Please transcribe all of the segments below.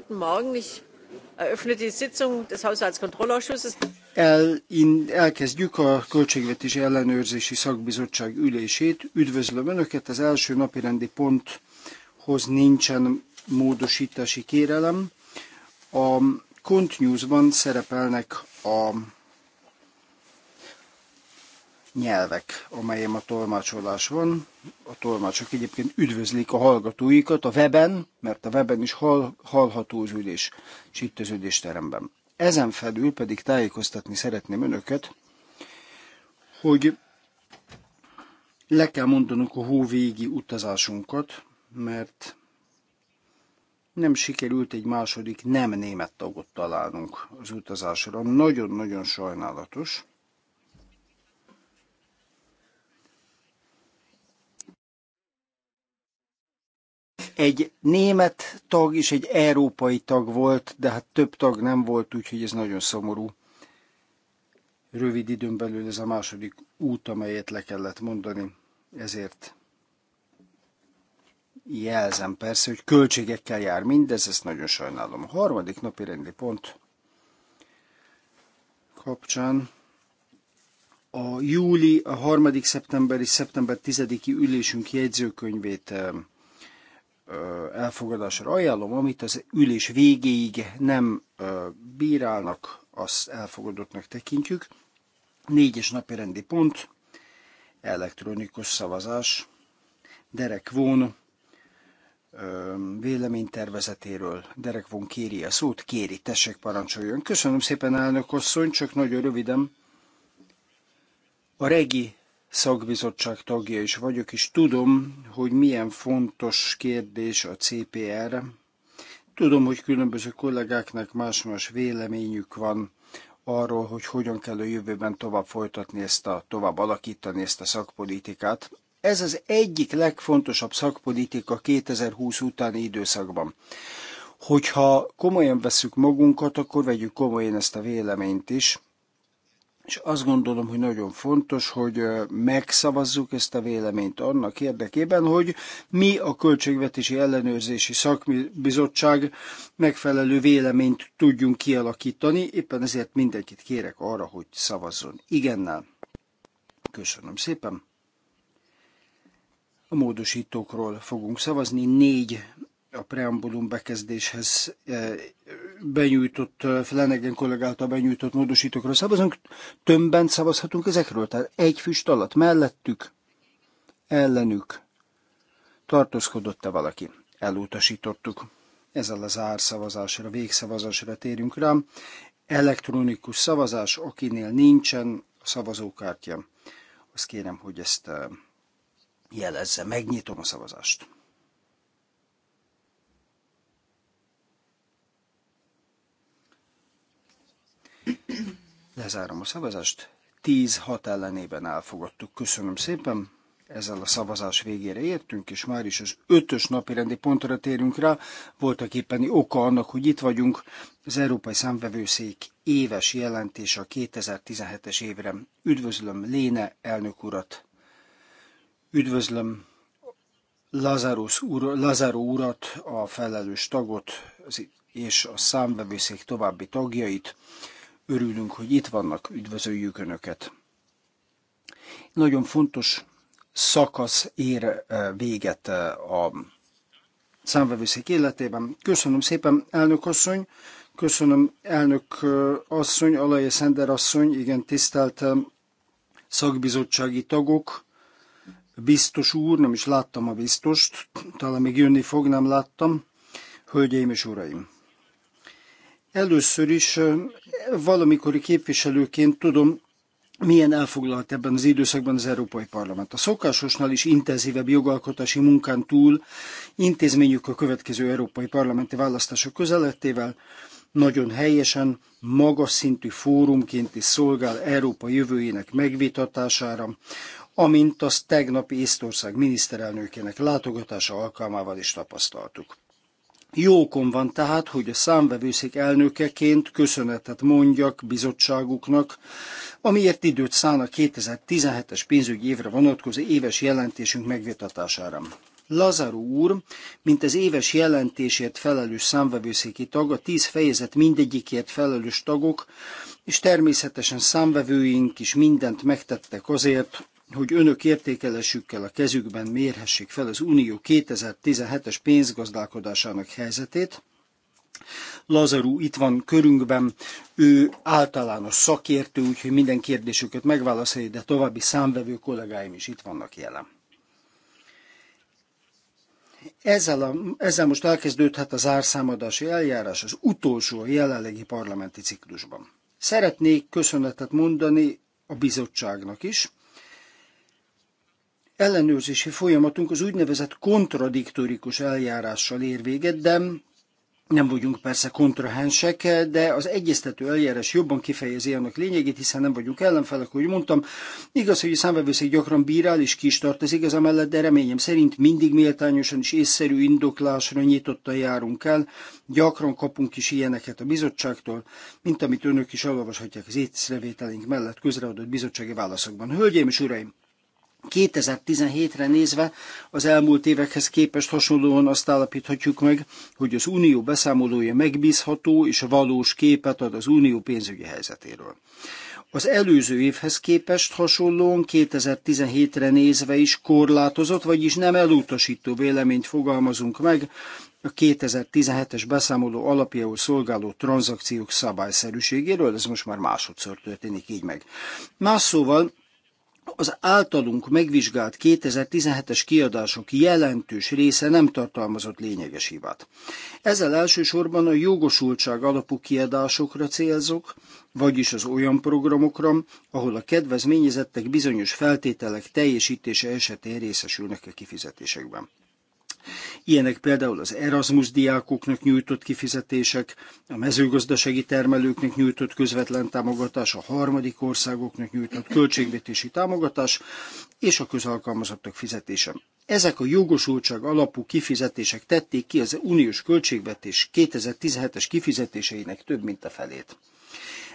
Guten Morgen, ich eröffne die Sitzung des Haushaltskontrollausschusses. El, in, elkezdjük a Költségvetési Ellenőrzési Szakbizottság ülését. Üdvözlöm Önöket, az első napi rendi ponthoz nincsen módosítási kérelem. A Kont News-ban szerepelnek a nyelvek, amelyem a tolmácsolás van. A tolmácsok egyébként üdvözlik a hallgatóikat a weben, mert a weben is hall, hallható az ülés, és itt az ülésteremben. Ezen felül pedig tájékoztatni szeretném önöket, hogy le kell mondanunk a hóvégi utazásunkat, mert nem sikerült egy második nem német tagot találnunk az utazásra. Nagyon-nagyon sajnálatos. Egy német tag és egy európai tag volt, de hát több tag nem volt, úgyhogy ez nagyon szomorú. Rövid időn belül ez a második út, amelyet le kellett mondani, ezért jelzem persze, hogy költségekkel jár mindez, ezt nagyon sajnálom. A harmadik napi rendi pont kapcsán a júli, a harmadik szeptemberi, szeptember 10-i ülésünk jegyzőkönyvét eh, elfogadásra ajánlom, amit az ülés végéig nem bírálnak, azt elfogadottnak tekintjük. Négyes napi rendi pont, elektronikus szavazás, Derek Vaughan véleménytervezetéről. Derek von kéri a szót, kéri, tessék parancsoljon. Köszönöm szépen, elnök asszony, csak nagyon röviden. A regi szakbizottság tagja is vagyok, és tudom, hogy milyen fontos kérdés a CPR. Tudom, hogy különböző kollégáknak más-más véleményük van arról, hogy hogyan kell a jövőben tovább folytatni ezt a, tovább alakítani ezt a szakpolitikát. Ez az egyik legfontosabb szakpolitika 2020 utáni időszakban. Hogyha komolyan vesszük magunkat, akkor vegyük komolyan ezt a véleményt is, és azt gondolom, hogy nagyon fontos, hogy megszavazzuk ezt a véleményt annak érdekében, hogy mi a Költségvetési Ellenőrzési Szakbizottság megfelelő véleményt tudjunk kialakítani. Éppen ezért mindenkit kérek arra, hogy szavazzon igennel. Köszönöm szépen. A módosítókról fogunk szavazni. Négy a preambulum bekezdéshez eh, benyújtott, eh, Flanagan kollega benyújtott módosítókról szavazunk, tömbben szavazhatunk ezekről, tehát egy füst alatt mellettük, ellenük tartózkodott-e valaki. Elutasítottuk. Ezzel a árszavazásra, végszavazásra térünk rá. Elektronikus szavazás, akinél nincsen a szavazókártya, azt kérem, hogy ezt eh, jelezze. Megnyitom a szavazást. Lezárom a szavazást. 10 hat ellenében elfogadtuk. Köszönöm szépen. Ezzel a szavazás végére értünk, és már is az ötös napi rendi pontra térünk rá. Voltak éppen oka annak, hogy itt vagyunk. Az Európai Számvevőszék éves jelentése a 2017-es évre. Üdvözlöm Léne elnök urat. Üdvözlöm úr, Lazaro urat, a felelős tagot és a számvevőszék további tagjait. Örülünk, hogy itt vannak, üdvözöljük Önöket. Nagyon fontos szakasz ér eh, véget eh, a számvevőszék életében. Köszönöm szépen, elnök asszony, köszönöm elnök eh, asszony, Alaja Szender asszony, igen, tisztelt szakbizottsági tagok, biztos úr, nem is láttam a biztost, talán még jönni fog, nem láttam. Hölgyeim és uraim! Először is valamikori képviselőként tudom, milyen elfoglalt ebben az időszakban az Európai Parlament. A szokásosnál is intenzívebb jogalkotási munkán túl intézményük a következő európai parlamenti választások közelettével nagyon helyesen, magas szintű fórumként is szolgál Európa jövőjének megvitatására, amint azt tegnap Észtország miniszterelnökének látogatása alkalmával is tapasztaltuk. Jókon van tehát, hogy a számvevőszék elnökeként köszönetet mondjak bizottságuknak, amiért időt szán a 2017-es pénzügyi évre vonatkozó éves jelentésünk megvitatására. Lazaro úr, mint az éves jelentésért felelős számvevőszéki tag, a tíz fejezet mindegyikért felelős tagok, és természetesen számvevőink is mindent megtettek azért, hogy önök értékelésükkel a kezükben mérhessék fel az Unió 2017-es pénzgazdálkodásának helyzetét. Lazarú itt van körünkben, ő általános szakértő, úgyhogy minden kérdésüket megválaszolja, de további számvevő kollégáim is itt vannak jelen. Ezzel, a, ezzel most elkezdődhet a zárszámadási eljárás az utolsó a jelenlegi parlamenti ciklusban. Szeretnék köszönetet mondani a bizottságnak is, ellenőrzési folyamatunk az úgynevezett kontradiktorikus eljárással ér véget, de nem vagyunk persze kontrahensek, de az egyeztető eljárás jobban kifejezi annak lényegét, hiszen nem vagyunk ellenfelek, ahogy mondtam. Igaz, hogy a számvevőszék gyakran bírál és ki is tart az igaza mellett, de reményem szerint mindig méltányosan és észszerű indoklásra nyitottan járunk el. Gyakran kapunk is ilyeneket a bizottságtól, mint amit önök is olvashatják az észrevételünk mellett közreadott bizottsági válaszokban. Hölgyeim és uraim! 2017-re nézve az elmúlt évekhez képest hasonlóan azt állapíthatjuk meg, hogy az unió beszámolója megbízható és valós képet ad az unió pénzügyi helyzetéről. Az előző évhez képest hasonlóan 2017-re nézve is korlátozott, vagyis nem elutasító véleményt fogalmazunk meg a 2017-es beszámoló alapjául szolgáló tranzakciók szabályszerűségéről, ez most már másodszor történik így meg. Más szóval, az általunk megvizsgált 2017-es kiadások jelentős része nem tartalmazott lényeges hibát. Ezzel elsősorban a jogosultság alapú kiadásokra célzok, vagyis az olyan programokra, ahol a kedvezményezettek bizonyos feltételek teljesítése esetén részesülnek a kifizetésekben. Ilyenek például az Erasmus diákoknak nyújtott kifizetések, a mezőgazdasági termelőknek nyújtott közvetlen támogatás, a harmadik országoknak nyújtott költségvetési támogatás és a közalkalmazottak fizetése. Ezek a jogosultság alapú kifizetések tették ki az uniós költségvetés 2017-es kifizetéseinek több mint a felét.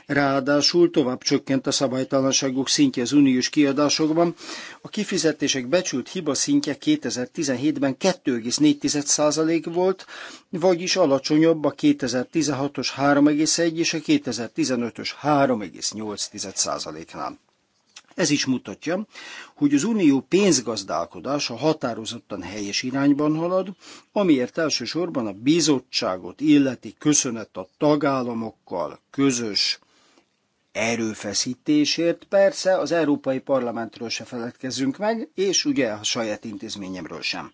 Ráadásul tovább csökkent a szabálytalanságok szintje az uniós kiadásokban. A kifizetések becsült hiba szintje 2017-ben 2,4% volt, vagyis alacsonyabb a 2016-os 3,1 és a 2015-ös 3,8%-nál. Ez is mutatja, hogy az unió pénzgazdálkodása határozottan helyes irányban halad, amiért elsősorban a bizottságot illeti köszönet a tagállamokkal közös erőfeszítésért. Persze az Európai Parlamentről se feledkezzünk meg, és ugye a saját intézményemről sem.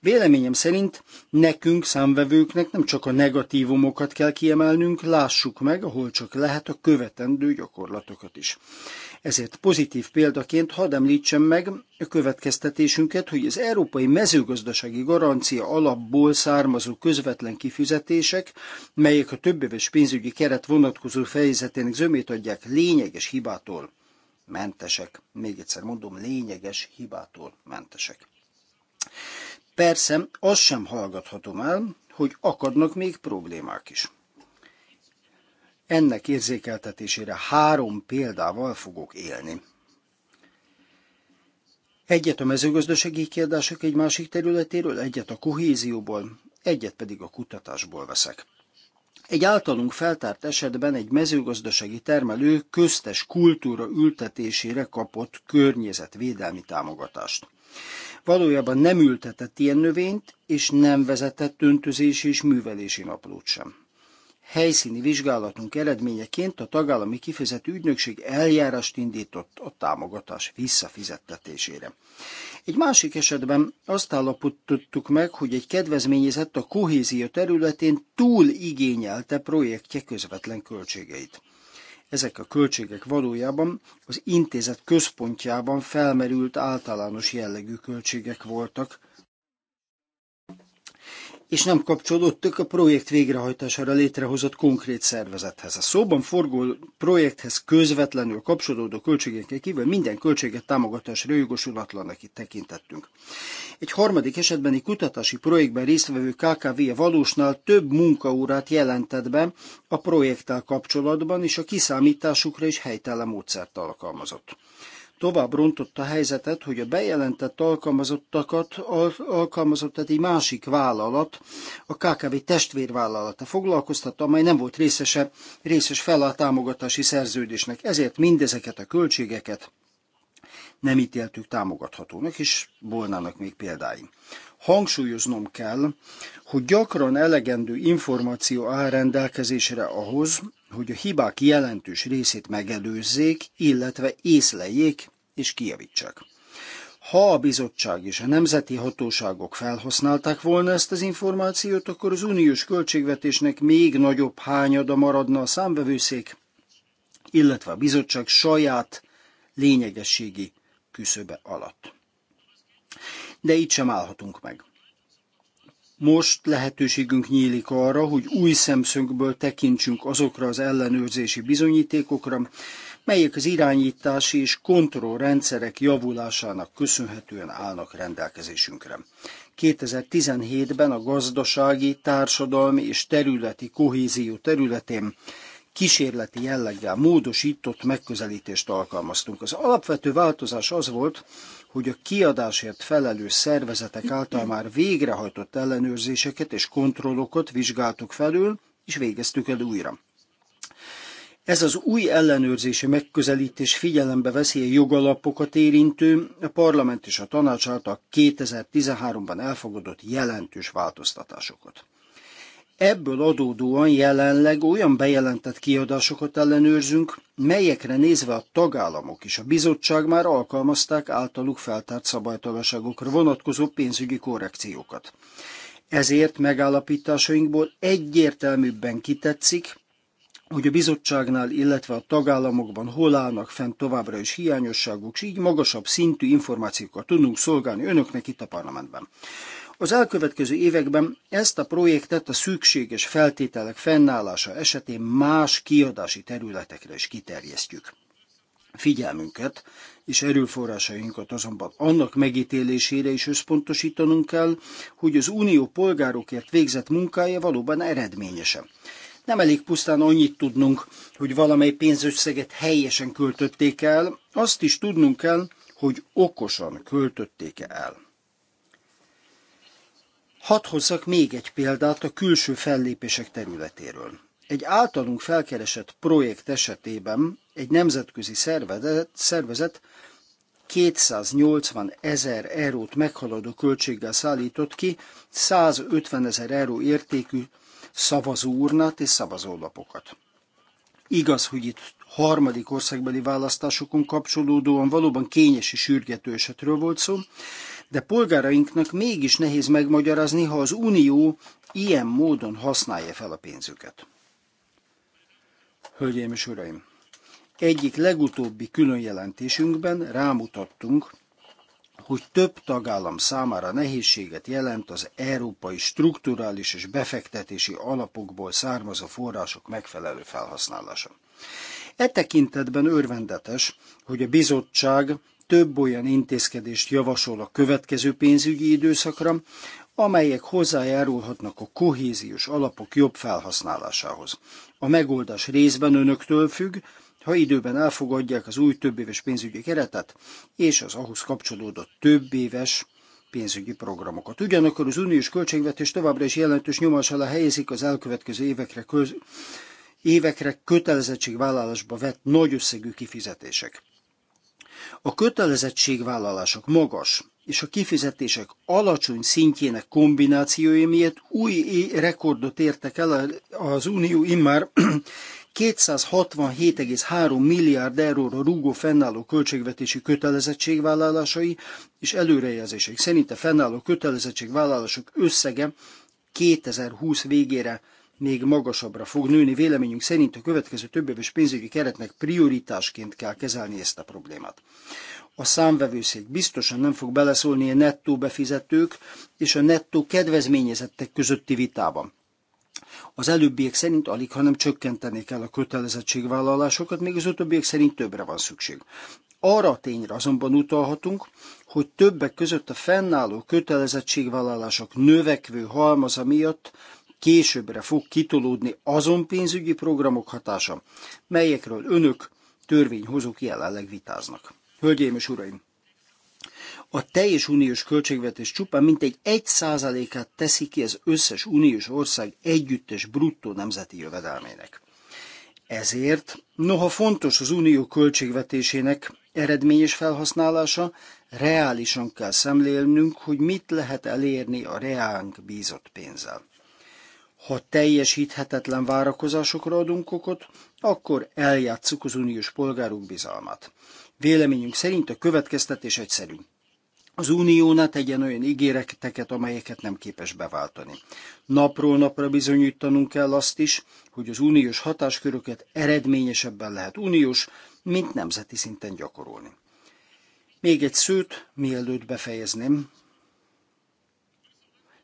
Véleményem szerint nekünk, számvevőknek nem csak a negatívumokat kell kiemelnünk, lássuk meg, ahol csak lehet a követendő gyakorlatokat is. Ezért pozitív példaként hadd említsem meg a következtetésünket, hogy az európai mezőgazdasági garancia alapból származó közvetlen kifizetések, melyek a többéves pénzügyi keret vonatkozó fejezetének zömét adják, lényeges hibától mentesek. Még egyszer mondom, lényeges hibától mentesek. Persze, azt sem hallgathatom el, hogy akadnak még problémák is. Ennek érzékeltetésére három példával fogok élni. Egyet a mezőgazdasági kérdések egy másik területéről, egyet a kohézióból, egyet pedig a kutatásból veszek. Egy általunk feltárt esetben egy mezőgazdasági termelő köztes kultúra ültetésére kapott környezetvédelmi támogatást. Valójában nem ültetett ilyen növényt, és nem vezetett öntözési és művelési naplót sem helyszíni vizsgálatunk eredményeként a tagállami kifizető ügynökség eljárást indított a támogatás visszafizettetésére. Egy másik esetben azt állapítottuk meg, hogy egy kedvezményezett a kohézió területén túl igényelte projektje közvetlen költségeit. Ezek a költségek valójában az intézet központjában felmerült általános jellegű költségek voltak, és nem kapcsolódtak a projekt végrehajtására létrehozott konkrét szervezethez. A szóban forgó projekthez közvetlenül kapcsolódó költségekkel kívül minden költséget támogatásra jogosulatlanak tekintettünk. Egy harmadik esetben egy kutatási projektben résztvevő KKV -e valósnál több munkaórát jelentett be a projekttel kapcsolatban, és a kiszámításukra is helytelen módszert alkalmazott tovább rontotta a helyzetet, hogy a bejelentett alkalmazottakat, alkalmazottat egy másik vállalat, a KKV testvérvállalata foglalkoztatta, amely nem volt részese, részes fel a támogatási szerződésnek. Ezért mindezeket a költségeket nem ítéltük támogathatónak, és volnának még példáim. Hangsúlyoznom kell, hogy gyakran elegendő információ áll rendelkezésre ahhoz, hogy a hibák jelentős részét megelőzzék, illetve észleljék és kijavítsák. Ha a bizottság és a nemzeti hatóságok felhasználták volna ezt az információt, akkor az uniós költségvetésnek még nagyobb hányada maradna a számbevőszék, illetve a bizottság saját lényegességi küszöbe alatt. De itt sem állhatunk meg. Most lehetőségünk nyílik arra, hogy új szemszögből tekintsünk azokra az ellenőrzési bizonyítékokra, melyek az irányítási és kontrollrendszerek javulásának köszönhetően állnak rendelkezésünkre. 2017-ben a gazdasági, társadalmi és területi kohézió területén kísérleti jelleggel módosított megközelítést alkalmaztunk. Az alapvető változás az volt, hogy a kiadásért felelős szervezetek által már végrehajtott ellenőrzéseket és kontrollokat vizsgáltuk felül, és végeztük el újra. Ez az új ellenőrzési megközelítés figyelembe veszi a jogalapokat érintő, a parlament és a tanács által 2013-ban elfogadott jelentős változtatásokat. Ebből adódóan jelenleg olyan bejelentett kiadásokat ellenőrzünk, melyekre nézve a tagállamok és a bizottság már alkalmazták általuk feltárt szabálytalanságokra vonatkozó pénzügyi korrekciókat. Ezért megállapításainkból egyértelműbben kitetszik, hogy a bizottságnál, illetve a tagállamokban hol állnak fent továbbra is hiányosságok, és így magasabb szintű információkat tudunk szolgálni önöknek itt a parlamentben. Az elkövetkező években ezt a projektet a szükséges feltételek fennállása esetén más kiadási területekre is kiterjesztjük. Figyelmünket és erőforrásainkat azonban annak megítélésére is összpontosítanunk kell, hogy az unió polgárokért végzett munkája valóban eredményese. Nem elég pusztán annyit tudnunk, hogy valamely pénzösszeget helyesen költötték el, azt is tudnunk kell, hogy okosan költötték el. Hadd hozzak még egy példát a külső fellépések területéről. Egy általunk felkeresett projekt esetében egy nemzetközi szervezet, szervezet 280 ezer eurót meghaladó költséggel szállított ki 150 ezer euró értékű szavazóurnát és szavazólapokat. Igaz, hogy itt harmadik országbeli választásokon kapcsolódóan valóban kényes és sürgető esetről volt szó, de polgárainknak mégis nehéz megmagyarázni, ha az Unió ilyen módon használja fel a pénzüket. Hölgyeim és Uraim! Egyik legutóbbi különjelentésünkben rámutattunk, hogy több tagállam számára nehézséget jelent az európai strukturális és befektetési alapokból származó források megfelelő felhasználása. E tekintetben örvendetes, hogy a bizottság több olyan intézkedést javasol a következő pénzügyi időszakra, amelyek hozzájárulhatnak a kohéziós alapok jobb felhasználásához. A megoldás részben önöktől függ, ha időben elfogadják az új többéves pénzügyi keretet és az ahhoz kapcsolódó többéves pénzügyi programokat. Ugyanakkor az uniós költségvetés továbbra is jelentős nyomás alá helyezik az elkövetkező évekre, köz, évekre kötelezettségvállalásba vett nagy összegű kifizetések. A kötelezettségvállalások magas és a kifizetések alacsony szintjének kombinációja miatt új rekordot értek el az Unió immár 267,3 milliárd euróra rúgó fennálló költségvetési kötelezettségvállalásai és előrejelzések szerint a fennálló kötelezettségvállalások összege 2020 végére még magasabbra fog nőni. Véleményünk szerint a következő többéves pénzügyi keretnek prioritásként kell kezelni ezt a problémát. A számvevőszék biztosan nem fog beleszólni a nettó befizetők és a nettó kedvezményezettek közötti vitában. Az előbbiek szerint alig, hanem csökkenteni kell a kötelezettségvállalásokat, még az utóbbiek szerint többre van szükség. Arra a tényre azonban utalhatunk, hogy többek között a fennálló kötelezettségvállalások növekvő halmaza miatt későbbre fog kitolódni azon pénzügyi programok hatása, melyekről önök, törvényhozók jelenleg vitáznak. Hölgyeim és uraim! A teljes uniós költségvetés csupán mintegy 1%-át teszi ki az összes uniós ország együttes bruttó nemzeti jövedelmének. Ezért, noha fontos az unió költségvetésének eredményes felhasználása, reálisan kell szemlélnünk, hogy mit lehet elérni a reánk bízott pénzzel. Ha teljesíthetetlen várakozásokra adunk okot, akkor eljátszuk az uniós polgárok bizalmát. Véleményünk szerint a következtetés egyszerű. Az Unió ne tegyen olyan ígéreteket, amelyeket nem képes beváltani. Napról napra bizonyítanunk kell azt is, hogy az uniós hatásköröket eredményesebben lehet uniós, mint nemzeti szinten gyakorolni. Még egy szőt, mielőtt befejezném,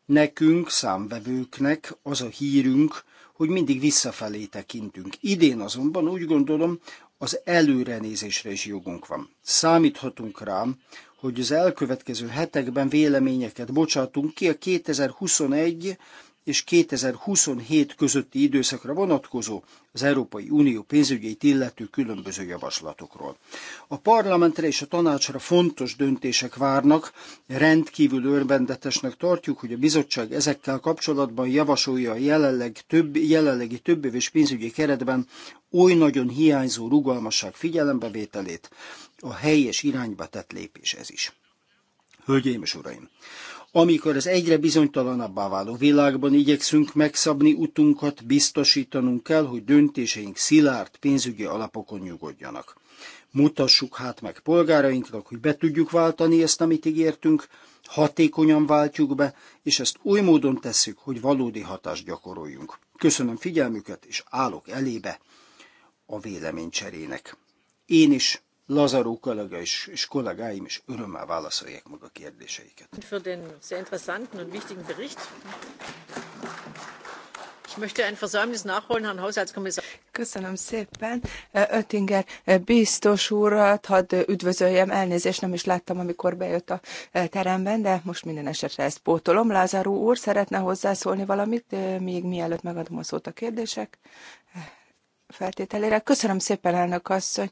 Nekünk, számvevőknek az a hírünk, hogy mindig visszafelé tekintünk. Idén azonban úgy gondolom, az előrenézésre is jogunk van. Számíthatunk rám, hogy az elkövetkező hetekben véleményeket bocsátunk ki a 2021 és 2027 közötti időszakra vonatkozó az Európai Unió pénzügyeit illető különböző javaslatokról. A parlamentre és a tanácsra fontos döntések várnak, rendkívül örvendetesnek tartjuk, hogy a bizottság ezekkel kapcsolatban javasolja a jelenleg több, jelenlegi többéves pénzügyi keretben oly nagyon hiányzó rugalmasság figyelembevételét, a helyes irányba tett lépés ez is. Hölgyeim és uraim! Amikor az egyre bizonytalanabbá váló világban igyekszünk megszabni utunkat, biztosítanunk kell, hogy döntéseink szilárd pénzügyi alapokon nyugodjanak. Mutassuk hát meg polgárainknak, hogy be tudjuk váltani ezt, amit ígértünk, hatékonyan váltjuk be, és ezt új módon tesszük, hogy valódi hatást gyakoroljunk. Köszönöm figyelmüket, és állok elébe a véleménycserének. Én is Lazaró kollega és, és kollégáim is örömmel válaszolják maga kérdéseiket. Für den sehr interessanten und wichtigen Bericht. Ich möchte ein Versäumnis nachholen, Herrn Haushaltskommissar. Köszönöm szépen. Öttinger biztos úrat, hadd üdvözöljem, elnézést nem is láttam, amikor bejött a teremben, de most minden esetre ezt pótolom. Lázáró úr szeretne hozzászólni valamit, még mielőtt megadom a szót a kérdések feltételére. Köszönöm szépen, elnök asszony.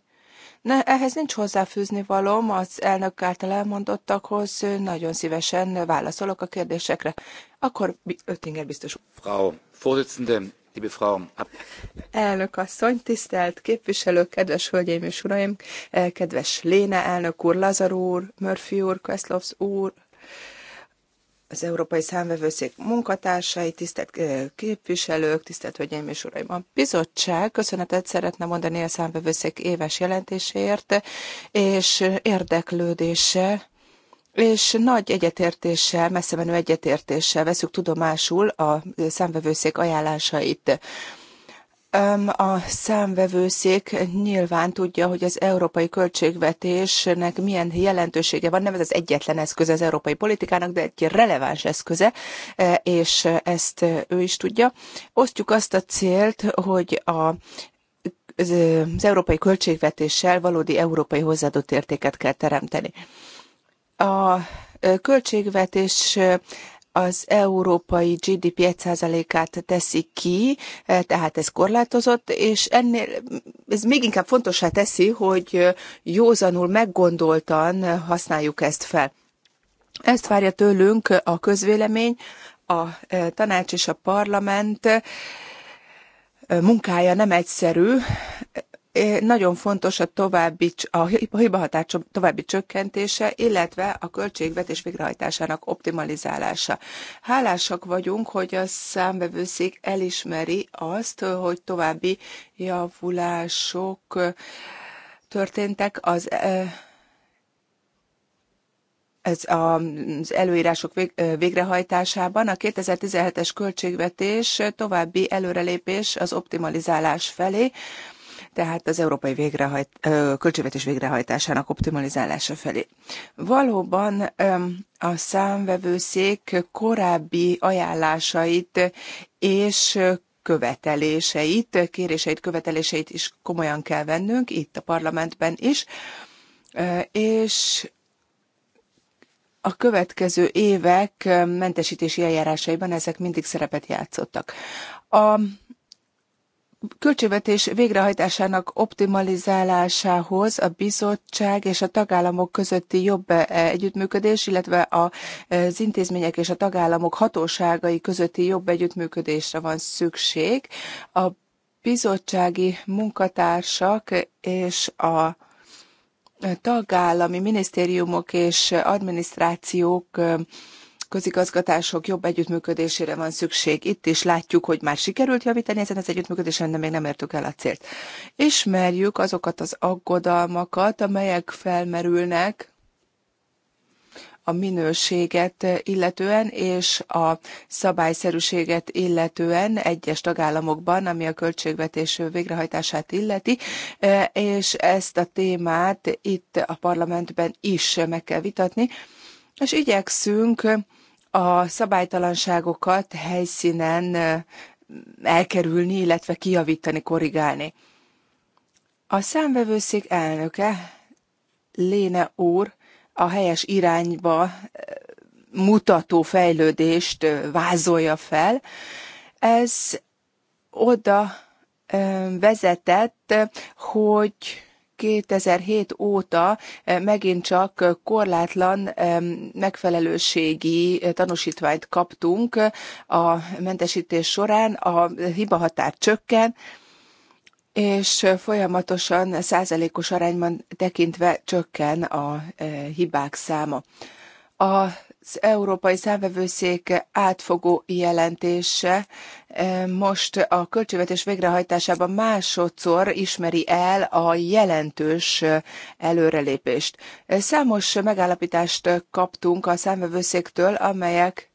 Ne, ehhez nincs hozzáfűzni valóm az elnök által elmondottakhoz, nagyon szívesen válaszolok a kérdésekre. Akkor Öttinger biztos. Frau Vorsitzende, liebe Frau. Elnök asszony, tisztelt képviselők, kedves hölgyeim és uraim, eh, kedves Léne elnök úr, Lazar úr, Murphy úr, Keszlovsz úr, az Európai Számvevőszék munkatársai, tisztelt eh, képviselők, tisztelt Hölgyeim és Uraim! A bizottság köszönetet szeretne mondani a számvevőszék éves jelentéséért, és érdeklődése és nagy egyetértéssel, messze menő egyetértéssel veszük tudomásul a számvevőszék ajánlásait. A számvevőszék nyilván tudja, hogy az európai költségvetésnek milyen jelentősége van. Nem ez az egyetlen eszköz az európai politikának, de egy releváns eszköze, e, és ezt ő is tudja. Osztjuk azt a célt, hogy a az európai költségvetéssel valódi európai hozzáadott értéket kell teremteni. A költségvetés az európai GDP 1%-át teszi ki, eh, tehát ez korlátozott, és ennél ez még inkább fontosá teszi, hogy eh, józanul, meggondoltan eh, használjuk ezt fel. Ezt várja tőlünk a közvélemény, a tanács és a parlament munkája nem egyszerű, Eh, nagyon fontos a további, a hibahatár további csökkentése, illetve a költségvetés végrehajtásának optimalizálása. Hálásak vagyunk, hogy a számvevőszék elismeri azt, hogy további javulások eh, történtek az eh, ez az előírások végrehajtásában. A 2017-es költségvetés további előrelépés az optimalizálás felé tehát az európai végrehajt, költségvetés végrehajtásának optimalizálása felé. Valóban a számvevőszék korábbi ajánlásait és követeléseit, kéréseit, követeléseit is komolyan kell vennünk, itt a parlamentben is, és a következő évek mentesítési eljárásaiban ezek mindig szerepet játszottak. A költségvetés végrehajtásának optimalizálásához a bizottság és a tagállamok közötti jobb eh, együttműködés, illetve az intézmények és a tagállamok hatóságai közötti jobb együttműködésre van szükség. A bizottsági munkatársak és a tagállami minisztériumok és adminisztrációk eh, közigazgatások jobb együttműködésére van szükség. Itt is látjuk, hogy már sikerült javítani ezen az együttműködésen, de még nem értük el a célt. Ismerjük azokat az aggodalmakat, amelyek felmerülnek a minőséget illetően és a szabályszerűséget illetően egyes tagállamokban, ami a költségvetés végrehajtását illeti, és ezt a témát itt a parlamentben is meg kell vitatni, és igyekszünk a szabálytalanságokat helyszínen elkerülni, illetve kijavítani, korrigálni. A számvevőszék elnöke, Léne úr, a helyes irányba mutató fejlődést vázolja fel. Ez oda vezetett, hogy 2007 óta eh, megint csak korlátlan eh, megfelelőségi eh, tanúsítványt kaptunk a mentesítés során, a hibahatár csökken, és folyamatosan százalékos arányban tekintve csökken a hibák száma. A az Európai Számvevőszék átfogó jelentése eh, most a költségvetés végrehajtásában másodszor ismeri el a jelentős eh, előrelépést. Eh, számos megállapítást kaptunk a számvevőszéktől, amelyek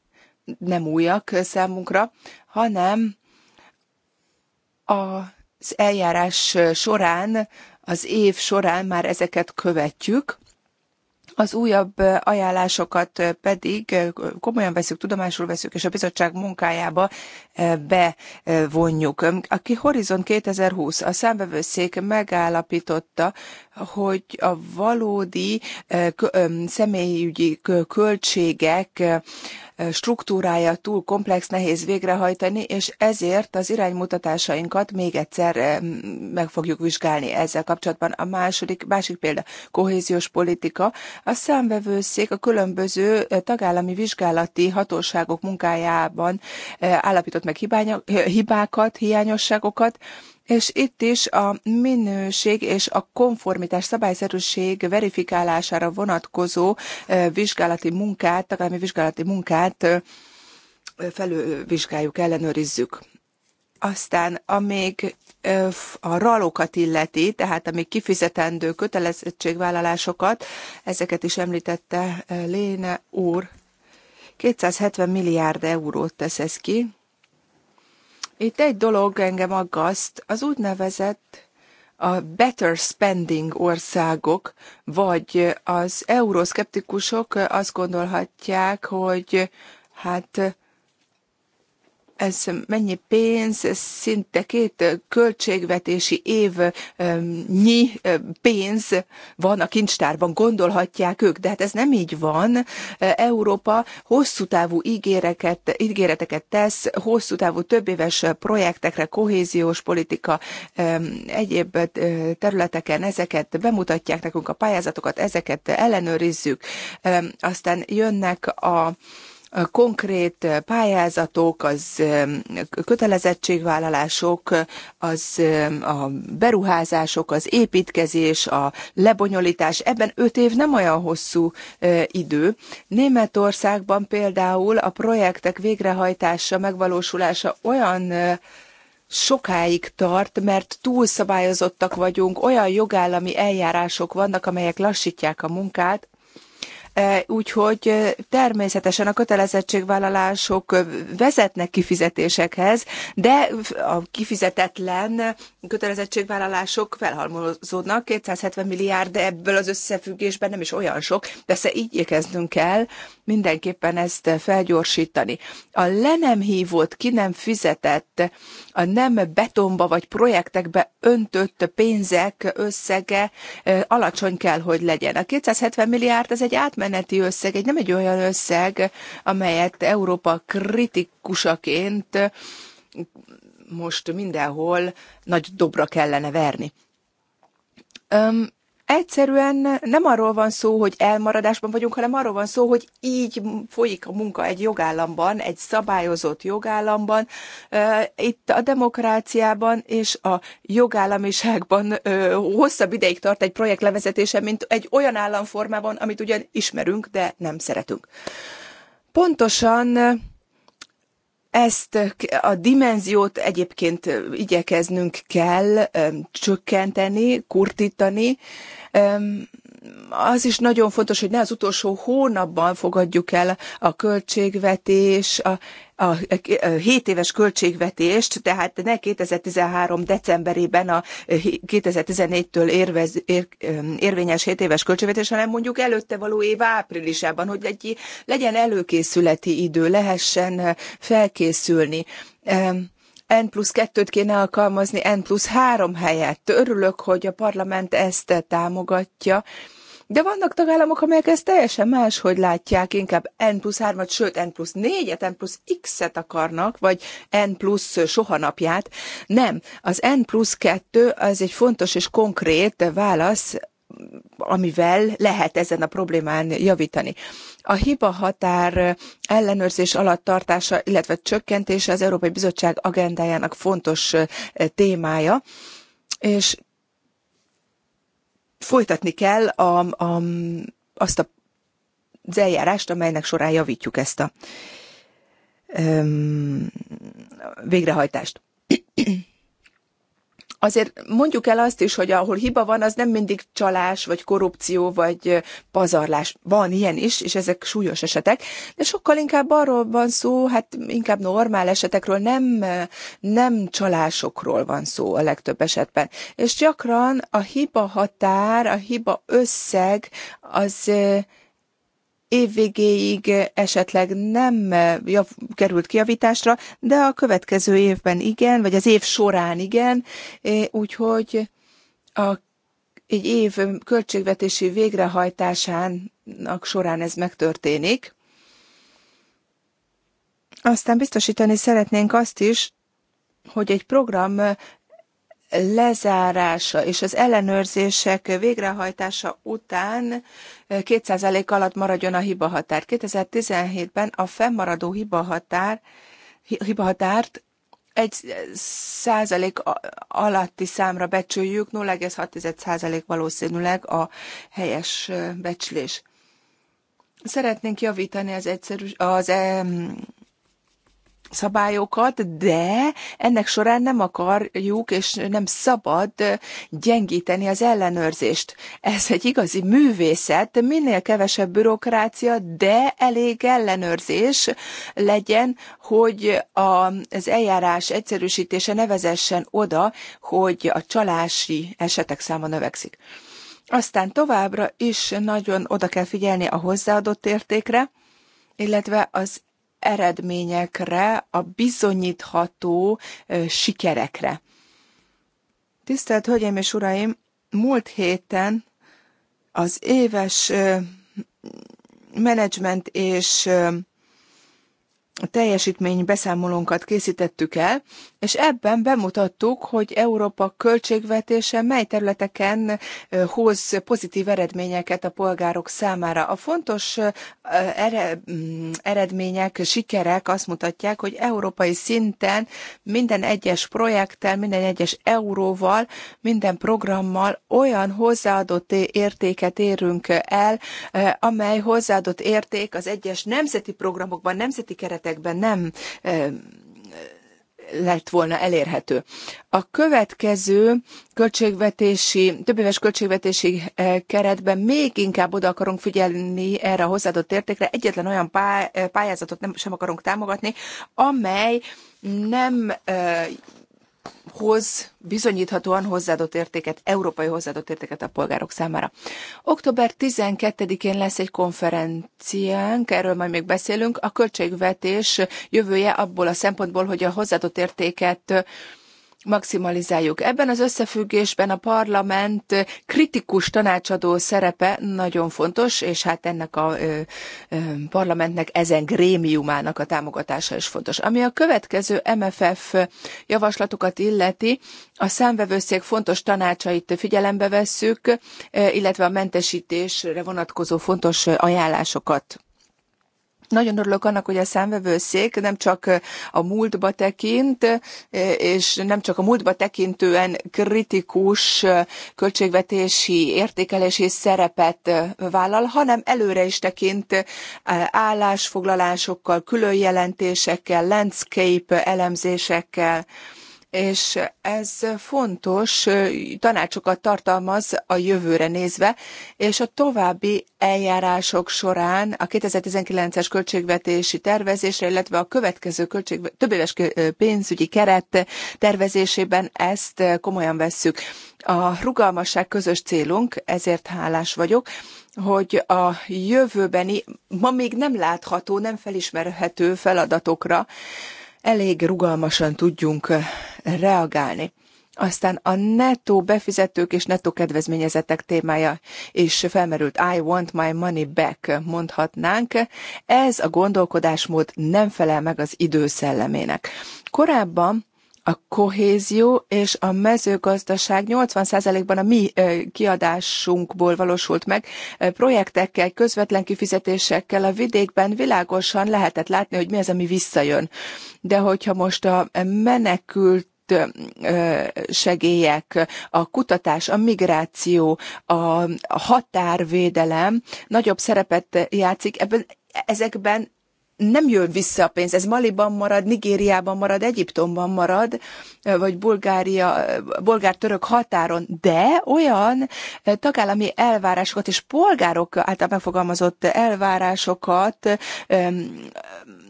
nem újak számunkra, hanem az eljárás során, az év során már ezeket követjük az újabb ajánlásokat pedig komolyan veszük, tudomásul veszük, és a bizottság munkájába bevonjuk. Aki Horizon 2020, a számbevőszék megállapította, hogy a valódi személyügyi költségek struktúrája túl komplex, nehéz végrehajtani, és ezért az iránymutatásainkat még egyszer eh, meg fogjuk vizsgálni ezzel kapcsolatban. A második, másik példa, kohéziós politika. A számvevőszék a különböző eh, tagállami vizsgálati hatóságok munkájában eh, állapított meg hibákat, hiányosságokat, és itt is a minőség és a konformitás szabályszerűség verifikálására vonatkozó vizsgálati munkát, tagállami vizsgálati munkát felülvizsgáljuk, ellenőrizzük. Aztán, amíg a ralokat illeti, tehát amíg kifizetendő kötelezettségvállalásokat, ezeket is említette Léne úr, 270 milliárd eurót tesz ez ki, itt egy dolog engem aggaszt, az úgynevezett a better spending országok, vagy az euroszkeptikusok azt gondolhatják, hogy hát ez mennyi pénz, ez szinte két költségvetési évnyi pénz van a kincstárban, gondolhatják ők, de hát ez nem így van. Európa hosszú távú ígéreket, ígéreteket tesz, hosszú távú többéves projektekre, kohéziós politika, egyéb területeken ezeket bemutatják nekünk a pályázatokat, ezeket ellenőrizzük, aztán jönnek a konkrét eh, pályázatok, az kötelezettségvállalások, az a beruházások, az építkezés, a lebonyolítás, ebben öt év nem olyan hosszú eh, idő. Németországban például a projektek végrehajtása, megvalósulása olyan eh, sokáig tart, mert túlszabályozottak vagyunk, olyan jogállami eljárások vannak, amelyek lassítják a munkát, E, úgyhogy e, természetesen a kötelezettségvállalások e, vezetnek kifizetésekhez, de a kifizetetlen kötelezettségvállalások felhalmozódnak, 270 milliárd ebből az összefüggésben nem is olyan sok, persze igyekeznünk kell mindenképpen ezt felgyorsítani. A le nem hívott, ki nem fizetett a nem betonba vagy projektekbe öntött pénzek összege alacsony kell, hogy legyen. A 270 milliárd ez egy átmeneti összeg, egy nem egy olyan összeg, amelyet Európa kritikusaként most mindenhol nagy dobra kellene verni. Egyszerűen nem arról van szó, hogy elmaradásban vagyunk, hanem arról van szó, hogy így folyik a munka egy jogállamban, egy szabályozott jogállamban. Itt a demokráciában és a jogállamiságban hosszabb ideig tart egy projekt levezetése, mint egy olyan államformában, amit ugyan ismerünk, de nem szeretünk. Pontosan ezt a dimenziót egyébként igyekeznünk kell csökkenteni, kurtítani, az is nagyon fontos, hogy ne az utolsó hónapban fogadjuk el a költségvetés, a, a, 7 éves költségvetést, tehát ne 2013. decemberében a 2014-től érvez, ér, érvényes 7 éves költségvetés, hanem mondjuk előtte való év áprilisában, hogy egy, legyen előkészületi idő, lehessen felkészülni. N plusz kettőt t kéne alkalmazni N plusz három helyett. Örülök, hogy a parlament ezt támogatja. De vannak tagállamok, amelyek ezt teljesen máshogy látják, inkább N plusz 3-at, sőt N plusz 4-et, N plusz X-et akarnak, vagy N plusz soha napját. Nem, az N plusz 2 az egy fontos és konkrét válasz amivel lehet ezen a problémán javítani. A hiba határ ellenőrzés alatt tartása, illetve csökkentése az Európai Bizottság agendájának fontos témája, és folytatni kell a, a, azt a, az eljárást, amelynek során javítjuk ezt a um, végrehajtást azért mondjuk el azt is, hogy ahol hiba van, az nem mindig csalás, vagy korrupció, vagy pazarlás. Van ilyen is, és ezek súlyos esetek, de sokkal inkább arról van szó, hát inkább normál esetekről, nem, nem csalásokról van szó a legtöbb esetben. És gyakran a hiba határ, a hiba összeg az évvégéig esetleg nem eh, jav, került kiavításra, de a következő évben igen, vagy az év során igen, úgyhogy a, egy év költségvetési végrehajtásának során ez megtörténik. Aztán biztosítani szeretnénk azt is, hogy egy program lezárása és az ellenőrzések végrehajtása után 200 eh, alatt maradjon a hibahatár. 2017-ben a fennmaradó hibahatár, hibahatárt egy százalék alatti számra becsüljük, 0,6 százalék valószínűleg a helyes eh, becslés. Szeretnénk javítani az egyszerű, az szabályokat, de ennek során nem akarjuk és nem szabad gyengíteni az ellenőrzést. Ez egy igazi művészet, minél kevesebb bürokrácia, de elég ellenőrzés legyen, hogy az eljárás egyszerűsítése ne vezessen oda, hogy a csalási esetek száma növekszik. Aztán továbbra is nagyon oda kell figyelni a hozzáadott értékre, illetve az eredményekre, a bizonyítható sikerekre. Tisztelt Hölgyeim és Uraim, múlt héten az éves menedzsment és teljesítmény beszámolónkat készítettük el, és ebben bemutattuk, hogy Európa költségvetése mely területeken hoz pozitív eredményeket a polgárok számára. A fontos mm, eredmények, sikerek azt mutatják, hogy európai szinten minden egyes projekttel, minden egyes euróval, minden programmal olyan hozzáadott értéket érünk el, amely hozzáadott érték az egyes nemzeti programokban, nemzeti keretekben nem lett volna elérhető. A következő költségvetési, többéves költségvetési eh, keretben még inkább oda akarunk figyelni erre a hozzáadott értékre. Egyetlen olyan eh, pályázatot nem, sem akarunk támogatni, amely nem eh, hoz bizonyíthatóan hozzáadott értéket, európai hozzáadott értéket a polgárok számára. Október 12-én lesz egy konferenciánk, erről majd még beszélünk, a költségvetés jövője abból a szempontból, hogy a hozzáadott értéket maximalizáljuk. Ebben az összefüggésben a parlament kritikus tanácsadó szerepe nagyon fontos, és hát ennek a parlamentnek ezen grémiumának a támogatása is fontos. Ami a következő MFF javaslatokat illeti, a számvevőszék fontos tanácsait figyelembe vesszük, illetve a mentesítésre vonatkozó fontos ajánlásokat nagyon örülök annak, hogy a számvevőszék nem csak a múltba tekint, és nem csak a múltba tekintően kritikus költségvetési értékelési szerepet vállal, hanem előre is tekint állásfoglalásokkal, különjelentésekkel, landscape elemzésekkel és ez fontos tanácsokat tartalmaz a jövőre nézve, és a további eljárások során a 2019-es költségvetési tervezésre, illetve a következő költség, többéves pénzügyi keret tervezésében ezt komolyan vesszük. A rugalmasság közös célunk, ezért hálás vagyok, hogy a jövőbeni, ma még nem látható, nem felismerhető feladatokra elég rugalmasan tudjunk reagálni. Aztán a netto befizetők és netto kedvezményezettek témája is felmerült. I want my money back, mondhatnánk. Ez a gondolkodásmód nem felel meg az idő szellemének. Korábban a kohézió és a mezőgazdaság 80%-ban a mi kiadásunkból valósult meg. Projektekkel, közvetlen kifizetésekkel a vidékben világosan lehetett látni, hogy mi az, ami visszajön. De hogyha most a menekült segélyek, a kutatás, a migráció, a határvédelem nagyobb szerepet játszik. Ebben ezekben nem jön vissza a pénz. Ez Maliban marad, Nigériában marad, Egyiptomban marad, vagy Bulgária, bolgár-török határon, de olyan tagállami elvárásokat és polgárok által megfogalmazott elvárásokat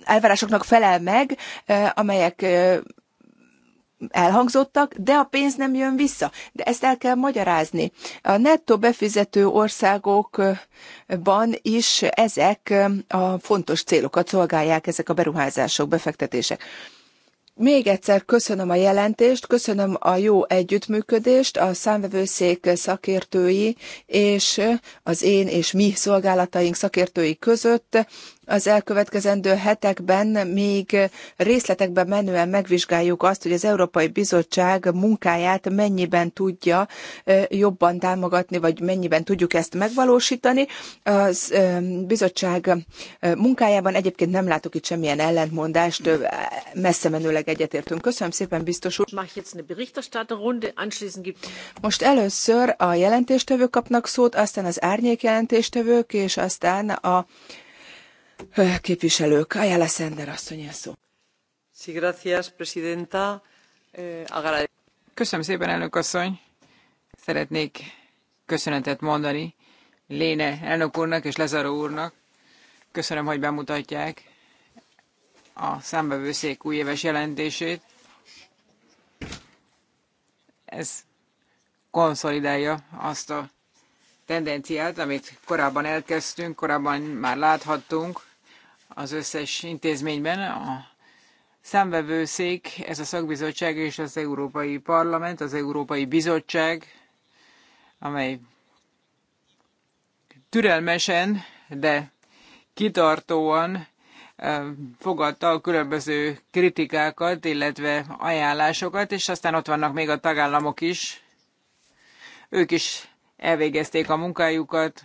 elvárásoknak felel meg, amelyek elhangzottak, de a pénz nem jön vissza. De ezt el kell magyarázni. A nettó befizető országokban is ezek a fontos célokat szolgálják, ezek a beruházások, befektetések. Még egyszer köszönöm a jelentést, köszönöm a jó együttműködést, a számvevőszék szakértői és az én és mi szolgálataink szakértői között az elkövetkezendő hetekben még részletekben menően megvizsgáljuk azt, hogy az Európai Bizottság munkáját mennyiben tudja jobban támogatni, vagy mennyiben tudjuk ezt megvalósítani. Az bizottság munkájában egyébként nem látok itt semmilyen ellentmondást, messze menőleg egyetértünk. Köszönöm szépen, biztos úr. Most először a jelentéstevők kapnak szót, aztán az árnyék jelentéstevők, és aztán a képviselők. Ayala Sender asszony szó. Köszönöm szépen, elnök asszony. Szeretnék köszönetet mondani Léne elnök úrnak és Lezaró úrnak. Köszönöm, hogy bemutatják a számbevőszék újéves jelentését. Ez konszolidálja azt a tendenciát, amit korábban elkezdtünk, korábban már láthattunk az összes intézményben, a számvevőszék, ez a szakbizottság és az Európai Parlament, az Európai Bizottság, amely türelmesen, de kitartóan fogadta a különböző kritikákat, illetve ajánlásokat, és aztán ott vannak még a tagállamok is. Ők is elvégezték a munkájukat,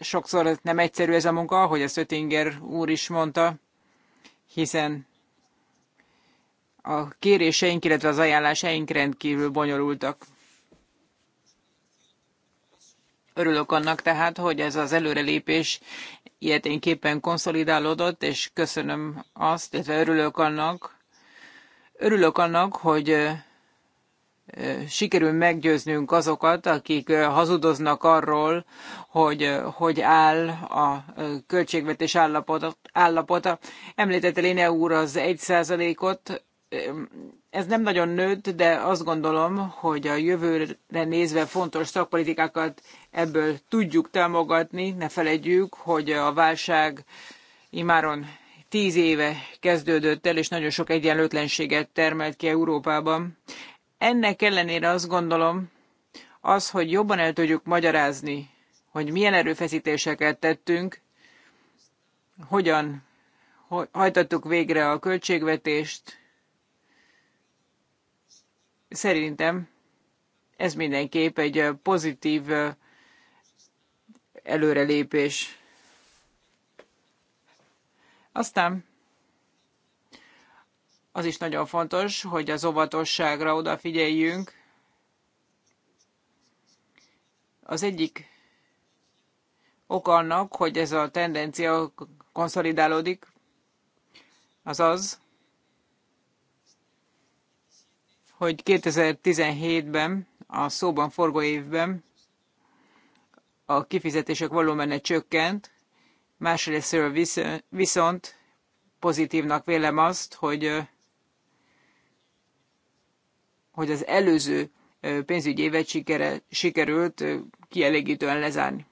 sokszor nem egyszerű ez a munka, ahogy a Szötinger úr is mondta, hiszen a kéréseink, illetve az ajánlásaink rendkívül bonyolultak. Örülök annak tehát, hogy ez az előrelépés ilyeténképpen konszolidálódott, és köszönöm azt, illetve örülök annak, örülök annak, hogy sikerül meggyőznünk azokat, akik hazudoznak arról, hogy hogy áll a költségvetés állapota. állapota. Említette Léne úr az 1%-ot, ez nem nagyon nőtt, de azt gondolom, hogy a jövőre nézve fontos szakpolitikákat ebből tudjuk támogatni. Ne felejtjük, hogy a válság imáron tíz éve kezdődött el, és nagyon sok egyenlőtlenséget termelt ki Európában. Ennek ellenére azt gondolom, az, hogy jobban el tudjuk magyarázni, hogy milyen erőfeszítéseket tettünk, hogyan hajtottuk végre a költségvetést, szerintem ez mindenképp egy pozitív előrelépés. Aztán az is nagyon fontos, hogy az óvatosságra odafigyeljünk. Az egyik ok annak, hogy ez a tendencia konszolidálódik, az az, hogy 2017-ben, a szóban forgó évben a kifizetések volumene csökkent, másrészt viszont pozitívnak vélem azt, hogy hogy az előző pénzügyi évet sikere, sikerült kielégítően lezárni.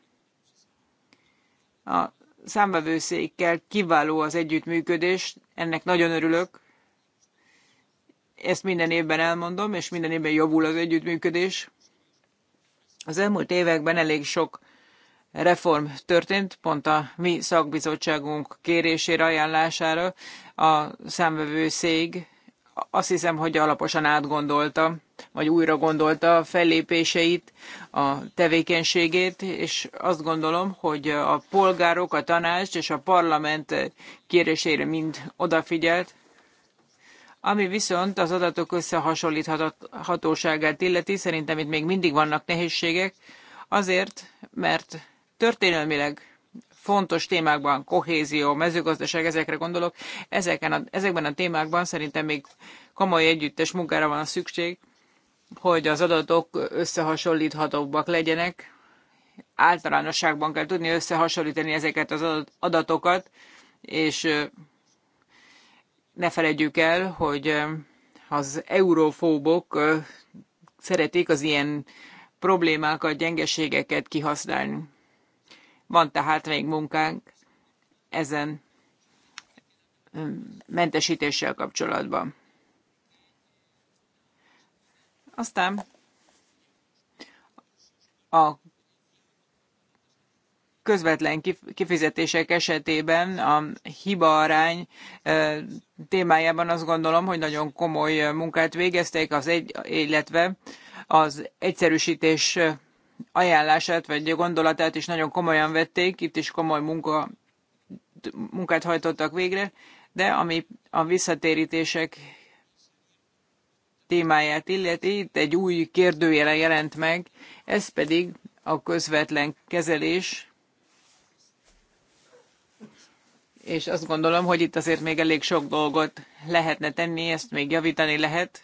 A számvevőszékkel kiváló az együttműködés, ennek nagyon örülök. Ezt minden évben elmondom, és minden évben javul az együttműködés. Az elmúlt években elég sok reform történt, pont a mi szakbizottságunk kérésére, ajánlására a számvevőszék azt hiszem, hogy alaposan átgondolta, vagy újra gondolta a fellépéseit, a tevékenységét, és azt gondolom, hogy a polgárok, a tanács és a parlament kérésére mind odafigyelt, ami viszont az adatok összehasonlíthatóságát illeti, szerintem itt még mindig vannak nehézségek, azért, mert történelmileg fontos témákban, kohézió, mezőgazdaság, ezekre gondolok, ezeken a, ezekben a témákban szerintem még komoly együttes munkára van a szükség, hogy az adatok összehasonlíthatóbbak legyenek. Általánosságban kell tudni összehasonlítani ezeket az adatokat, és ne felejtjük el, hogy az eurofóbok szeretik az ilyen problémákat, gyengeségeket kihasználni. Van tehát még munkánk ezen mentesítéssel kapcsolatban. Aztán a közvetlen kifizetések esetében a hiba arány témájában azt gondolom, hogy nagyon komoly munkát végezték az egy, illetve az egyszerűsítés ajánlását vagy gondolatát is nagyon komolyan vették, itt is komoly munka, munkát hajtottak végre, de ami a visszatérítések témáját illeti, itt egy új kérdőjele jelent meg, ez pedig a közvetlen kezelés, és azt gondolom, hogy itt azért még elég sok dolgot lehetne tenni, ezt még javítani lehet,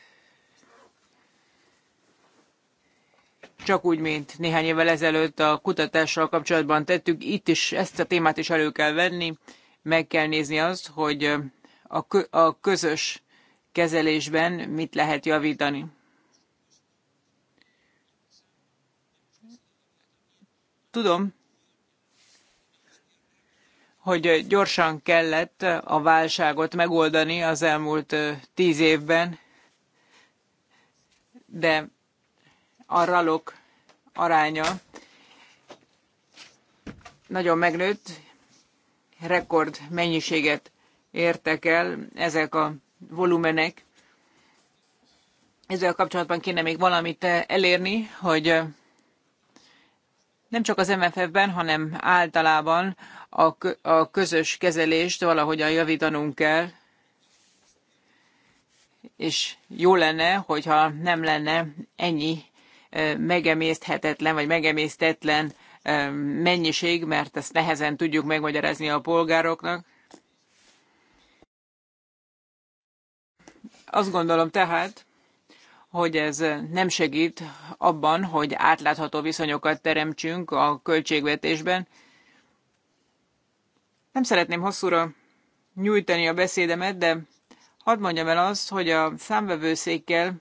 csak úgy, mint néhány évvel ezelőtt a kutatással kapcsolatban tettük, itt is ezt a témát is elő kell venni, meg kell nézni azt, hogy a, kö, a közös kezelésben mit lehet javítani. Tudom, hogy gyorsan kellett a válságot megoldani az elmúlt tíz évben, de a ralok aránya nagyon megnőtt, rekord mennyiséget értek el ezek a volumenek. Ezzel kapcsolatban kéne még valamit elérni, hogy nem csak az MFF-ben, hanem általában a, közös kezelést valahogyan javítanunk kell, és jó lenne, hogyha nem lenne ennyi megemészthetetlen vagy megemésztetlen mennyiség, mert ezt nehezen tudjuk megmagyarázni a polgároknak. Azt gondolom tehát, hogy ez nem segít abban, hogy átlátható viszonyokat teremtsünk a költségvetésben. Nem szeretném hosszúra nyújtani a beszédemet, de hadd mondjam el azt, hogy a számvevőszékkel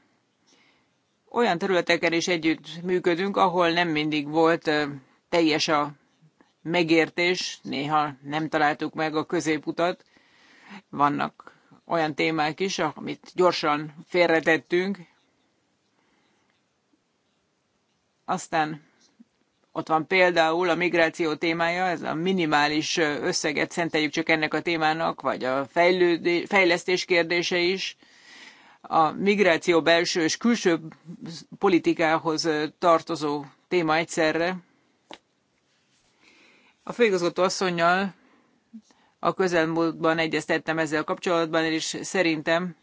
olyan területeken is együtt működünk, ahol nem mindig volt teljes a megértés, néha nem találtuk meg a középutat. Vannak olyan témák is, amit gyorsan félretettünk. Aztán ott van például a migráció témája, ez a minimális összeget szenteljük csak ennek a témának, vagy a fejlődés, fejlesztés kérdése is a migráció belső és külső politikához tartozó téma egyszerre. A főigazgató asszonynal a közelmúltban egyeztettem ezzel kapcsolatban, és szerintem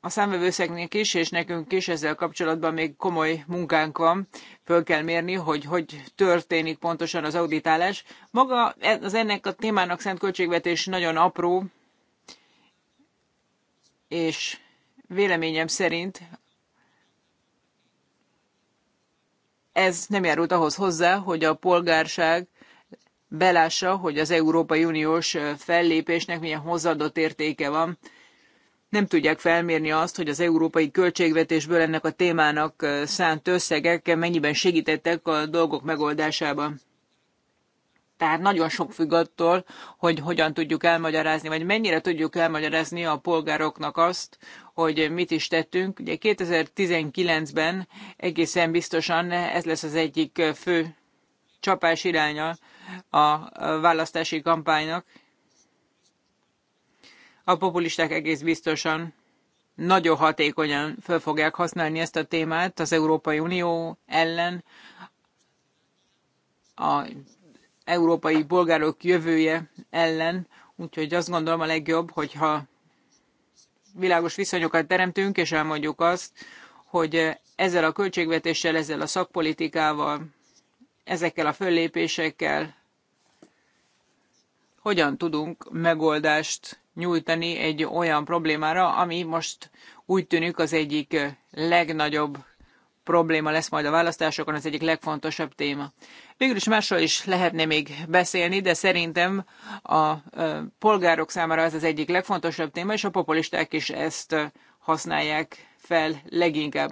a számvevőszeknek is, és nekünk is ezzel kapcsolatban még komoly munkánk van. Föl kell mérni, hogy hogy történik pontosan az auditálás. Maga e- az ennek a témának szent költségvetés nagyon apró, és véleményem szerint ez nem járult ahhoz hozzá, hogy a polgárság belássa, hogy az Európai Uniós fellépésnek milyen hozzáadott értéke van. Nem tudják felmérni azt, hogy az európai költségvetésből ennek a témának szánt összegek mennyiben segítettek a dolgok megoldásában tehát nagyon sok függ attól, hogy hogyan tudjuk elmagyarázni, vagy mennyire tudjuk elmagyarázni a polgároknak azt, hogy mit is tettünk. Ugye 2019-ben egészen biztosan ez lesz az egyik fő csapás iránya a választási kampánynak. A populisták egész biztosan nagyon hatékonyan föl fogják használni ezt a témát az Európai Unió ellen, a európai polgárok jövője ellen, úgyhogy azt gondolom a legjobb, hogyha világos viszonyokat teremtünk, és elmondjuk azt, hogy ezzel a költségvetéssel, ezzel a szakpolitikával, ezekkel a föllépésekkel hogyan tudunk megoldást nyújtani egy olyan problémára, ami most úgy tűnik az egyik legnagyobb probléma lesz majd a választásokon, az egyik legfontosabb téma. Végül is másról is lehetne még beszélni, de szerintem a polgárok számára ez az egyik legfontosabb téma, és a populisták is ezt használják fel leginkább.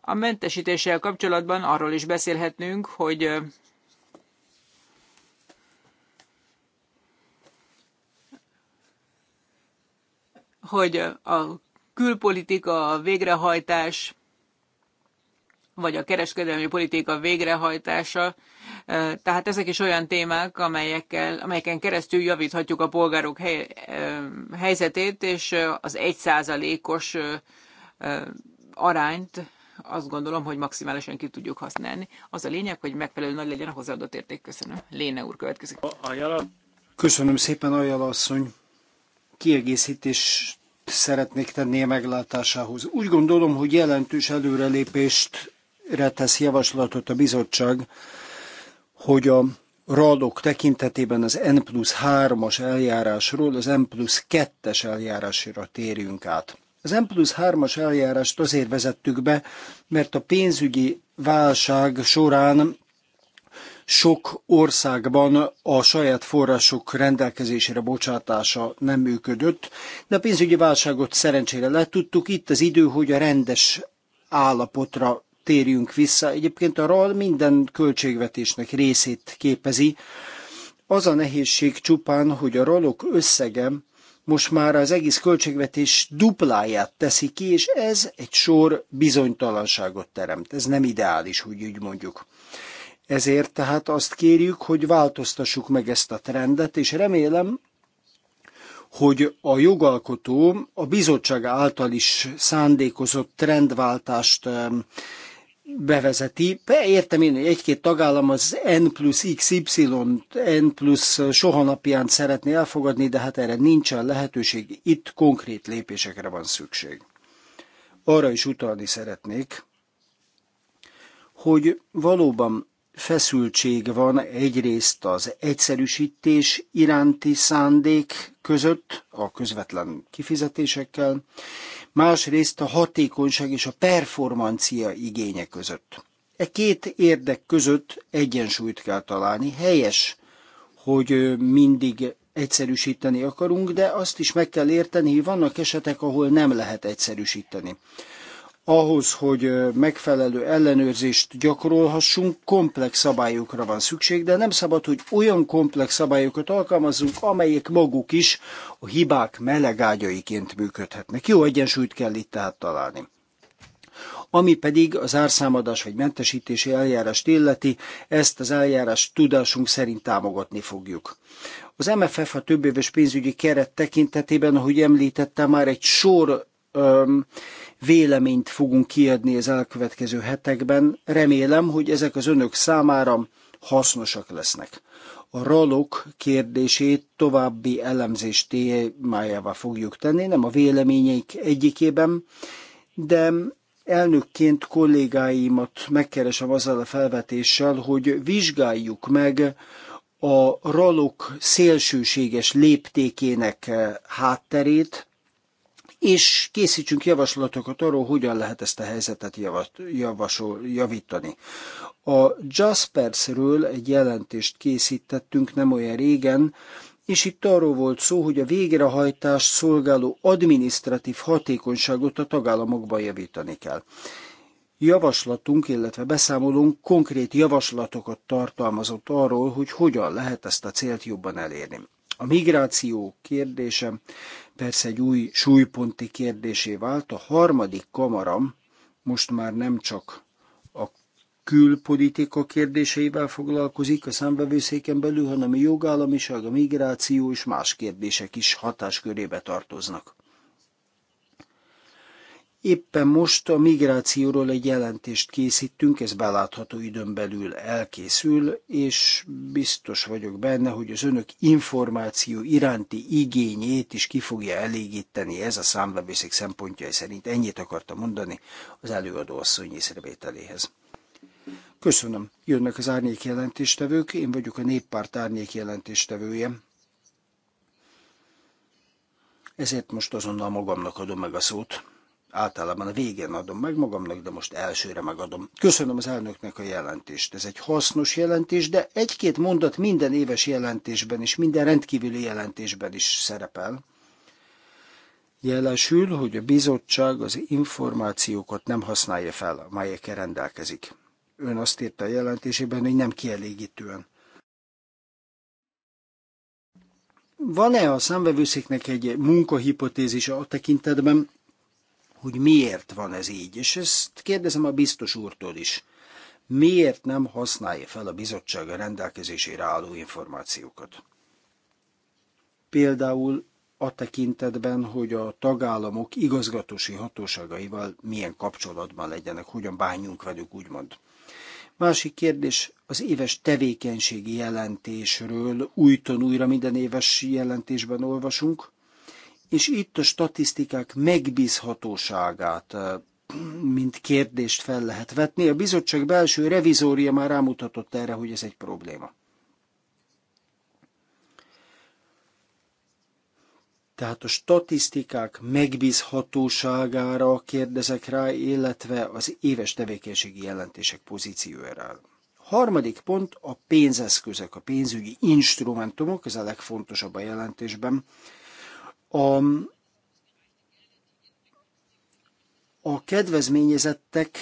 A mentesítéssel kapcsolatban arról is beszélhetnünk, hogy hogy a külpolitika végrehajtás, vagy a kereskedelmi politika végrehajtása. Tehát ezek is olyan témák, amelyekkel, amelyeken keresztül javíthatjuk a polgárok hely, helyzetét, és az egy százalékos arányt azt gondolom, hogy maximálisan ki tudjuk használni. Az a lényeg, hogy megfelelő nagy legyen a hozzáadott érték. Köszönöm. Léne úr következik. Köszönöm szépen, Ajala asszony. Kiegészítés szeretnék tenni a meglátásához. Úgy gondolom, hogy jelentős előrelépést tesz javaslatot a bizottság, hogy a radok tekintetében az N plusz 3-as eljárásról az N plusz 2-es eljárásra térjünk át. Az M plusz 3-as eljárást azért vezettük be, mert a pénzügyi válság során sok országban a saját források rendelkezésére bocsátása nem működött, de a pénzügyi válságot szerencsére letudtuk. Itt az idő, hogy a rendes állapotra térjünk vissza. Egyébként a RAL minden költségvetésnek részét képezi. Az a nehézség csupán, hogy a ralok -ok összege most már az egész költségvetés dupláját teszi ki, és ez egy sor bizonytalanságot teremt. Ez nem ideális, hogy úgy mondjuk. Ezért tehát azt kérjük, hogy változtassuk meg ezt a trendet, és remélem, hogy a jogalkotó a bizottság által is szándékozott trendváltást bevezeti. Értem én, hogy egy-két tagállam az N plusz XY, N plusz soha napján szeretné elfogadni, de hát erre nincsen lehetőség. Itt konkrét lépésekre van szükség. Arra is utalni szeretnék, hogy valóban feszültség van egyrészt az egyszerűsítés iránti szándék között, a közvetlen kifizetésekkel, másrészt a hatékonyság és a performancia igénye között. E két érdek között egyensúlyt kell találni. Helyes, hogy mindig egyszerűsíteni akarunk, de azt is meg kell érteni, hogy vannak esetek, ahol nem lehet egyszerűsíteni ahhoz, hogy megfelelő ellenőrzést gyakorolhassunk, komplex szabályokra van szükség, de nem szabad, hogy olyan komplex szabályokat alkalmazzunk, amelyek maguk is a hibák melegágyaiként működhetnek. Jó egyensúlyt kell itt tehát találni. Ami pedig az árszámadás vagy mentesítési eljárást illeti, ezt az eljárást tudásunk szerint támogatni fogjuk. Az MFF a többéves pénzügyi keret tekintetében, ahogy említettem, már egy sor öm, véleményt fogunk kiadni az elkövetkező hetekben. Remélem, hogy ezek az önök számára hasznosak lesznek. A ralok kérdését további elemzés témájává fogjuk tenni, nem a véleményeik egyikében, de elnökként kollégáimat megkeresem azzal a felvetéssel, hogy vizsgáljuk meg a ralok szélsőséges léptékének hátterét, és készítsünk javaslatokat arról, hogyan lehet ezt a helyzetet javasol, javítani. A Jaspersről egy jelentést készítettünk nem olyan régen, és itt arról volt szó, hogy a végrehajtás szolgáló adminisztratív hatékonyságot a tagállamokban javítani kell. Javaslatunk, illetve beszámolunk konkrét javaslatokat tartalmazott arról, hogy hogyan lehet ezt a célt jobban elérni. A migráció kérdése persze egy új súlyponti kérdésé vált. A harmadik kamaram most már nem csak a külpolitika kérdéseivel foglalkozik a számbevőszéken belül, hanem a jogállamiság, a migráció és más kérdések is hatáskörébe tartoznak. Éppen most a migrációról egy jelentést készítünk, ez belátható időn belül elkészül, és biztos vagyok benne, hogy az önök információ iránti igényét is ki fogja elégíteni ez a számvevőszék szempontjai szerint. Ennyit akartam mondani az előadó asszony észrevételéhez. Köszönöm. Jönnek az árnyék jelentéstevők, én vagyok a néppárt árnyék jelentéstevője. Ezért most azonnal magamnak adom meg a szót általában a végén adom meg magamnak, de most elsőre megadom. Köszönöm az elnöknek a jelentést. Ez egy hasznos jelentés, de egy-két mondat minden éves jelentésben és minden rendkívüli jelentésben is szerepel. Jelesül, hogy a bizottság az információkat nem használja fel, amelyekkel rendelkezik. Ön azt írta a jelentésében, hogy nem kielégítően. Van-e a számvevőszéknek egy munkahipotézis a tekintetben, hogy miért van ez így, és ezt kérdezem a biztos úrtól is. Miért nem használja fel a bizottság a rendelkezésére álló információkat? Például a tekintetben, hogy a tagállamok igazgatósi hatóságaival milyen kapcsolatban legyenek, hogyan bánjunk velük, úgymond. Másik kérdés az éves tevékenységi jelentésről újton újra minden éves jelentésben olvasunk, és itt a statisztikák megbízhatóságát mint kérdést fel lehet vetni. A bizottság belső revizória már rámutatott erre, hogy ez egy probléma. Tehát a statisztikák megbízhatóságára kérdezek rá, illetve az éves tevékenységi jelentések pozíciójára. Harmadik pont a pénzeszközök, a pénzügyi instrumentumok, ez a legfontosabb a jelentésben. A, a kedvezményezettek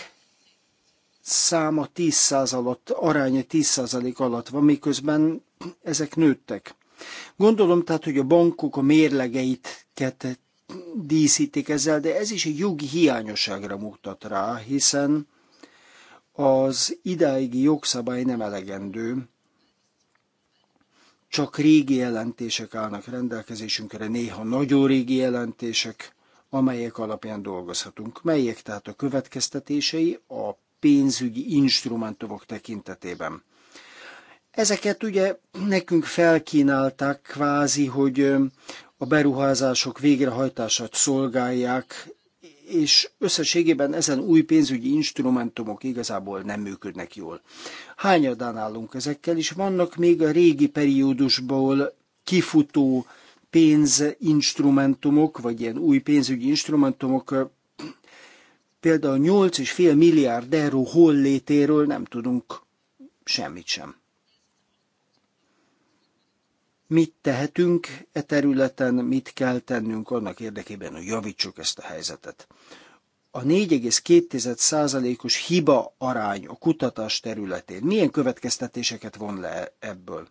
száma 10 alatt, aránya 10% alatt van, miközben ezek nőttek. Gondolom tehát, hogy a bankok a mérlegeit díszítik ezzel, de ez is egy jogi hiányosságra mutat rá, hiszen az idáigi jogszabály nem elegendő, csak régi jelentések állnak rendelkezésünkre, néha nagyon régi jelentések, amelyek alapján dolgozhatunk. Melyek tehát a következtetései a pénzügyi instrumentumok tekintetében? Ezeket ugye nekünk felkínálták kvázi, hogy a beruházások végrehajtását szolgálják, és összességében ezen új pénzügyi instrumentumok igazából nem működnek jól. Hányadán állunk ezekkel, és vannak még a régi periódusból kifutó pénzinstrumentumok, vagy ilyen új pénzügyi instrumentumok, például 8,5 milliárd euró hollétéről nem tudunk semmit sem mit tehetünk e területen, mit kell tennünk annak érdekében, hogy javítsuk ezt a helyzetet. A 4,2%-os hiba arány a kutatás területén milyen következtetéseket von le ebből?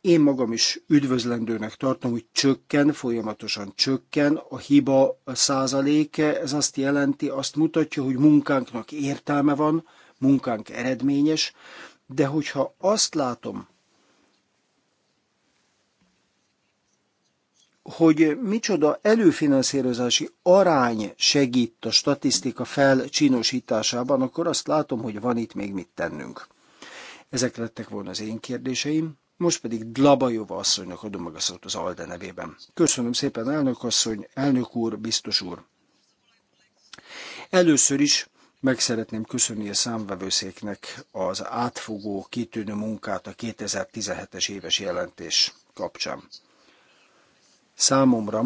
Én magam is üdvözlendőnek tartom, hogy csökken, folyamatosan csökken a hiba százaléke. Ez azt jelenti, azt mutatja, hogy munkánknak értelme van, munkánk eredményes, de hogyha azt látom, hogy micsoda előfinanszírozási arány segít a statisztika felcsinosításában, akkor azt látom, hogy van itt még mit tennünk. Ezek lettek volna az én kérdéseim, most pedig Dlabajova asszonynak adom meg a szót az Alde nevében. Köszönöm szépen, elnök asszony, elnök úr, biztos úr. Először is meg szeretném köszönni a számvevőszéknek az átfogó, kitűnő munkát a 2017-es éves jelentés kapcsán. Számomra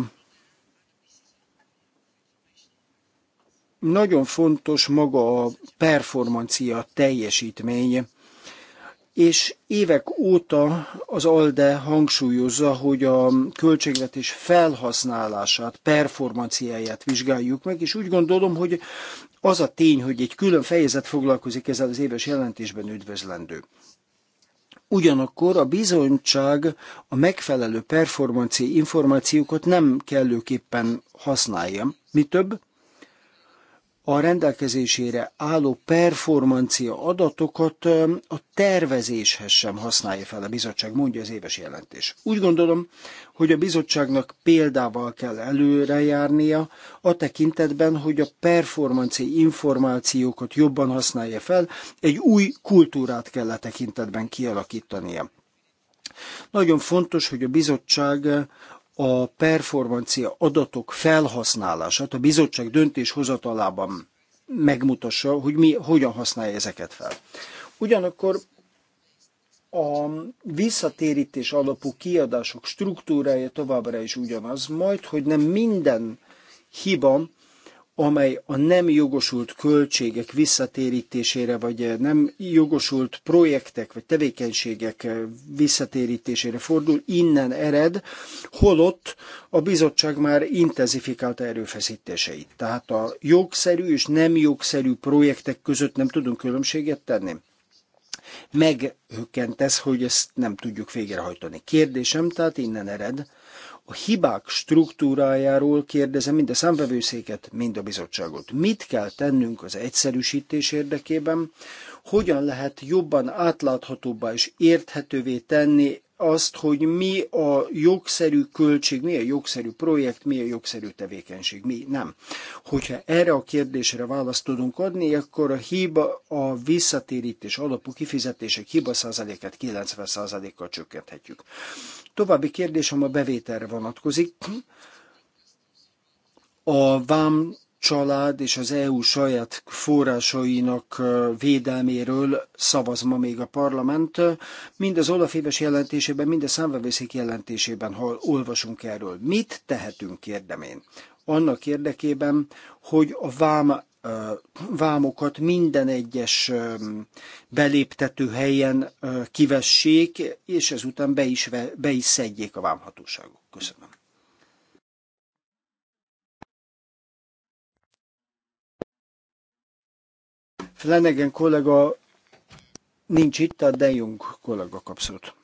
nagyon fontos maga a performancia teljesítmény, és évek óta az ALDE hangsúlyozza, hogy a költségvetés felhasználását, performanciáját vizsgáljuk meg, és úgy gondolom, hogy az a tény, hogy egy külön fejezet foglalkozik ezzel az éves jelentésben üdvözlendő. Ugyanakkor a bizonyság a megfelelő performanci információkat nem kellőképpen használja. Mi több, a rendelkezésére álló performancia adatokat a tervezéshez sem használja fel a bizottság, mondja az éves jelentés. Úgy gondolom, hogy a bizottságnak példával kell előrejárnia a tekintetben, hogy a performanci információkat jobban használja fel, egy új kultúrát kell a tekintetben kialakítania. Nagyon fontos, hogy a bizottság a performancia adatok felhasználását a bizottság döntéshozatalában megmutassa, hogy mi hogyan használja ezeket fel. Ugyanakkor a visszatérítés alapú kiadások struktúrája továbbra is ugyanaz, majd hogy nem minden hiba amely a nem jogosult költségek visszatérítésére, vagy eh, nem jogosult projektek vagy tevékenységek eh, visszatérítésére fordul, innen ered, holott a bizottság már intenzifikálta erőfeszítéseit. Tehát a jogszerű és nem jogszerű projektek között nem tudunk különbséget tenni. Meghökkent ez, hogy ezt nem tudjuk végrehajtani. Kérdésem tehát innen ered, a hibák struktúrájáról kérdezem mind a számvevőszéket, mind a bizottságot. Mit kell tennünk az egyszerűsítés érdekében? Hogyan lehet jobban átláthatóbbá és érthetővé tenni azt, hogy mi a jogszerű költség, mi a jogszerű projekt, mi a jogszerű tevékenység, mi nem. Hogyha erre a kérdésre választ tudunk adni, akkor a hiba, a visszatérítés alapú kifizetések hiba százalékát 90 százalékkal csökkenthetjük. További kérdésem a bevételre vonatkozik. A vám család és az EU saját forrásainak védelméről szavaz ma még a parlament. Mind az Olaf éves jelentésében, mind a számvevőszék jelentésében hall, olvasunk erről. Mit tehetünk, kérdemén? Annak érdekében, hogy a vám vámokat minden egyes beléptető helyen kivessék, és ezután be is, be is szedjék a vámhatóságok. Köszönöm. Flanagan kollega nincs itt, a De Jong kollega kapszott.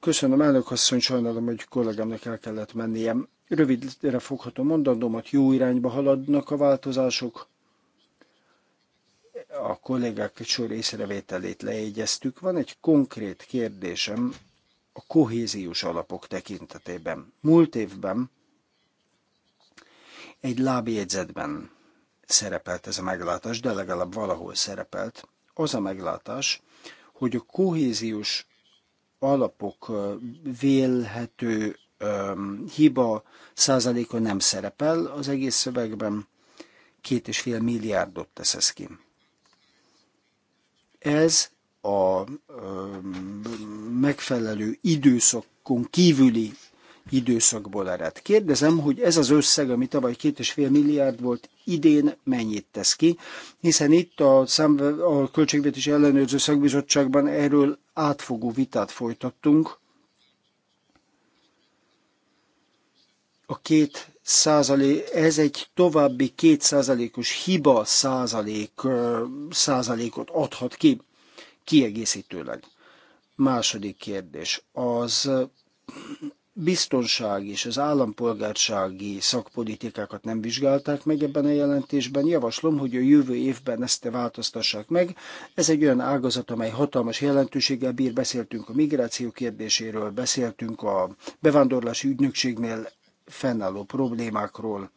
Köszönöm, elnök asszony, sajnálom, hogy kollégámnak el kellett mennie. Rövidre fogható mondandómat, jó irányba haladnak a változások. A kollégák egy sor észrevételét leégyeztük. Van egy konkrét kérdésem a kohéziós alapok tekintetében. Múlt évben egy lábjegyzetben szerepelt ez a meglátás, de legalább valahol szerepelt, az a meglátás, hogy a kohéziós alapok vélhető um, hiba százaléka nem szerepel az egész szövegben, két és fél milliárdot tesz ez ki. Ez a um, megfelelő időszakon kívüli időszakból ered. Kérdezem, hogy ez az összeg, ami tavaly 2,5 milliárd volt, idén mennyit tesz ki, hiszen itt a, számve, a Költségvetési Ellenőrző Szakbizottságban erről átfogó vitát folytattunk. A két százalék, ez egy további két százalékos hiba százalék, százalékot adhat ki kiegészítőleg. Második kérdés. Az biztonsági és az állampolgársági szakpolitikákat nem vizsgálták meg ebben a jelentésben. Javaslom, hogy a jövő évben ezt változtassák meg. Ez egy olyan ágazat, amely hatalmas jelentőséggel bír. Beszéltünk a migráció kérdéséről, beszéltünk a bevándorlási ügynökségnél fennálló problémákról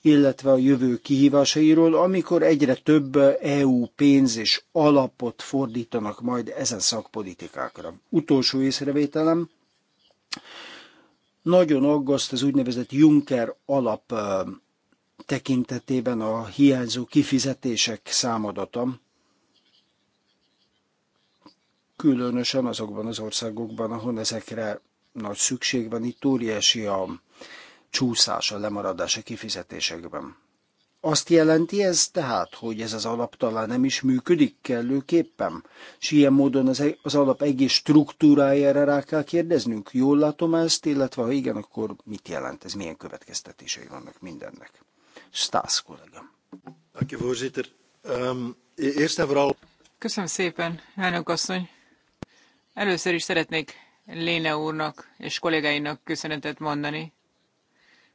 illetve a jövő kihívásairól, amikor egyre több EU pénz és alapot fordítanak majd ezen szakpolitikákra. Utolsó észrevételem, nagyon aggaszt az úgynevezett Juncker alap tekintetében a hiányzó kifizetések számadata, különösen azokban az országokban, ahol ezekre nagy szükség van, itt óriási a csúszás, a lemaradás a kifizetésekben. Azt jelenti ez tehát, hogy ez az alap talán nem is működik kellőképpen, és ilyen módon az, az alap egész struktúrájára rá kell kérdeznünk. Jól látom ezt, illetve ha igen, akkor mit jelent ez, milyen következtetései vannak mindennek? Stász kollega. Ehm, e-, Köszönöm szépen, elnök asszony. Először is szeretnék Léne úrnak és kollégáinak köszönetet mondani.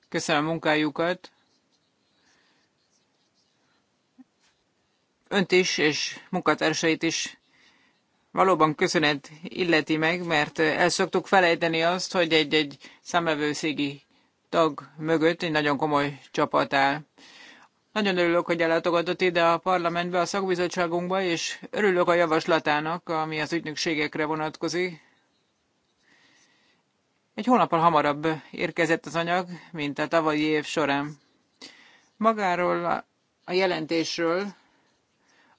Köszönöm a munkájukat, önt is, és munkatársait is valóban köszönet illeti meg, mert el szoktuk felejteni azt, hogy egy-egy számvevőszégi tag mögött egy nagyon komoly csapat áll. Nagyon örülök, hogy ellátogatott ide a parlamentbe, a szakbizottságunkba, és örülök a javaslatának, ami az ügynökségekre vonatkozik. Egy hónappal hamarabb érkezett az anyag, mint a tavalyi év során. Magáról a jelentésről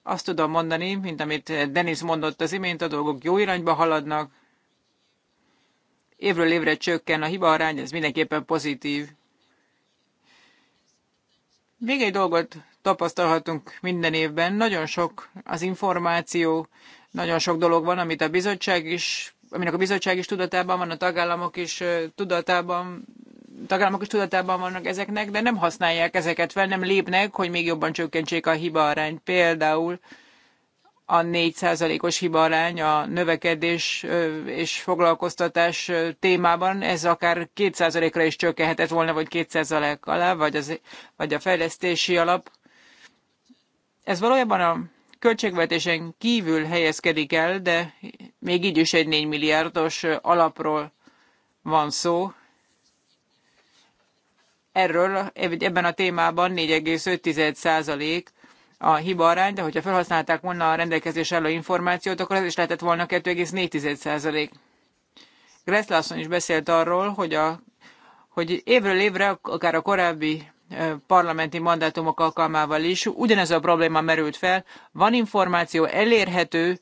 azt tudom mondani, mint amit Denis mondott az imént, a dolgok jó irányba haladnak, évről évre csökken a hiba arány, ez mindenképpen pozitív. Még egy dolgot tapasztalhatunk minden évben, nagyon sok az információ, nagyon sok dolog van, amit a bizottság is, aminek a bizottság is tudatában van, a tagállamok is tudatában tagállamok is tudatában vannak ezeknek, de nem használják ezeket fel, nem lépnek, hogy még jobban csökkentsék a hibaarányt. Például a 4%-os hibaarány a növekedés és foglalkoztatás témában, ez akár 2%-ra is csökkenhetett volna, vagy 2% alá, vagy, az, vagy a fejlesztési alap. Ez valójában a költségvetésen kívül helyezkedik el, de még így is egy 4 milliárdos alapról van szó erről, ebben a témában 4,5% a hiba arány, de hogyha felhasználták volna a rendelkezés álló információt, akkor ez is lehetett volna 2,4%. Greszlászon is beszélt arról, hogy, a, hogy évről évre, akár a korábbi parlamenti mandátumok alkalmával is ugyanez a probléma merült fel. Van információ, elérhető,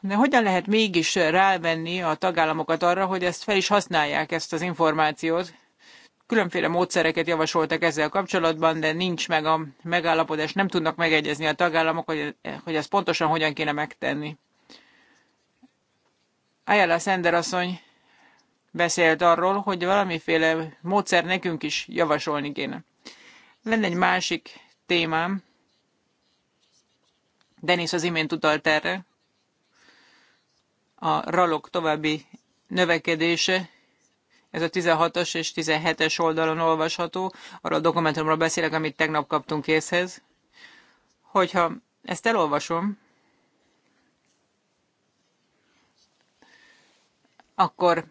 de hogyan lehet mégis rávenni a tagállamokat arra, hogy ezt fel is használják, ezt az információt? Különféle módszereket javasoltak ezzel kapcsolatban, de nincs meg a megállapodás, nem tudnak megegyezni a tagállamok, hogy, hogy ezt pontosan hogyan kéne megtenni. Ayala Sender asszony beszélt arról, hogy valamiféle módszer nekünk is javasolni kéne. Lenne egy másik témám, Denis az imént utalt erre, a ralok további növekedése ez a 16 as és 17-es oldalon olvasható, arra a dokumentumról beszélek, amit tegnap kaptunk készhez. Hogyha ezt elolvasom, akkor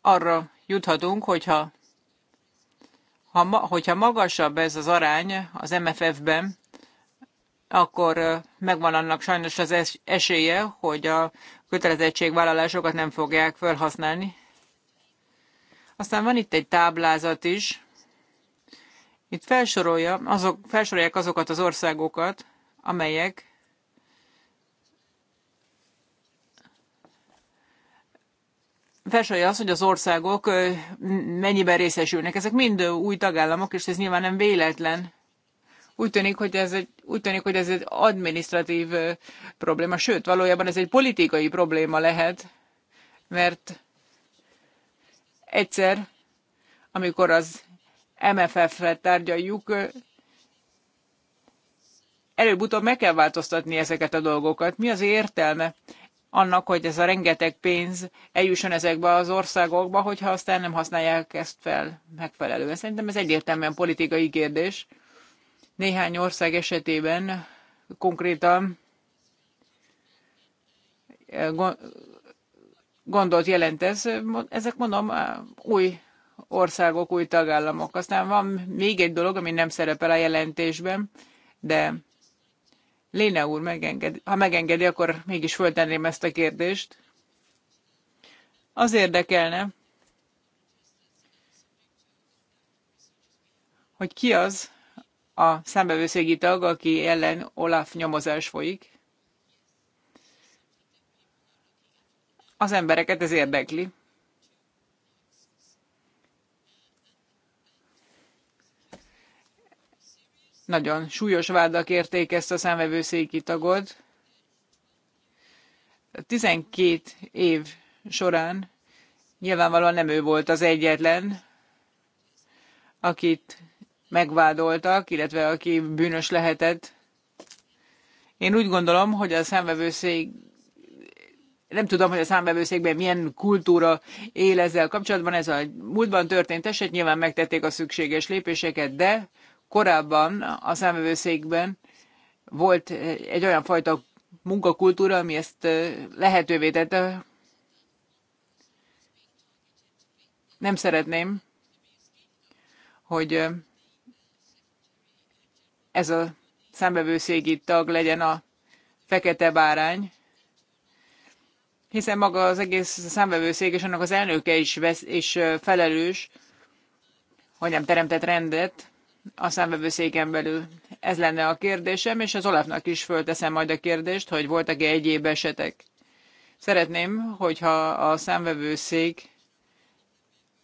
arra juthatunk, hogyha, ha, hogyha magasabb ez az arány az MFF-ben, akkor megvan annak sajnos az esélye, hogy a kötelezettségvállalásokat nem fogják felhasználni. Aztán van itt egy táblázat is. Itt felsorolja, azok, felsorolják azokat az országokat, amelyek felsorolja azt, hogy az országok mennyiben részesülnek. Ezek mind új tagállamok, és ez nyilván nem véletlen. Úgy tűnik, hogy ez egy, úgy tűnik, hogy ez egy administratív probléma, sőt, valójában ez egy politikai probléma lehet, mert Egyszer, amikor az MFF-re tárgyaljuk, előbb-utóbb meg kell változtatni ezeket a dolgokat. Mi az értelme annak, hogy ez a rengeteg pénz eljusson ezekbe az országokba, hogyha aztán nem használják ezt fel megfelelően. Szerintem ez egyértelműen politikai kérdés. Néhány ország esetében konkrétan gondot jelent ez. Ezek mondom új országok, új tagállamok. Aztán van még egy dolog, ami nem szerepel a jelentésben, de Léne úr, megengedi, ha megengedi, akkor mégis föltenném ezt a kérdést. Az érdekelne, hogy ki az a szembevőszégi tag, aki ellen Olaf nyomozás folyik. az embereket ez érdekli. Nagyon súlyos vádak érték ezt a számvevőszéki tagod. 12 év során nyilvánvalóan nem ő volt az egyetlen, akit megvádoltak, illetve aki bűnös lehetett. Én úgy gondolom, hogy a számvevőszék nem tudom, hogy a számbevőszékben milyen kultúra él ezzel kapcsolatban. Ez a múltban történt eset, nyilván megtették a szükséges lépéseket, de korábban a számbevőszékben volt egy olyan fajta munkakultúra, ami ezt lehetővé tette. Nem szeretném, hogy ez a számbevőszégi tag legyen a fekete bárány, hiszen maga az egész számvevőszék és annak az elnöke is, vesz, is felelős, hogy nem teremtett rendet a számvevőszéken belül. Ez lenne a kérdésem, és az Olafnak is fölteszem majd a kérdést, hogy voltak-e egyéb esetek. Szeretném, hogyha a számvevőszék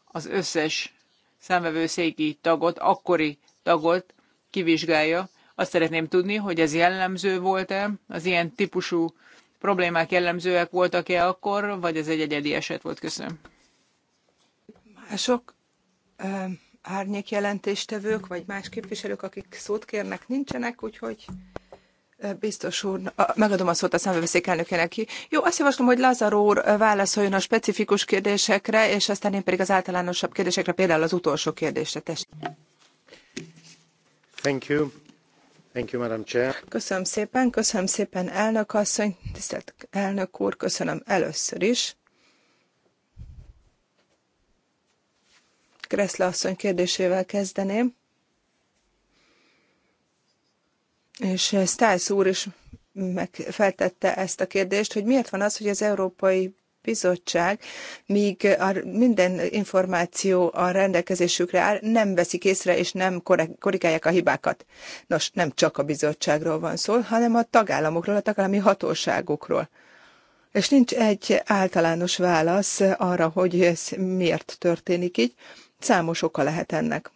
az összes számvevőszéki tagot, akkori tagot kivizsgálja. Azt szeretném tudni, hogy ez jellemző volt-e az ilyen típusú problémák jellemzőek voltak-e akkor, vagy ez egy egyedi eset volt? Köszönöm. Mások ö, árnyék jelentéstevők, vagy más képviselők, akik szót kérnek, nincsenek, úgyhogy eh, Biztos úr, megadom a szót a számvevőszék elnökének. Jó, azt javaslom, hogy Lazar úr eh, válaszoljon a specifikus kérdésekre, és aztán én pedig az általánosabb kérdésekre, például az utolsó kérdésre. Tessék. Thank you. Thank you, Madam Chair. Köszönöm szépen, köszönöm szépen elnök asszony, tisztelt elnök úr, köszönöm először is. Kreszle asszony kérdésével kezdeném. És Stiles úr is megfeltette ezt a kérdést, hogy miért van az, hogy az Európai bizottság, míg a, minden információ a rendelkezésükre áll, nem veszik észre és nem korrigálják a hibákat. Nos, nem csak a bizottságról van szó, hanem a tagállamokról, a tagállami hatóságokról. És nincs egy általános válasz arra, hogy ez miért történik így. Számos oka lehet ennek.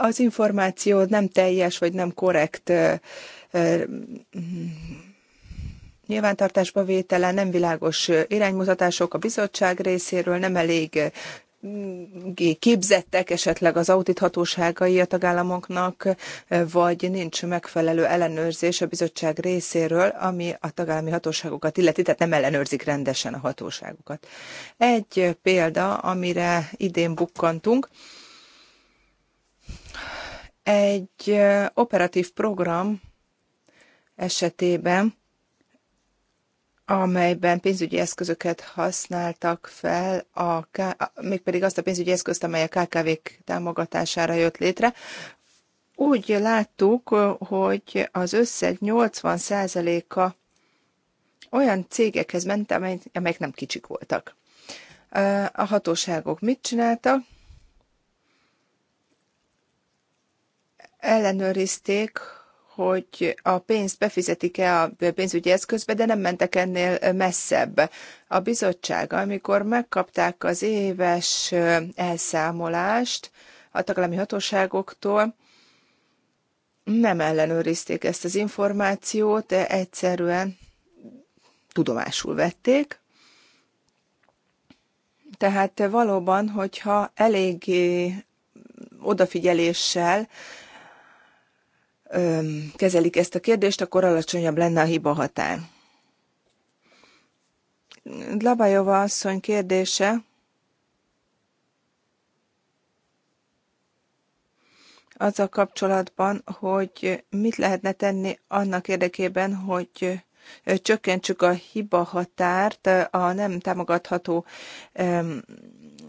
Az információ nem teljes vagy nem korrekt nyilvántartásba vétele, nem világos iránymutatások a bizottság részéről, nem elég képzettek esetleg az audithatóságai a tagállamoknak, vagy nincs megfelelő ellenőrzés a bizottság részéről, ami a tagállami hatóságokat illeti, tehát nem ellenőrzik rendesen a hatóságokat. Egy példa, amire idén bukkantunk, egy operatív program esetében amelyben pénzügyi eszközöket használtak fel, a K, mégpedig azt a pénzügyi eszközt, amely a KKV-k támogatására jött létre. Úgy láttuk, hogy az összeg 80%-a olyan cégekhez ment, amelyek nem kicsik voltak. A hatóságok mit csináltak? Ellenőrizték, hogy a pénzt befizetik-e a pénzügyi eszközbe, de nem mentek ennél messzebb. A bizottság, amikor megkapták az éves elszámolást a tagállami hatóságoktól, nem ellenőrizték ezt az információt, de egyszerűen tudomásul vették. Tehát valóban, hogyha elég odafigyeléssel kezelik ezt a kérdést, akkor alacsonyabb lenne a hiba határ. Labajova asszony kérdése. a kapcsolatban, hogy mit lehetne tenni annak érdekében, hogy csökkentsük a hiba határt a nem támogatható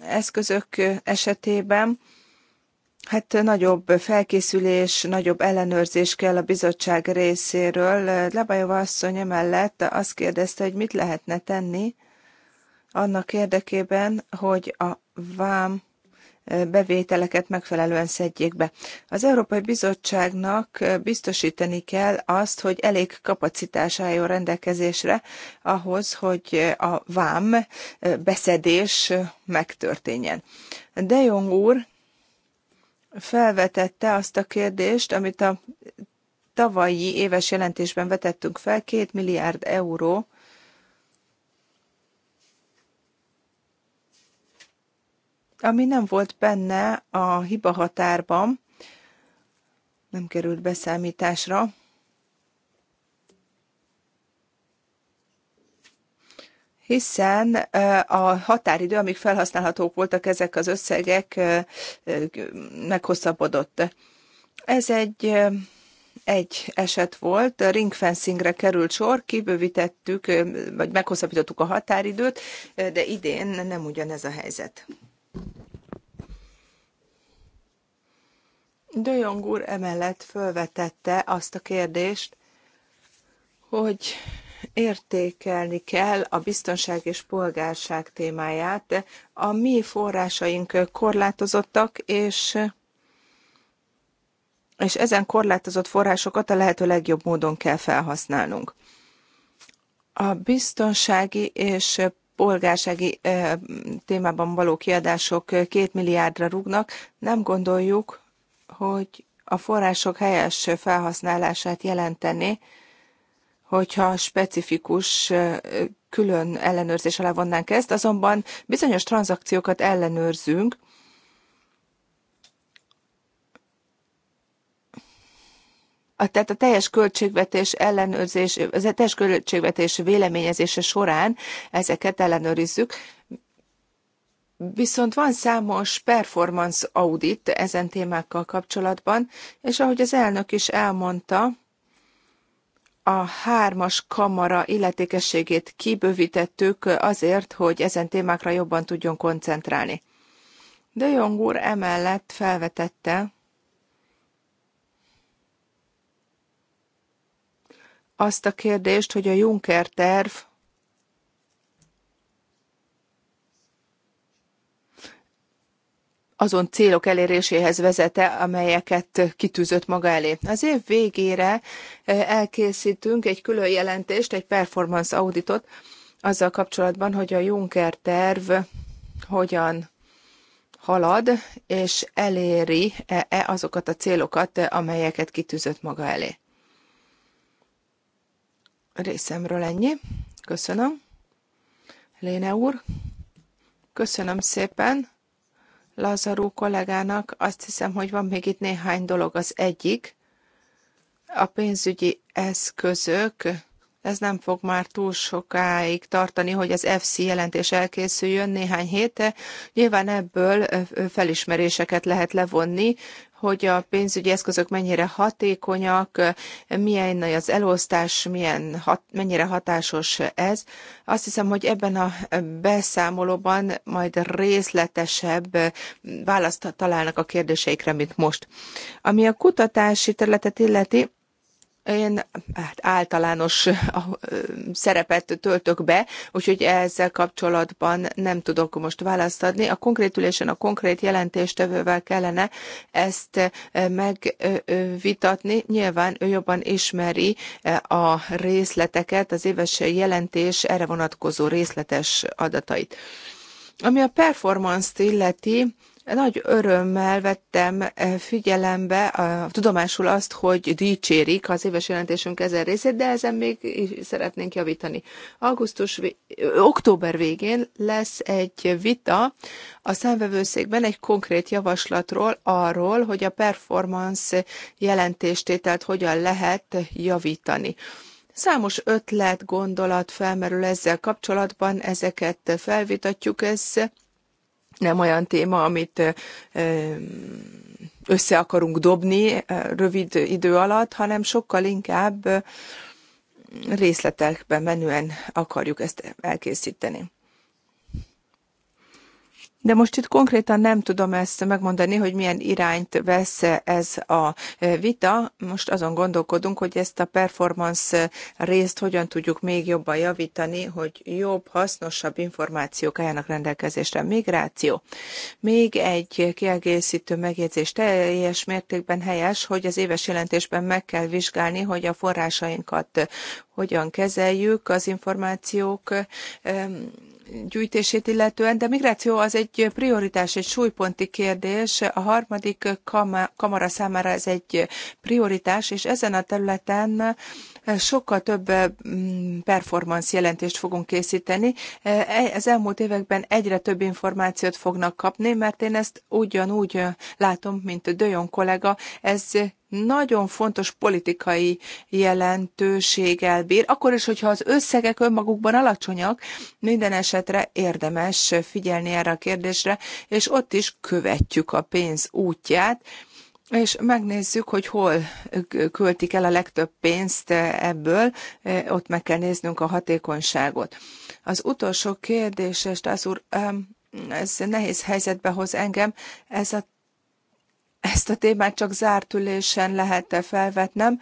eszközök esetében. Hát nagyobb felkészülés, nagyobb ellenőrzés kell a bizottság részéről. Lebajova asszony emellett azt kérdezte, hogy mit lehetne tenni annak érdekében, hogy a vám bevételeket megfelelően szedjék be. Az Európai Bizottságnak biztosítani kell azt, hogy elég kapacitás álljon rendelkezésre ahhoz, hogy a vám beszedés megtörténjen. De Jong úr felvetette azt a kérdést, amit a tavalyi éves jelentésben vetettünk fel, két milliárd euró ami nem volt benne a hiba határban, nem került beszámításra. hiszen a határidő, amíg felhasználhatók voltak ezek az összegek, meghosszabbodott. Ez egy egy eset volt, ringfencingre került sor, kibővítettük, vagy meghosszabbítottuk a határidőt, de idén nem ugyanez a helyzet. Döjong úr emellett felvetette azt a kérdést, hogy értékelni kell a biztonság és polgárság témáját. A mi forrásaink korlátozottak, és és ezen korlátozott forrásokat a lehető legjobb módon kell felhasználnunk. A biztonsági és polgársági témában való kiadások két milliárdra rúgnak. Nem gondoljuk, hogy a források helyes felhasználását jelenteni hogyha specifikus külön ellenőrzés alá vonnánk ezt, azonban bizonyos tranzakciókat ellenőrzünk, A, tehát a teljes költségvetés ellenőrzés, az a teljes költségvetés véleményezése során ezeket ellenőrizzük. Viszont van számos performance audit ezen témákkal kapcsolatban, és ahogy az elnök is elmondta, a hármas kamara illetékességét kibővítettük azért, hogy ezen témákra jobban tudjon koncentrálni. De Jong úr emellett felvetette azt a kérdést, hogy a Juncker terv azon célok eléréséhez vezete, amelyeket kitűzött maga elé. Az év végére eh, elkészítünk egy külön jelentést, egy performance auditot azzal kapcsolatban, hogy a Juncker terv hogyan halad, és eléri -e azokat a célokat, amelyeket kitűzött maga elé. Részemről ennyi. Köszönöm. Léne úr, köszönöm szépen. Lazarú kollégának. Azt hiszem, hogy van még itt néhány dolog. Az egyik, a pénzügyi eszközök ez nem fog már túl sokáig tartani, hogy az FC jelentés elkészüljön néhány héte. Nyilván ebből felismeréseket lehet levonni, hogy a pénzügyi eszközök mennyire hatékonyak, milyen nagy az elosztás, milyen hat, mennyire hatásos ez. Azt hiszem, hogy ebben a beszámolóban majd részletesebb választ találnak a kérdéseikre, mint most. Ami a kutatási területet illeti, én hát általános szerepet töltök be, úgyhogy ezzel kapcsolatban nem tudok most választ adni. A konkrét ülésen a konkrét jelentéstevővel kellene ezt megvitatni. Nyilván ő jobban ismeri a részleteket, az éves jelentés erre vonatkozó részletes adatait. Ami a performance-t illeti, nagy örömmel vettem eh, figyelembe a, tudomásul azt, hogy dicsérik az éves jelentésünk ezen részét, de ezen még szeretnénk javítani. Augusztus, október végén lesz egy vita a szemvevőszékben egy konkrét javaslatról arról, hogy a performance jelentéstételt hogyan lehet javítani. Számos ötlet, gondolat felmerül ezzel kapcsolatban, ezeket felvitatjuk, ez nem olyan téma, amit össze akarunk dobni rövid idő alatt, hanem sokkal inkább részletekben menően akarjuk ezt elkészíteni. De most itt konkrétan nem tudom ezt megmondani, hogy milyen irányt vesz ez a vita. Most azon gondolkodunk, hogy ezt a performance részt hogyan tudjuk még jobban javítani, hogy jobb, hasznosabb információk álljanak rendelkezésre. Migráció. Még egy kiegészítő megjegyzés teljes mértékben helyes, hogy az éves jelentésben meg kell vizsgálni, hogy a forrásainkat hogyan kezeljük, az információk gyűjtését illetően, de migráció az egy prioritás, egy súlyponti kérdés. A harmadik kamara számára ez egy prioritás, és ezen a területen sokkal több mm, performance jelentést fogunk készíteni. E, e, az elmúlt években egyre több információt fognak kapni, mert én ezt ugyanúgy látom, mint Döjon kollega, ez nagyon fontos politikai jelentőséggel bír, akkor is, hogyha az összegek önmagukban alacsonyak, minden esetre érdemes figyelni erre a kérdésre, és ott is követjük a pénz útját, és megnézzük, hogy hol költik el a legtöbb pénzt ebből, ott meg kell néznünk a hatékonyságot. Az utolsó kérdés, az úr, ez nehéz helyzetbe hoz engem, ez a ezt a témát csak zárt ülésen lehet felvetnem,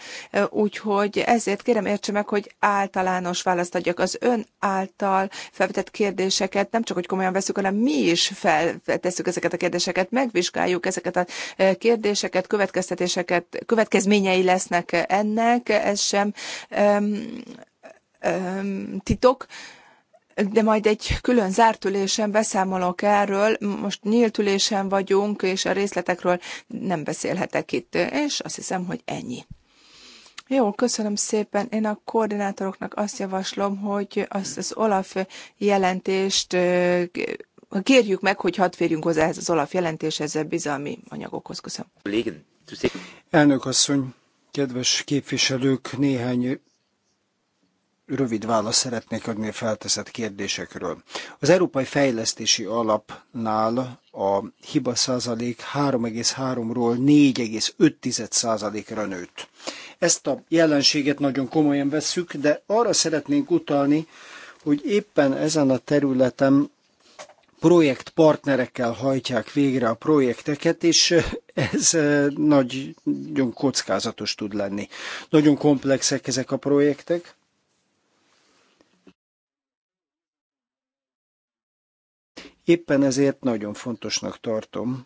úgyhogy ezért kérem értse meg, hogy általános választ adjak az ön által felvetett kérdéseket, nem csak, hogy komolyan veszük, hanem mi is feltesszük ezeket a kérdéseket, megvizsgáljuk ezeket a kérdéseket, következtetéseket, következményei lesznek ennek, ez sem um, um, titok, de majd egy külön zárt ülésen beszámolok erről. Most nyílt ülésen vagyunk, és a részletekről nem beszélhetek itt, és azt hiszem, hogy ennyi. Jó, köszönöm szépen. Én a koordinátoroknak azt javaslom, hogy azt az Olaf jelentést kérjük meg, hogy hadd férjünk hozzá ehhez az Olaf jelentéshez, a bizalmi anyagokhoz. Köszönöm. Elnök asszony, kedves képviselők, néhány rövid választ szeretnék adni a felteszett kérdésekről. Az Európai Fejlesztési Alapnál a hiba százalék 3,3-ról 4,5 százalékra nőtt. Ezt a jelenséget nagyon komolyan vesszük, de arra szeretnénk utalni, hogy éppen ezen a területen projektpartnerekkel hajtják végre a projekteket, és ez eh, nagyon kockázatos tud lenni. Nagyon komplexek ezek a projektek, Éppen ezért nagyon fontosnak tartom,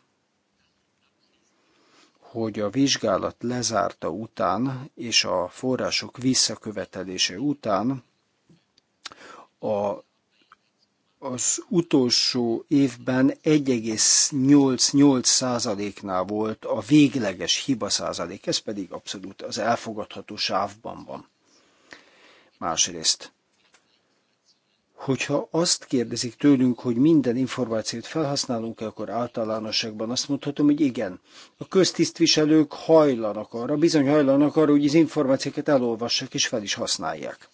hogy a vizsgálat lezárta után és a források visszakövetelése után a, az utolsó évben 1,88%-nál volt a végleges hiba százalék, ez pedig abszolút az elfogadható sávban van. Másrészt Hogyha azt kérdezik tőlünk, hogy minden információt felhasználunk-e, akkor általánosságban azt mondhatom, hogy igen. A köztisztviselők hajlanak arra, bizony hajlanak arra, hogy az információkat elolvassák és fel is használják.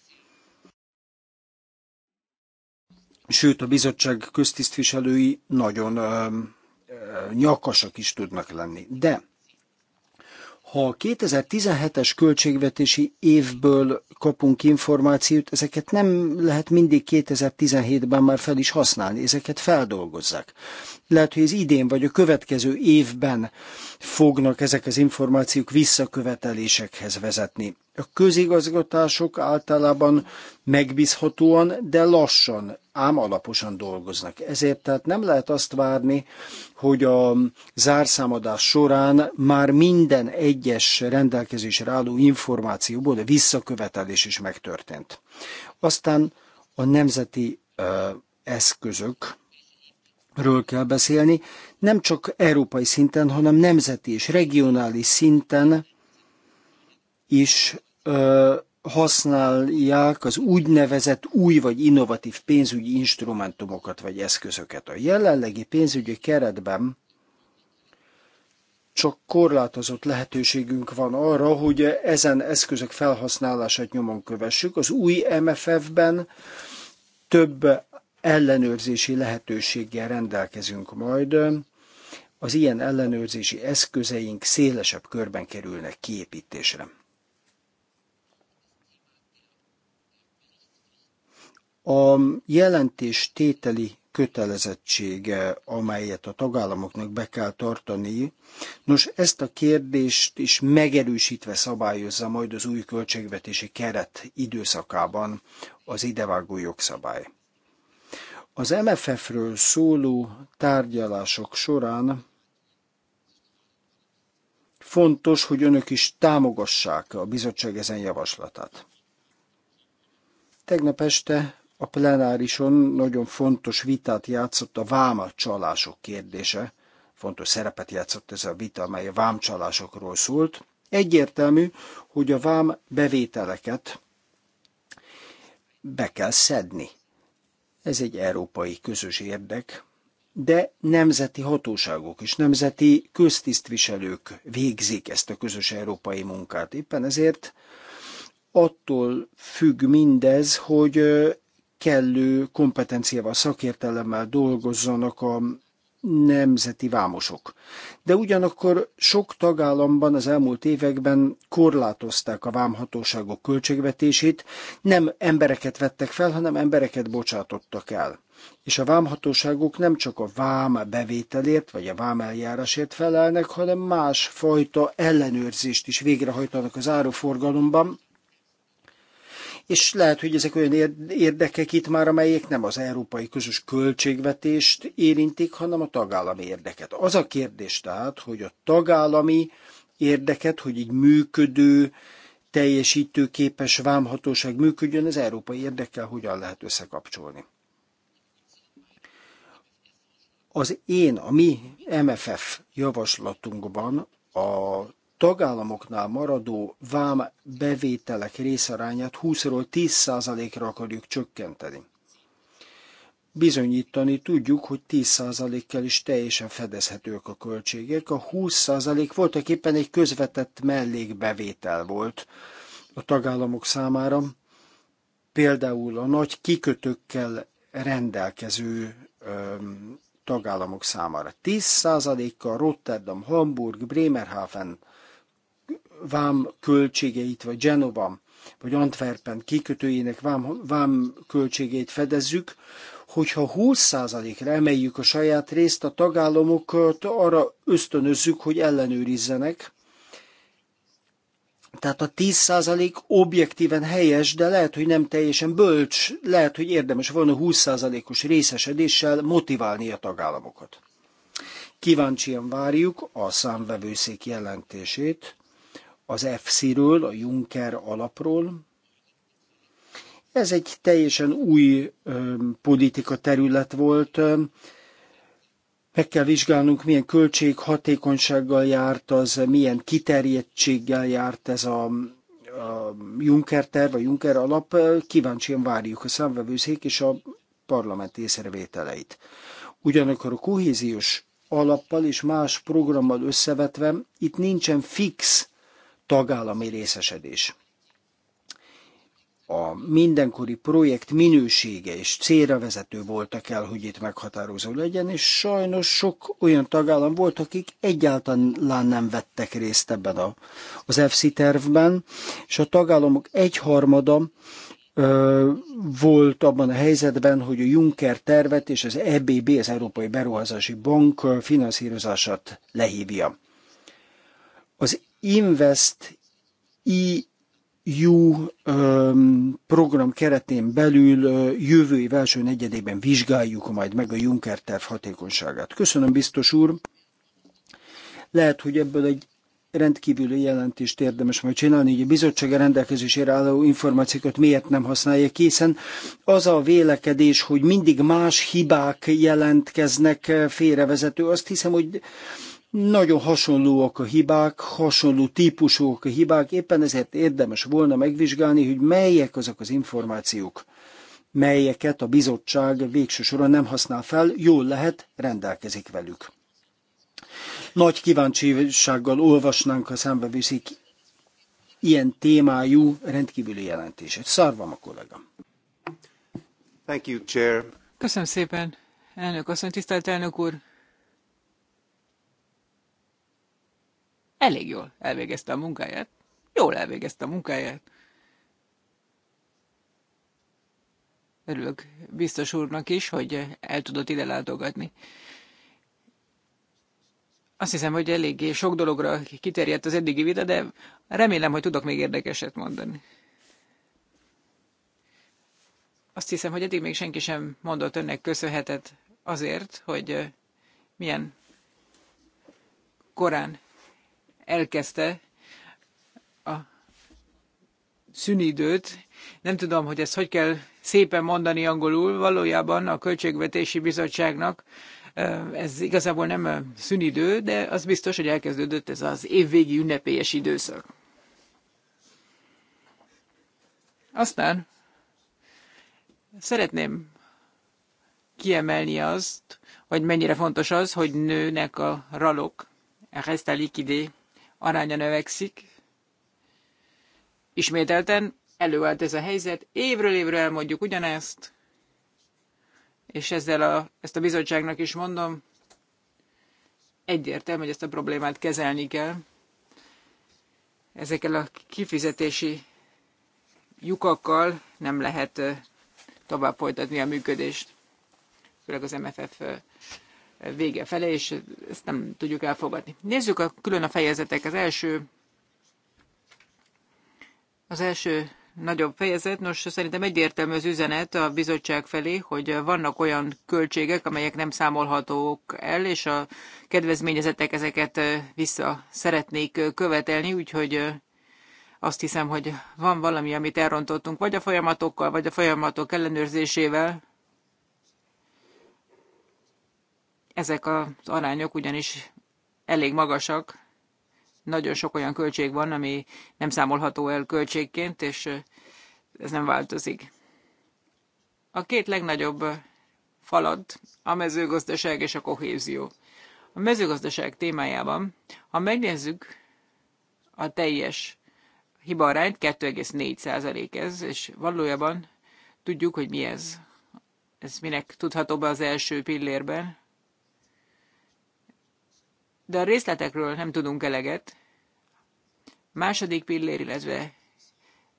Sőt, a bizottság köztisztviselői nagyon ö, ö, nyakasak is tudnak lenni. De ha a 2017-es költségvetési évből kapunk információt, ezeket nem lehet mindig 2017-ben már fel is használni, ezeket feldolgozzák. Lehet, hogy ez idén vagy a következő évben fognak ezek az információk visszakövetelésekhez vezetni. A közigazgatások általában megbízhatóan, de lassan, ám alaposan dolgoznak. Ezért tehát nem lehet azt várni, hogy a zárszámadás során már minden egyes rendelkezésre álló információból a visszakövetelés is megtörtént. Aztán a nemzeti ö, eszközök, ről kell beszélni, nem csak európai szinten, hanem nemzeti és regionális szinten is használják az úgynevezett új vagy innovatív pénzügyi instrumentumokat vagy eszközöket. A jelenlegi pénzügyi keretben csak korlátozott lehetőségünk van arra, hogy ezen eszközök felhasználását nyomon kövessük. Az új MFF-ben több ellenőrzési lehetőséggel rendelkezünk majd. Az ilyen ellenőrzési eszközeink szélesebb körben kerülnek kiépítésre. A jelentés tételi kötelezettsége, amelyet a tagállamoknak be kell tartani. Nos, ezt a kérdést is megerősítve szabályozza majd az új költségvetési keret időszakában az idevágó jogszabály. Az MFF-ről szóló tárgyalások során fontos, hogy önök is támogassák a bizottság ezen javaslatát. Tegnap este a plenárison nagyon fontos vitát játszott a vámcsalások kérdése. Fontos szerepet játszott ez a vita, amely a vámcsalásokról szólt. Egyértelmű, hogy a vám bevételeket be kell szedni. Ez egy európai közös érdek, de nemzeti hatóságok és nemzeti köztisztviselők végzik ezt a közös európai munkát. Éppen ezért attól függ mindez, hogy kellő kompetenciával, szakértelemmel dolgozzanak a nemzeti vámosok. De ugyanakkor sok tagállamban az elmúlt években korlátozták a vámhatóságok költségvetését, nem embereket vettek fel, hanem embereket bocsátottak el. És a vámhatóságok nem csak a vám bevételért vagy a vám eljárásért felelnek, hanem más fajta ellenőrzést is végrehajtanak az áruforgalomban, és lehet, hogy ezek olyan érdekek itt már, amelyek nem az európai közös költségvetést érintik, hanem a tagállami érdeket. Az a kérdés tehát, hogy a tagállami érdeket, hogy egy működő, teljesítőképes vámhatóság működjön, az európai érdekkel hogyan lehet összekapcsolni. Az én, a mi MFF javaslatunkban a tagállamoknál maradó vám bevételek részarányát 20-ról 10%-ra akarjuk csökkenteni. Bizonyítani tudjuk, hogy 10%-kal is teljesen fedezhetők a költségek. A 20% voltak éppen egy közvetett mellékbevétel volt a tagállamok számára, például a nagy kikötőkkel rendelkező tagállamok számára. 10%-kal Rotterdam, Hamburg, Bremerhaven vám költségeit, vagy Genova, vagy Antwerpen kikötőjének vám, vám költségeit fedezzük, hogyha 20%-ra emeljük a saját részt, a tagállamokat arra ösztönözzük, hogy ellenőrizzenek. Tehát a 10% objektíven helyes, de lehet, hogy nem teljesen bölcs, lehet, hogy érdemes volna 20%-os részesedéssel motiválni a tagállamokat. Kíváncsian várjuk a számvevőszék jelentését, az EFSI-ről, a Juncker alapról. Ez egy teljesen új politika terület volt. Meg kell vizsgálnunk, milyen költség hatékonysággal járt az, milyen kiterjedtséggel járt ez a, a Juncker terv, a Juncker alap. Kíváncsian várjuk a számvevőszék és a parlament észrevételeit. Ugyanakkor a kohéziós alappal és más programmal összevetve itt nincsen fix tagállami részesedés. A mindenkori projekt minősége és célra vezető voltak el, hogy itt meghatározó legyen, és sajnos sok olyan tagállam volt, akik egyáltalán nem vettek részt ebben a, az EFSI tervben, és a tagállamok egyharmada volt abban a helyzetben, hogy a Juncker tervet és az EBB, az Európai Beruházási Bank finanszírozását lehívja. Az Invest EU program keretén belül jövő év első negyedében vizsgáljuk majd meg a Juncker terv hatékonyságát. Köszönöm, biztos úr! Lehet, hogy ebből egy rendkívüli jelentést érdemes majd csinálni, hogy a bizottsága rendelkezésére álló információkat miért nem használja készen. Az a vélekedés, hogy mindig más hibák jelentkeznek félrevezető, azt hiszem, hogy nagyon hasonlóak a hibák, hasonló típusúak a hibák, éppen ezért érdemes volna megvizsgálni, hogy melyek azok az információk, melyeket a bizottság végső soron nem használ fel, jól lehet, rendelkezik velük. Nagy kíváncsisággal olvasnánk a viszik ilyen témájú rendkívüli jelentését. Szarvam a kollega. Thank you, Chair. Köszönöm szépen, elnök asszony, tisztelt elnök úr. Elég jól elvégezte a munkáját. Jól elvégezte a munkáját. Örülök biztos úrnak is, hogy el tudott ide látogatni. Azt hiszem, hogy eléggé sok dologra kiterjedt az eddigi vita, de remélem, hogy tudok még érdekeset mondani. Azt hiszem, hogy eddig még senki sem mondott önnek köszönhetet azért, hogy milyen korán elkezdte a szünidőt. Nem tudom, hogy ezt hogy kell szépen mondani angolul. Valójában a Költségvetési Bizottságnak ez igazából nem szünidő, de az biztos, hogy elkezdődött ez az évvégi ünnepélyes időszak. Aztán szeretném kiemelni azt, hogy mennyire fontos az, hogy nőnek a ralok, a liquidé aránya növekszik. Ismételten előállt ez a helyzet, évről évre elmondjuk ugyanezt, és ezzel a, ezt a bizottságnak is mondom, egyértelmű, hogy ezt a problémát kezelni kell. Ezekkel a kifizetési lyukakkal nem lehet tovább folytatni a működést, főleg az MFF vége fele, és ezt nem tudjuk elfogadni. Nézzük a, külön a fejezetek. Az első, az első nagyobb fejezet. Nos, szerintem egyértelmű az üzenet a bizottság felé, hogy vannak olyan költségek, amelyek nem számolhatók el, és a kedvezményezettek ezeket vissza szeretnék követelni, úgyhogy azt hiszem, hogy van valami, amit elrontottunk, vagy a folyamatokkal, vagy a folyamatok ellenőrzésével. Ezek az arányok ugyanis elég magasak, nagyon sok olyan költség van, ami nem számolható el költségként, és ez nem változik. A két legnagyobb falad, a mezőgazdaság és a kohézió. A mezőgazdaság témájában, ha megnézzük a teljes hibarányt, 2,4% ez, és valójában tudjuk, hogy mi ez. Ez minek tudható be az első pillérben de a részletekről nem tudunk eleget. Második pillér, illetve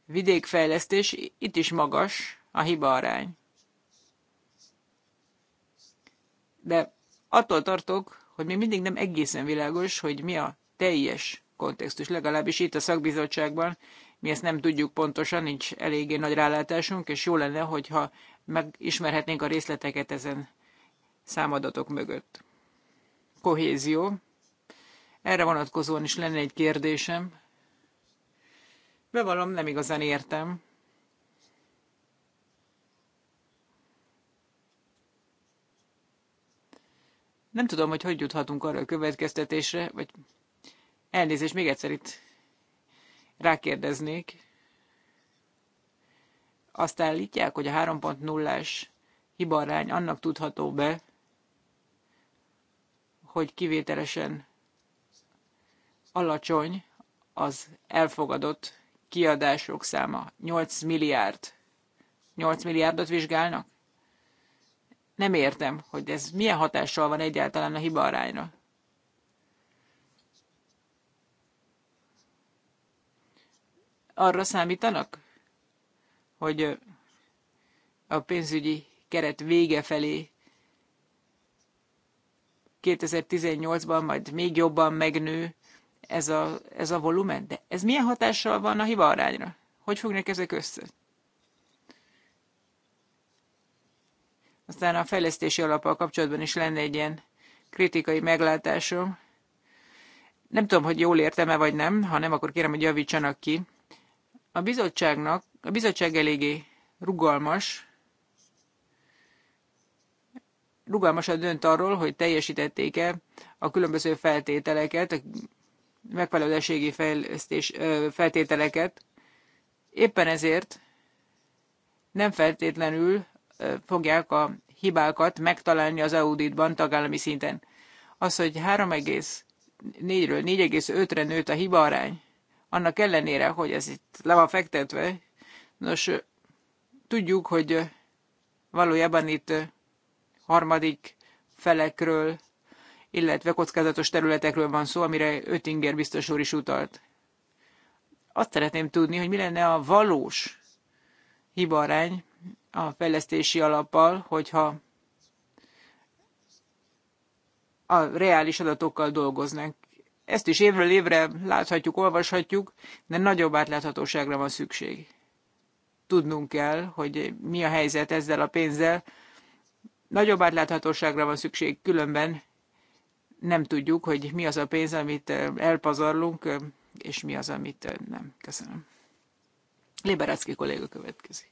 vidékfejlesztés, itt is magas a hiba arány. De attól tartok, hogy még mindig nem egészen világos, hogy mi a teljes kontextus, legalábbis itt a szakbizottságban mi ezt nem tudjuk pontosan, nincs eléggé nagy rálátásunk, és jó lenne, hogyha megismerhetnénk a részleteket ezen számadatok mögött. Kohézió. Erre vonatkozóan is lenne egy kérdésem. Bevallom, nem igazán értem. Nem tudom, hogy hogy juthatunk arra a következtetésre, vagy elnézést, még egyszer itt rákérdeznék. Azt állítják, hogy a 3.0-as hibarány annak tudható be, hogy kivételesen alacsony az elfogadott kiadások száma. 8 milliárd. 8 milliárdot vizsgálnak? Nem értem, hogy ez milyen hatással van egyáltalán a hiba arányra. Arra számítanak, hogy a pénzügyi keret vége felé 2018-ban majd még jobban megnő ez a, ez a volumen, de ez milyen hatással van a hiba arányra? Hogy fognak ezek össze? Aztán a fejlesztési alappal kapcsolatban is lenne egy ilyen kritikai meglátásom. Nem tudom, hogy jól értem-e vagy nem, ha nem, akkor kérem, hogy javítsanak ki. A bizottságnak, a bizottság eléggé rugalmas, rugalmasan dönt arról, hogy teljesítették-e a különböző feltételeket, megfelelőségi fejlesztés, feltételeket. Éppen ezért nem feltétlenül fogják a hibákat megtalálni az auditban tagállami szinten. Az, hogy 3,4-ről 4,5-re nőtt a arány, annak ellenére, hogy ez itt le van fektetve, nos, tudjuk, hogy valójában itt harmadik felekről illetve kockázatos területekről van szó, amire Öttinger biztos úr is utalt. Azt szeretném tudni, hogy mi lenne a valós hibarány a fejlesztési alappal, hogyha a reális adatokkal dolgoznak. Ezt is évről évre láthatjuk, olvashatjuk, de nagyobb átláthatóságra van szükség. Tudnunk kell, hogy mi a helyzet ezzel a pénzzel. Nagyobb átláthatóságra van szükség, különben nem tudjuk, hogy mi az a pénz, amit elpazarlunk, és mi az, amit nem. Köszönöm. Liberácki kolléga következik.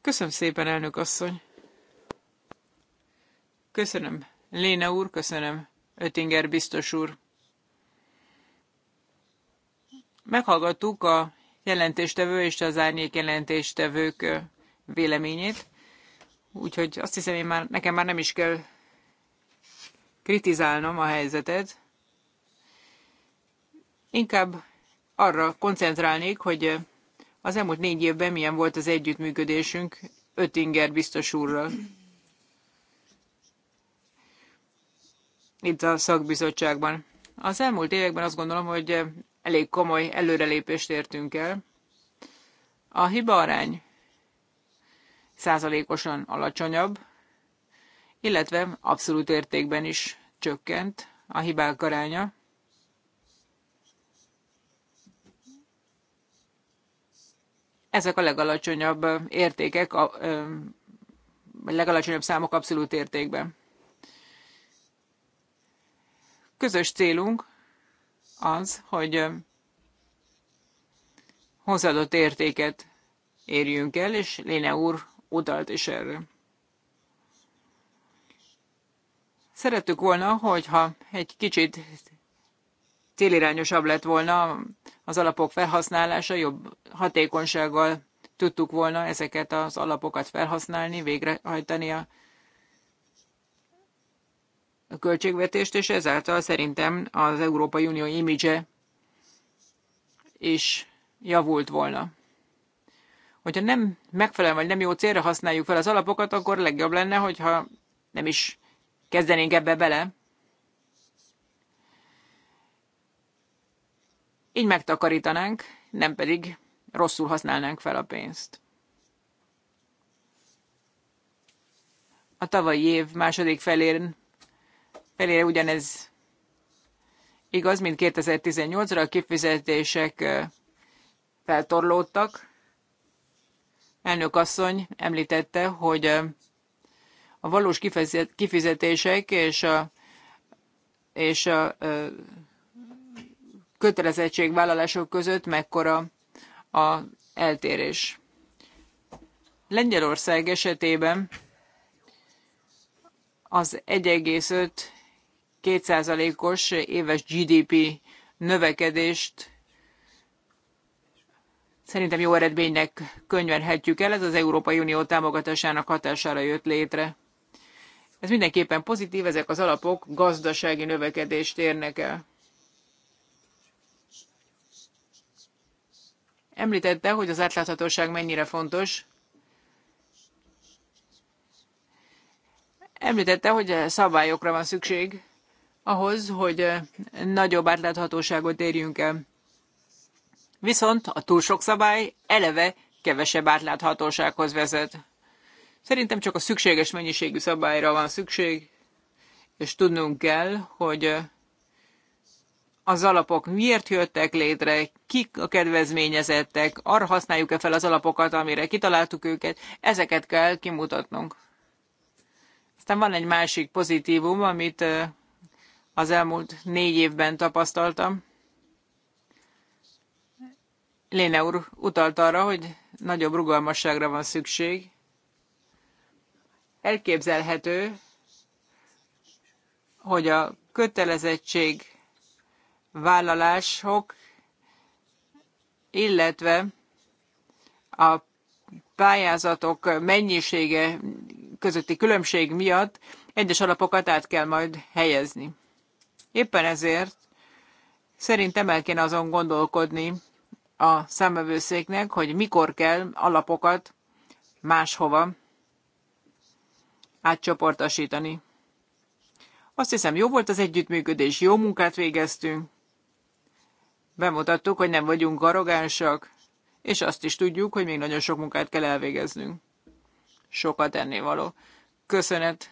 Köszönöm szépen, elnök asszony. Köszönöm, Léna úr, köszönöm, Ötinger biztos úr. Meghallgattuk a jelentéstevő és az árnyék jelentéstevők véleményét úgyhogy azt hiszem, én már, nekem már nem is kell kritizálnom a helyzetet. Inkább arra koncentrálnék, hogy az elmúlt négy évben milyen volt az együttműködésünk Ötinger biztos úrral. Itt a szakbizottságban. Az elmúlt években azt gondolom, hogy elég komoly előrelépést értünk el. A hiba arány százalékosan alacsonyabb, illetve abszolút értékben is csökkent a hibák aránya. Ezek a legalacsonyabb értékek, a, legalacsonyabb számok abszolút értékben. Közös célunk az, hogy hozzáadott értéket érjünk el, és Léne úr utalt is erre. Szerettük volna, hogyha egy kicsit célirányosabb lett volna az alapok felhasználása, jobb hatékonysággal tudtuk volna ezeket az alapokat felhasználni, végrehajtani a költségvetést, és ezáltal szerintem az Európai Unió imidzse is javult volna hogyha nem megfelelően vagy nem jó célra használjuk fel az alapokat, akkor legjobb lenne, hogyha nem is kezdenénk ebbe bele. Így megtakarítanánk, nem pedig rosszul használnánk fel a pénzt. A tavalyi év második felén, felére ugyanez igaz, mint 2018-ra a kifizetések feltorlódtak, elnök asszony említette, hogy a valós kifizetések és a, és a kötelezettségvállalások között mekkora a eltérés. Lengyelország esetében az 1,5 2%-os éves GDP növekedést Szerintem jó eredménynek könyvelhetjük el, ez az Európai Unió támogatásának hatására jött létre. Ez mindenképpen pozitív, ezek az alapok gazdasági növekedést érnek el. Említette, hogy az átláthatóság mennyire fontos. Említette, hogy szabályokra van szükség ahhoz, hogy nagyobb átláthatóságot érjünk el viszont a túl sok szabály eleve kevesebb átláthatósághoz vezet. Szerintem csak a szükséges mennyiségű szabályra van szükség, és tudnunk kell, hogy az alapok miért jöttek létre, kik a kedvezményezettek, arra használjuk-e fel az alapokat, amire kitaláltuk őket, ezeket kell kimutatnunk. Aztán van egy másik pozitívum, amit az elmúlt négy évben tapasztaltam. Léne úr utalt arra, hogy nagyobb rugalmasságra van szükség. Elképzelhető, hogy a kötelezettség vállalások, illetve a pályázatok mennyisége közötti különbség miatt egyes alapokat át kell majd helyezni. Éppen ezért szerintem el kéne azon gondolkodni, a számvevőszéknek, hogy mikor kell alapokat máshova átcsoportosítani. Azt hiszem, jó volt az együttműködés, jó munkát végeztünk, bemutattuk, hogy nem vagyunk arrogánsak, és azt is tudjuk, hogy még nagyon sok munkát kell elvégeznünk. Sokat ennivaló. Köszönet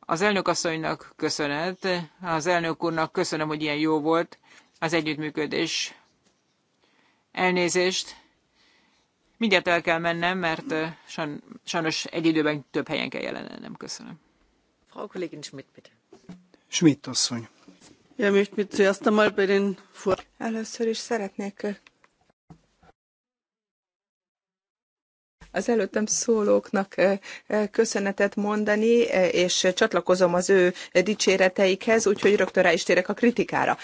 az elnök asszonynak köszönet, az elnök úrnak köszönöm, hogy ilyen jó volt az együttműködés. Elnézést. Mindjárt el kell mennem, mert sajnos egy időben több helyen kell jelen lennem. Köszönöm. Frau Kollegin Schmidt, bitte. Schmidt asszony. Ja, möchte mich zuerst einmal bei den Vor Először is szeretnék az előttem szólóknak eh, eh, köszönetet mondani, eh, és csatlakozom az ő dicséreteikhez, úgyhogy rögtön rá is térek a kritikára.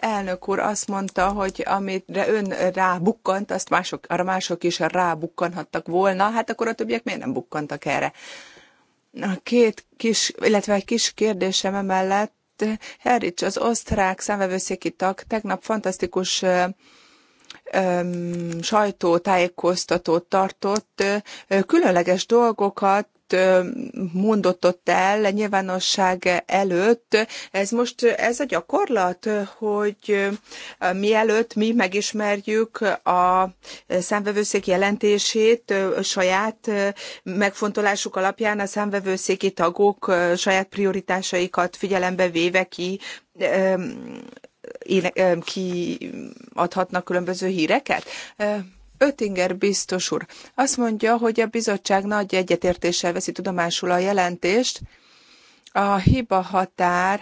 Elnök úr azt mondta, hogy amire ön rábukkant, azt mások, arra mások is rábukkanhattak volna, hát akkor a többiek miért nem bukkantak erre? A két kis, illetve egy kis kérdésem emellett, Herrics, az osztrák számvevőszéki tag tegnap fantasztikus sajtótájékoztatót tartott, különleges dolgokat mondott ott el nyilvánosság előtt. Ez most ez a gyakorlat, hogy mielőtt mi megismerjük a számvevőszék jelentését saját megfontolásuk alapján a számvevőszéki tagok saját prioritásaikat figyelembe véve ki kiadhatnak különböző híreket? Öttinger biztos úr azt mondja, hogy a bizottság nagy egyetértéssel veszi tudomásul a jelentést, a hiba határ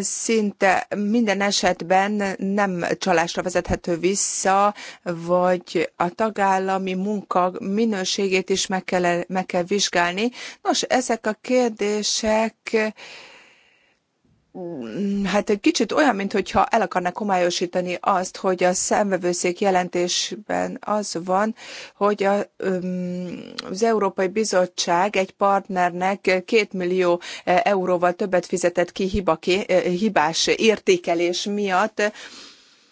szinte minden esetben nem csalásra vezethető vissza, vagy a tagállami munka minőségét is meg kell, meg kell vizsgálni. Nos, ezek a kérdések hát egy kicsit olyan, mintha el akarnak homályosítani azt, hogy a számvevőszék jelentésben az van, hogy a, az Európai Bizottság egy partnernek két millió euróval többet fizetett ki hibás értékelés miatt,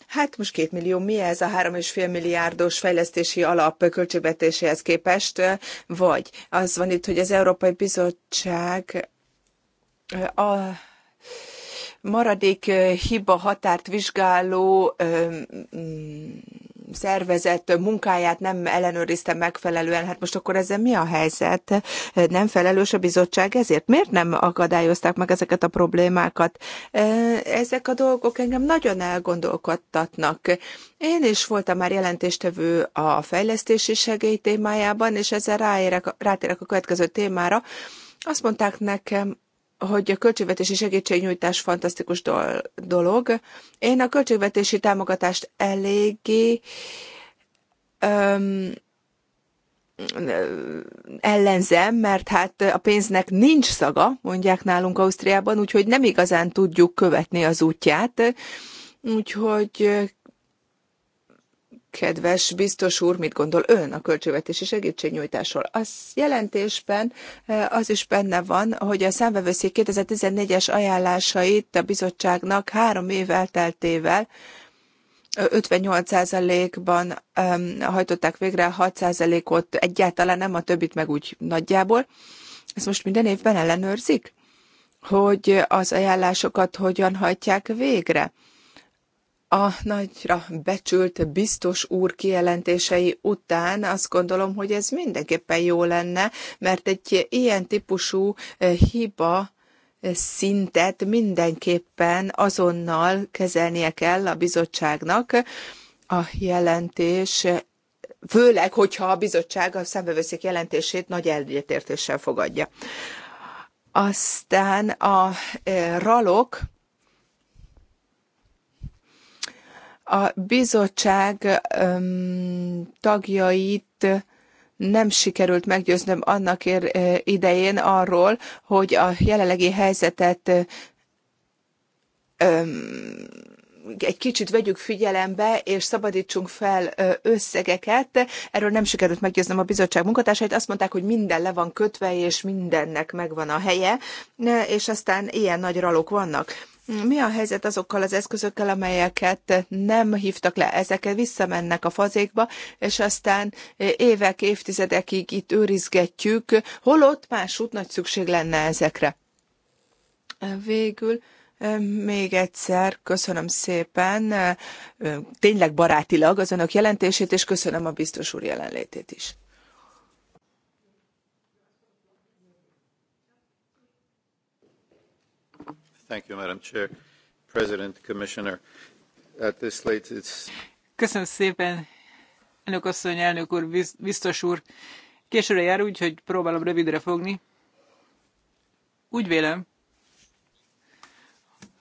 Hát most két millió, mi ez a három és fél milliárdos fejlesztési alap költségvetéséhez képest? Vagy az van itt, hogy az Európai Bizottság a maradék hiba határt vizsgáló szervezet munkáját nem ellenőrizte megfelelően. Hát most akkor ezzel mi a helyzet? Nem felelős a bizottság ezért? Miért nem akadályozták meg ezeket a problémákat? Ezek a dolgok engem nagyon elgondolkodtatnak. Én is voltam már jelentéstevő a fejlesztési segély témájában, és ezzel ráérek, rátérek a következő témára. Azt mondták nekem hogy a költségvetési segítségnyújtás fantasztikus dolog. Én a költségvetési támogatást eléggé um, ellenzem, mert hát a pénznek nincs szaga, mondják nálunk Ausztriában, úgyhogy nem igazán tudjuk követni az útját. Úgyhogy Kedves biztos úr, mit gondol ön a költségvetési segítségnyújtásról? A jelentésben eh, az is benne van, hogy a számvevőszék 2014-es ajánlásait a bizottságnak három év elteltével 58%-ban hajtották végre, 6%-ot egyáltalán nem, a többit meg úgy nagyjából. Ezt most minden évben ellenőrzik, hogy az ajánlásokat hogyan hajtják végre a nagyra becsült biztos úr kijelentései után azt gondolom, hogy ez mindenképpen jó lenne, mert egy ilyen típusú eh, hiba eh, szintet mindenképpen azonnal kezelnie kell a bizottságnak. A jelentés eh, főleg, hogyha a bizottság a szembevőszék jelentését nagy egyetértéssel fogadja. Aztán a ralok a bizottság öm, tagjait nem sikerült meggyőznöm annak ér, idején arról, hogy a jelenlegi helyzetet öm, egy kicsit vegyük figyelembe, és szabadítsunk fel összegeket. Erről nem sikerült meggyőznöm a bizottság munkatársait. Azt mondták, hogy minden le van kötve, és mindennek megvan a helye, és aztán ilyen nagy ralok vannak. Mi a helyzet azokkal az eszközökkel, amelyeket nem hívtak le? Ezeket visszamennek a fazékba, és aztán évek, évtizedekig itt őrizgetjük, holott másút nagy szükség lenne ezekre. Végül még egyszer köszönöm szépen, tényleg barátilag az önök jelentését, és köszönöm a biztos úr jelenlétét is. Köszönöm szépen, elnök asszony, elnök úr, biztos úr. Későre jár, úgyhogy próbálom rövidre fogni. Úgy vélem,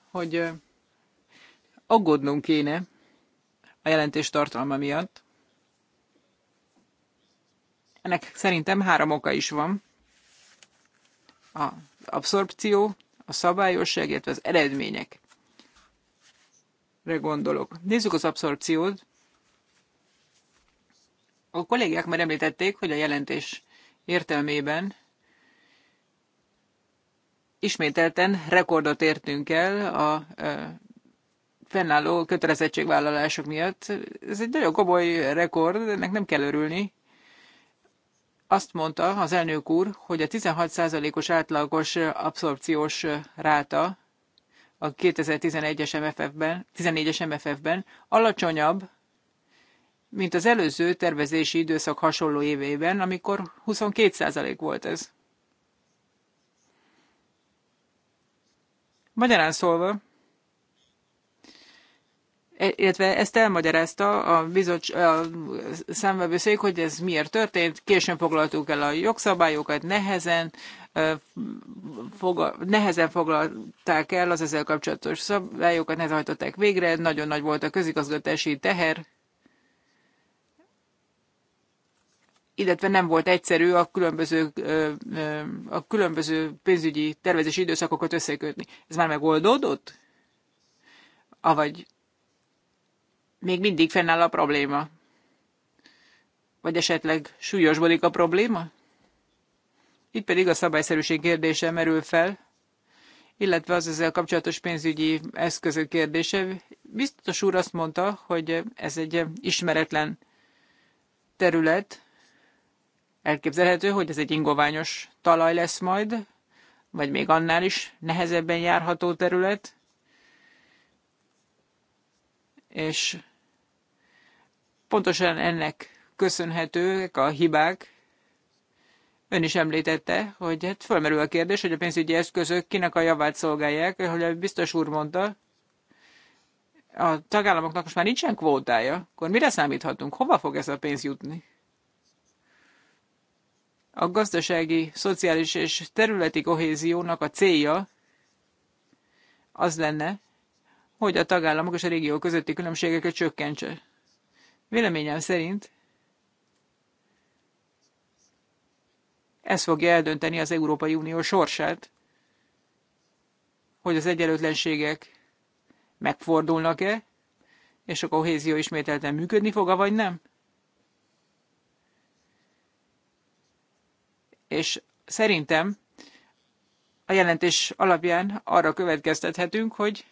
hogy aggódnunk kéne a jelentés tartalma miatt. Ennek szerintem három oka is van. A abszorpció, a szabályosság, illetve az eredményekre gondolok. Nézzük az abszorpciót. A kollégák már említették, hogy a jelentés értelmében ismételten rekordot értünk el a fennálló kötelezettségvállalások miatt. Ez egy nagyon komoly rekord, ennek nem kell örülni azt mondta az elnök úr, hogy a 16%-os átlagos abszorpciós ráta a 2011-es MFF-ben, 14-es MFF-ben alacsonyabb, mint az előző tervezési időszak hasonló évében, amikor 22% volt ez. Magyarán szólva, E, illetve ezt elmagyarázta a, bizots, a számvevőszék, hogy ez miért történt. Későn foglaltuk el a jogszabályokat, nehezen, foga, nehezen foglalták el az ezzel kapcsolatos szabályokat, nehezen hajtották végre, nagyon nagy volt a közigazgatási teher, illetve nem volt egyszerű a különböző, a különböző pénzügyi tervezési időszakokat összekötni. Ez már megoldódott? Avagy még mindig fennáll a probléma? Vagy esetleg súlyosbodik a probléma? Itt pedig a szabályszerűség kérdése merül fel, illetve az ezzel kapcsolatos pénzügyi eszközök kérdése. Biztos úr azt mondta, hogy ez egy ismeretlen terület, elképzelhető, hogy ez egy ingoványos talaj lesz majd, vagy még annál is nehezebben járható terület, és Pontosan ennek köszönhetőek a hibák. Ön is említette, hogy hát fölmerül a kérdés, hogy a pénzügyi eszközök kinek a javát szolgálják, hogy a biztos úr mondta, a tagállamoknak most már nincsen kvótája, akkor mire számíthatunk? Hova fog ez a pénz jutni? A gazdasági, szociális és területi kohéziónak a célja az lenne, hogy a tagállamok és a régió közötti különbségeket csökkentse. Véleményem szerint ez fogja eldönteni az Európai Unió sorsát, hogy az egyenlőtlenségek megfordulnak-e, és a kohézió ismételten működni fog vagy nem? És szerintem a jelentés alapján arra következtethetünk, hogy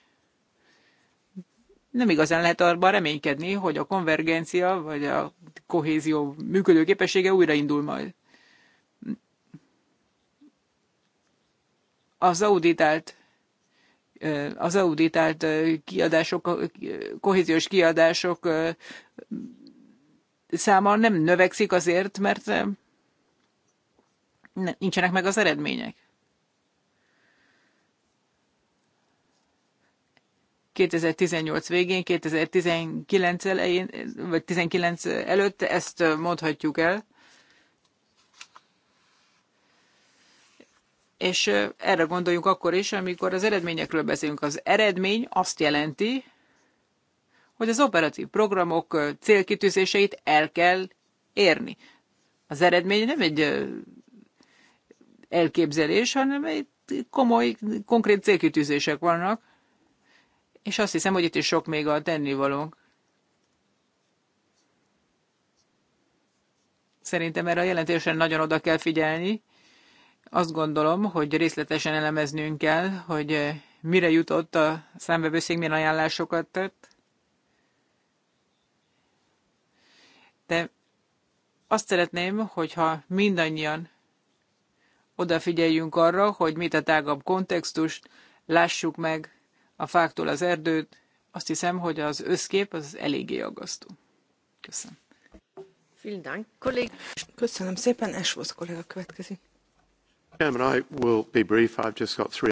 nem igazán lehet arra reménykedni, hogy a konvergencia vagy a kohézió működőképessége újraindul majd. Az auditált eh, az auditált eh, kiadások, eh, kohéziós kiadások száma nem növekszik azért, mert nincsenek meg az eredmények. 2018 végén, 2019 elején, vagy 19 előtt ezt mondhatjuk el. És erre gondoljunk akkor is, amikor az eredményekről beszélünk. Az eredmény azt jelenti, hogy az operatív programok célkitűzéseit el kell érni. Az eredmény nem egy elképzelés, hanem egy komoly, konkrét célkitűzések vannak, és azt hiszem, hogy itt is sok még a tennivalónk. Szerintem erre a jelentésen nagyon oda kell figyelni. Azt gondolom, hogy részletesen elemeznünk kell, hogy mire jutott a számbevőszék, milyen ajánlásokat tett. De azt szeretném, hogyha mindannyian odafigyeljünk arra, hogy mit a tágabb kontextust, lássuk meg, a fáktól az erdőt, azt hiszem, hogy az összkép az eléggé aggasztó. Köszönöm. Köszönöm szépen, Esvoz kolléga következik. Chairman, I will be brief. I've just got three.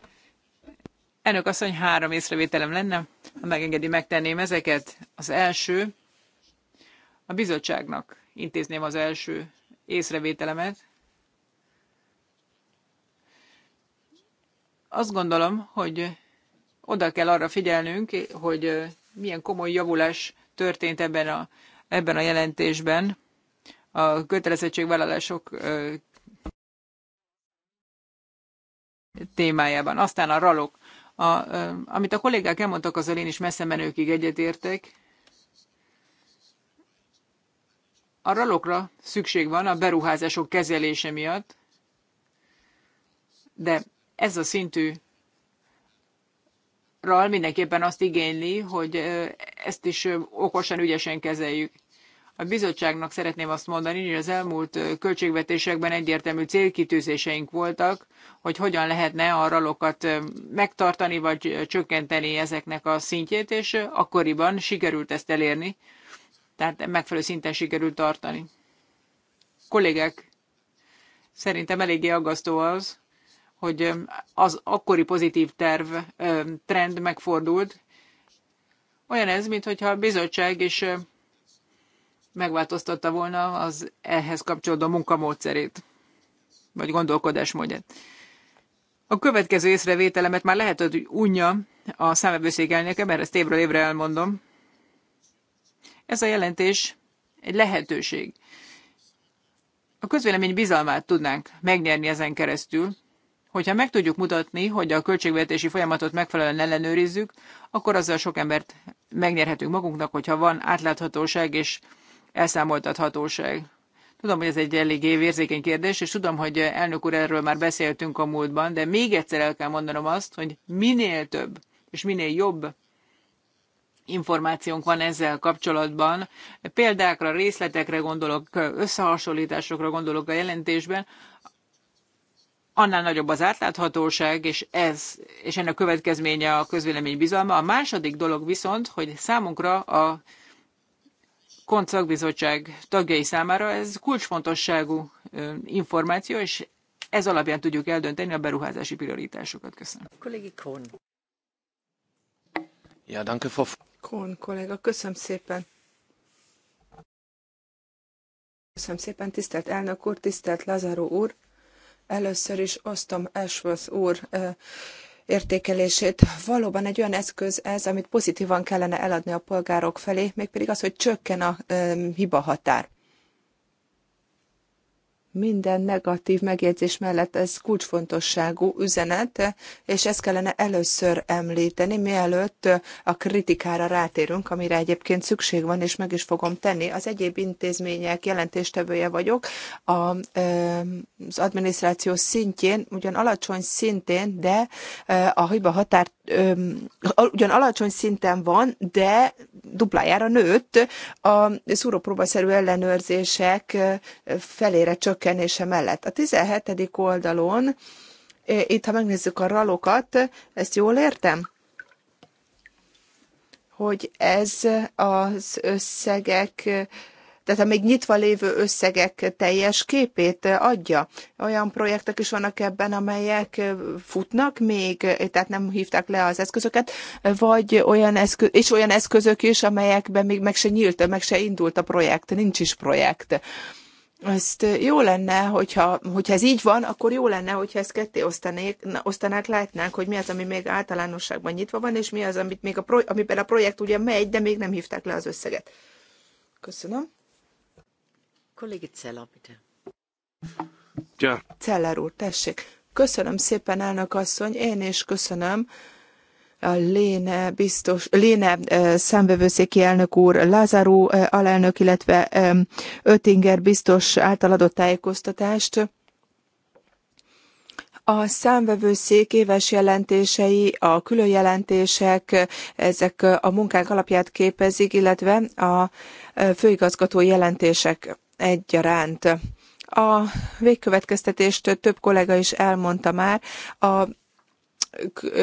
Elnök asszony, három észrevételem lenne, ha megengedi, megtenném ezeket. Az első, a bizottságnak intézném az első észrevételemet. Azt gondolom, hogy oda kell arra figyelnünk, hogy milyen komoly javulás történt ebben a, ebben a jelentésben a kötelezettségvállalások témájában. Aztán a ralok. A, amit a kollégák elmondtak, azzal én is messze menőkig egyetértek. A ralokra szükség van a beruházások kezelése miatt, de ez a szintű ral mindenképpen azt igényli, hogy ezt is okosan, ügyesen kezeljük. A bizottságnak szeretném azt mondani, hogy az elmúlt költségvetésekben egyértelmű célkitűzéseink voltak, hogy hogyan lehetne a ralokat megtartani vagy csökkenteni ezeknek a szintjét, és akkoriban sikerült ezt elérni, tehát megfelelő szinten sikerült tartani. Kollégek, szerintem eléggé aggasztó az, hogy az akkori pozitív terv, trend megfordult. Olyan ez, mintha a bizottság is megváltoztatta volna az ehhez kapcsolódó munkamódszerét, vagy gondolkodásmódját. A következő észrevételemet már lehet, hogy unja a számvevőszék elnöke, mert ezt évről évre elmondom. Ez a jelentés egy lehetőség. A közvélemény bizalmát tudnánk megnyerni ezen keresztül, Hogyha meg tudjuk mutatni, hogy a költségvetési folyamatot megfelelően ellenőrizzük, akkor azzal sok embert megnyerhetünk magunknak, hogyha van átláthatóság és elszámoltathatóság. Tudom, hogy ez egy elég érzékeny kérdés, és tudom, hogy elnök úr erről már beszéltünk a múltban, de még egyszer el kell mondanom azt, hogy minél több és minél jobb információnk van ezzel kapcsolatban. Példákra, részletekre gondolok, összehasonlításokra gondolok a jelentésben, annál nagyobb az átláthatóság, és, ez, és ennek következménye a közvélemény bizalma. A második dolog viszont, hogy számunkra a KONT tagjai számára ez kulcsfontosságú információ, és ez alapján tudjuk eldönteni a beruházási prioritásokat. Köszönöm. Kollégi Kohn. Ja, danke, Frau Kohn kolléga, köszönöm szépen. Köszönöm szépen, tisztelt elnök úr, tisztelt Lazaro úr. Először is osztom Ashworth úr értékelését. Valóban egy olyan eszköz ez, amit pozitívan kellene eladni a polgárok felé, mégpedig az, hogy csökken a hiba határ minden negatív megjegyzés mellett ez kulcsfontosságú üzenet, és ezt kellene először említeni, mielőtt a kritikára rátérünk, amire egyébként szükség van, és meg is fogom tenni. Az egyéb intézmények jelentéstevője vagyok. A, az adminisztráció szintjén, ugyan alacsony szintén, de e, a hiba határ ugyan alacsony szinten van, de duplájára nőtt a szúrópróbaszerű ellenőrzések e, felére csak csökkenése mellett. A 17. oldalon, itt ha megnézzük a ralokat, ezt jól értem? Hogy ez az összegek tehát a még nyitva lévő összegek teljes képét adja. Olyan projektek is vannak ebben, amelyek futnak még, tehát nem hívták le az eszközöket, vagy olyan eszköz, és olyan eszközök is, amelyekben még meg se nyílt, meg se indult a projekt, nincs is projekt. Ezt jó lenne, hogyha, hogyha ez így van, akkor jó lenne, hogyha ezt ketté osztanék, osztanák, látnánk, hogy mi az, ami még általánosságban nyitva van, és mi az, amit még a pro, amiben a projekt ugye megy, de még nem hívták le az összeget. Köszönöm. Kollégi Cella, bitte. Ja. Celler úr, tessék. Köszönöm szépen, elnök asszony, én is köszönöm a Léne, biztos, Léne szembevőszéki elnök úr, Lázaró alelnök, illetve Ötinger biztos által adott tájékoztatást. A számvevőszék éves jelentései, a jelentések, ezek a munkánk alapját képezik, illetve a főigazgató jelentések egyaránt. A végkövetkeztetést több kollega is elmondta már. A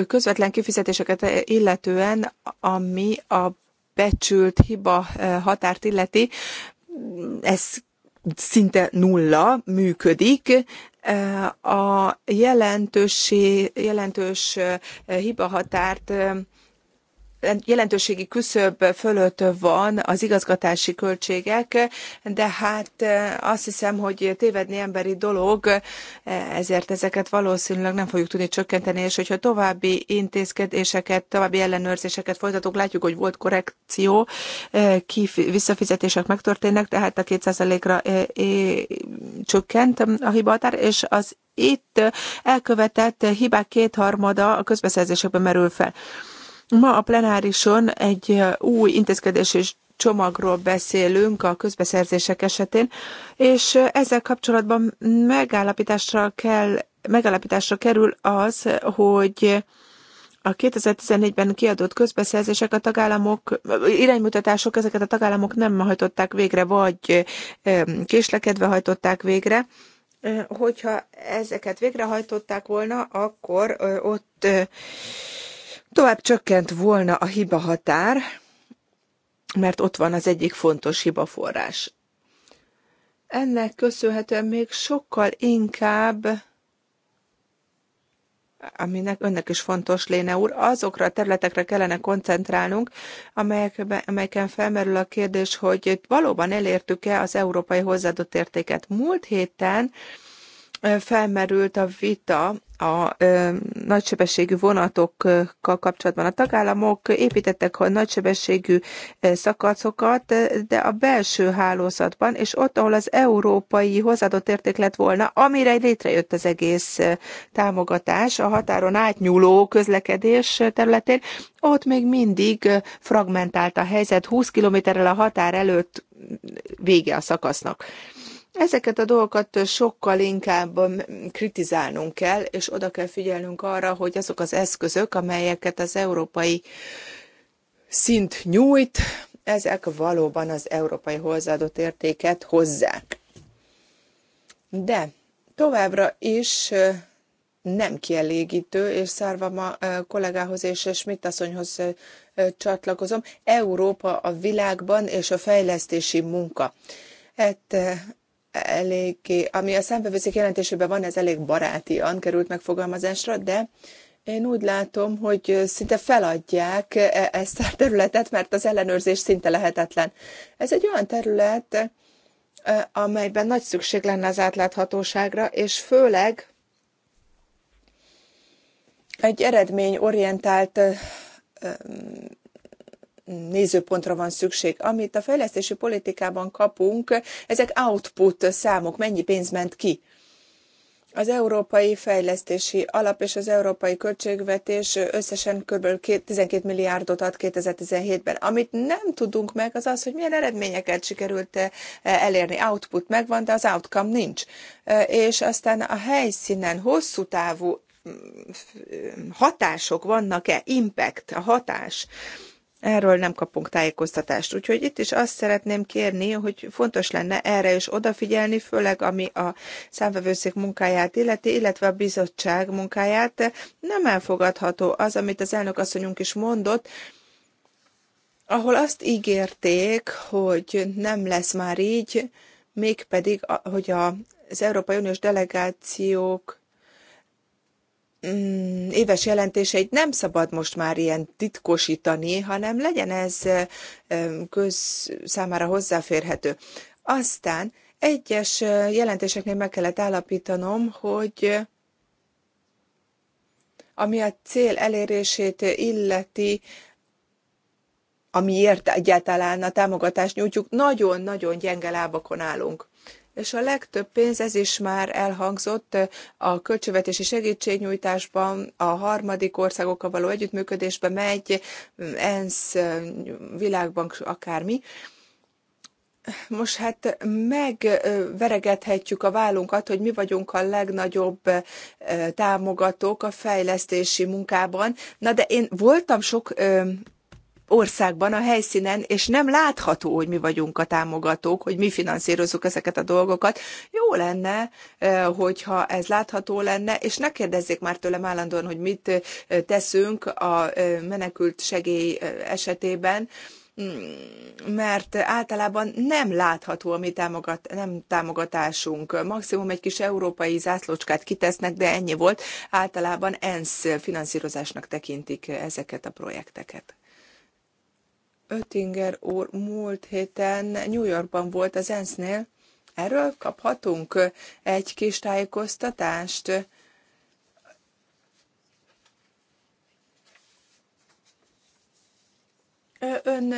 közvetlen kifizetéseket illetően, ami a becsült hiba eh, határt illeti, ez szinte nulla működik. Eh, a jelentős, eh, hiba határt jelentőségi küszöb fölött van az igazgatási költségek, de hát eh, azt hiszem, hogy tévedni emberi dolog, eh, ezért ezeket valószínűleg nem fogjuk tudni csökkenteni, és hogyha további intézkedéseket, további ellenőrzéseket folytatunk, látjuk, hogy volt korrekció, eh, ki visszafizetések megtörténnek, tehát a 200- ra csökkent a hibahatár, és az itt elkövetett hibák kétharmada a közbeszerzésekben merül fel. Ma a plenárison egy új intézkedés és csomagról beszélünk a közbeszerzések esetén, és ezzel kapcsolatban megállapításra kell, megállapításra kerül az, hogy a 2014-ben kiadott közbeszerzések a tagállamok, iránymutatások ezeket a tagállamok nem hajtották végre, vagy késlekedve hajtották végre. Hogyha ezeket végrehajtották volna, akkor ott Tovább csökkent volna a hiba határ, mert ott van az egyik fontos hibaforrás. Ennek köszönhetően még sokkal inkább aminek önnek is fontos, Léne úr, azokra a területekre kellene koncentrálnunk, amelyekben, amelyeken felmerül a kérdés, hogy valóban elértük-e az európai hozzáadott értéket. Múlt héten felmerült a vita a ö, nagysebességű vonatokkal kapcsolatban a tagállamok építettek a nagysebességű szakaszokat, de a belső hálózatban, és ott, ahol az európai hozzáadott érték lett volna, amire létrejött az egész támogatás a határon átnyúló közlekedés területén, ott még mindig fragmentált a helyzet, 20 kilométerrel a határ előtt vége a szakasznak. Ezeket a dolgokat sokkal inkább um, kritizálnunk kell, és oda kell figyelnünk arra, hogy azok az eszközök, amelyeket az európai szint nyújt, ezek valóban az európai hozzáadott értéket hozzák. De továbbra is nem kielégítő, és Szárvama kollégához és Schmidt asszonyhoz csatlakozom, Európa a világban és a fejlesztési munka. Hát eléggé, ami a szembevőszék jelentésében van, ez elég barátian került megfogalmazásra, de én úgy látom, hogy szinte feladják e-, ezt a területet, mert az ellenőrzés szinte lehetetlen. Ez egy olyan terület, e, amelyben nagy szükség lenne az átláthatóságra, és főleg egy eredményorientált e, nézőpontra van szükség. Amit a fejlesztési politikában kapunk, ezek output számok, mennyi pénz ment ki. Az Európai Fejlesztési Alap és az Európai Költségvetés összesen kb. 12 milliárdot ad 2017-ben. Amit nem tudunk meg, az az, hogy milyen eredményeket sikerült eh, elérni. Output megvan, de az outcome nincs. Eh, és aztán a helyszínen hosszú távú mm, eh, hatások vannak-e, impact, a hatás Erről nem kapunk tájékoztatást. Úgyhogy itt is azt szeretném kérni, hogy fontos lenne erre is odafigyelni, főleg ami a számvevőszék munkáját illeti, illetve a bizottság munkáját. Nem elfogadható az, amit az elnök asszonyunk is mondott, ahol azt ígérték, hogy nem lesz már így, mégpedig, hogy az Európai Uniós delegációk Mm, éves jelentéseit nem szabad most már ilyen titkosítani, hanem legyen ez köz számára hozzáférhető. Aztán egyes jelentéseknél meg kellett állapítanom, hogy ami a cél elérését illeti, amiért egyáltalán a támogatást nyújtjuk, nagyon-nagyon gyenge lábakon állunk és a legtöbb pénz, ez is már elhangzott, a költségvetési segítségnyújtásban, a harmadik országokkal való együttműködésbe megy, ENSZ, világbank, akármi. Most hát megveregethetjük a vállunkat, hogy mi vagyunk a legnagyobb támogatók a fejlesztési munkában. Na de én voltam sok országban, a helyszínen, és nem látható, hogy mi vagyunk a támogatók, hogy mi finanszírozunk ezeket a dolgokat. Jó lenne, hogyha ez látható lenne, és ne kérdezzék már tőlem állandóan, hogy mit teszünk a menekült segély esetében, mm, mert általában nem látható a mi támogat, nem támogatásunk. Maximum egy kis európai zászlócskát kitesznek, de ennyi volt. Általában ENSZ finanszírozásnak tekintik ezeket a projekteket. Öttinger úr múlt héten New Yorkban volt az ENSZ-nél. Erről kaphatunk egy kis tájékoztatást. Ön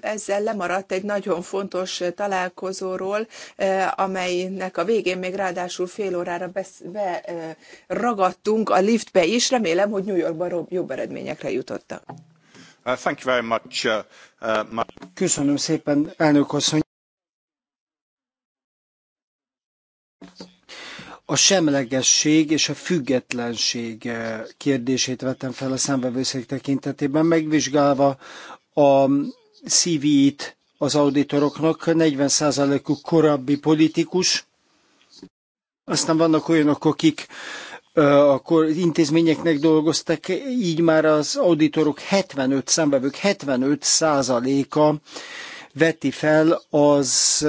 ezzel lemaradt egy nagyon fontos találkozóról, e, amelynek a végén még ráadásul fél órára beragadtunk e, a liftbe is. Remélem, hogy New Yorkban jobb eredményekre jutottak. Uh, uh, uh, Köszönöm szépen, elnök asszony. a semlegesség és a függetlenség kérdését vettem fel a számvevőszék tekintetében, megvizsgálva a CV-t az auditoroknak, 40%-uk korábbi politikus, aztán vannak olyanok, akik akkor az intézményeknek dolgoztak, így már az auditorok 75, számbevők 75 százaléka veti fel az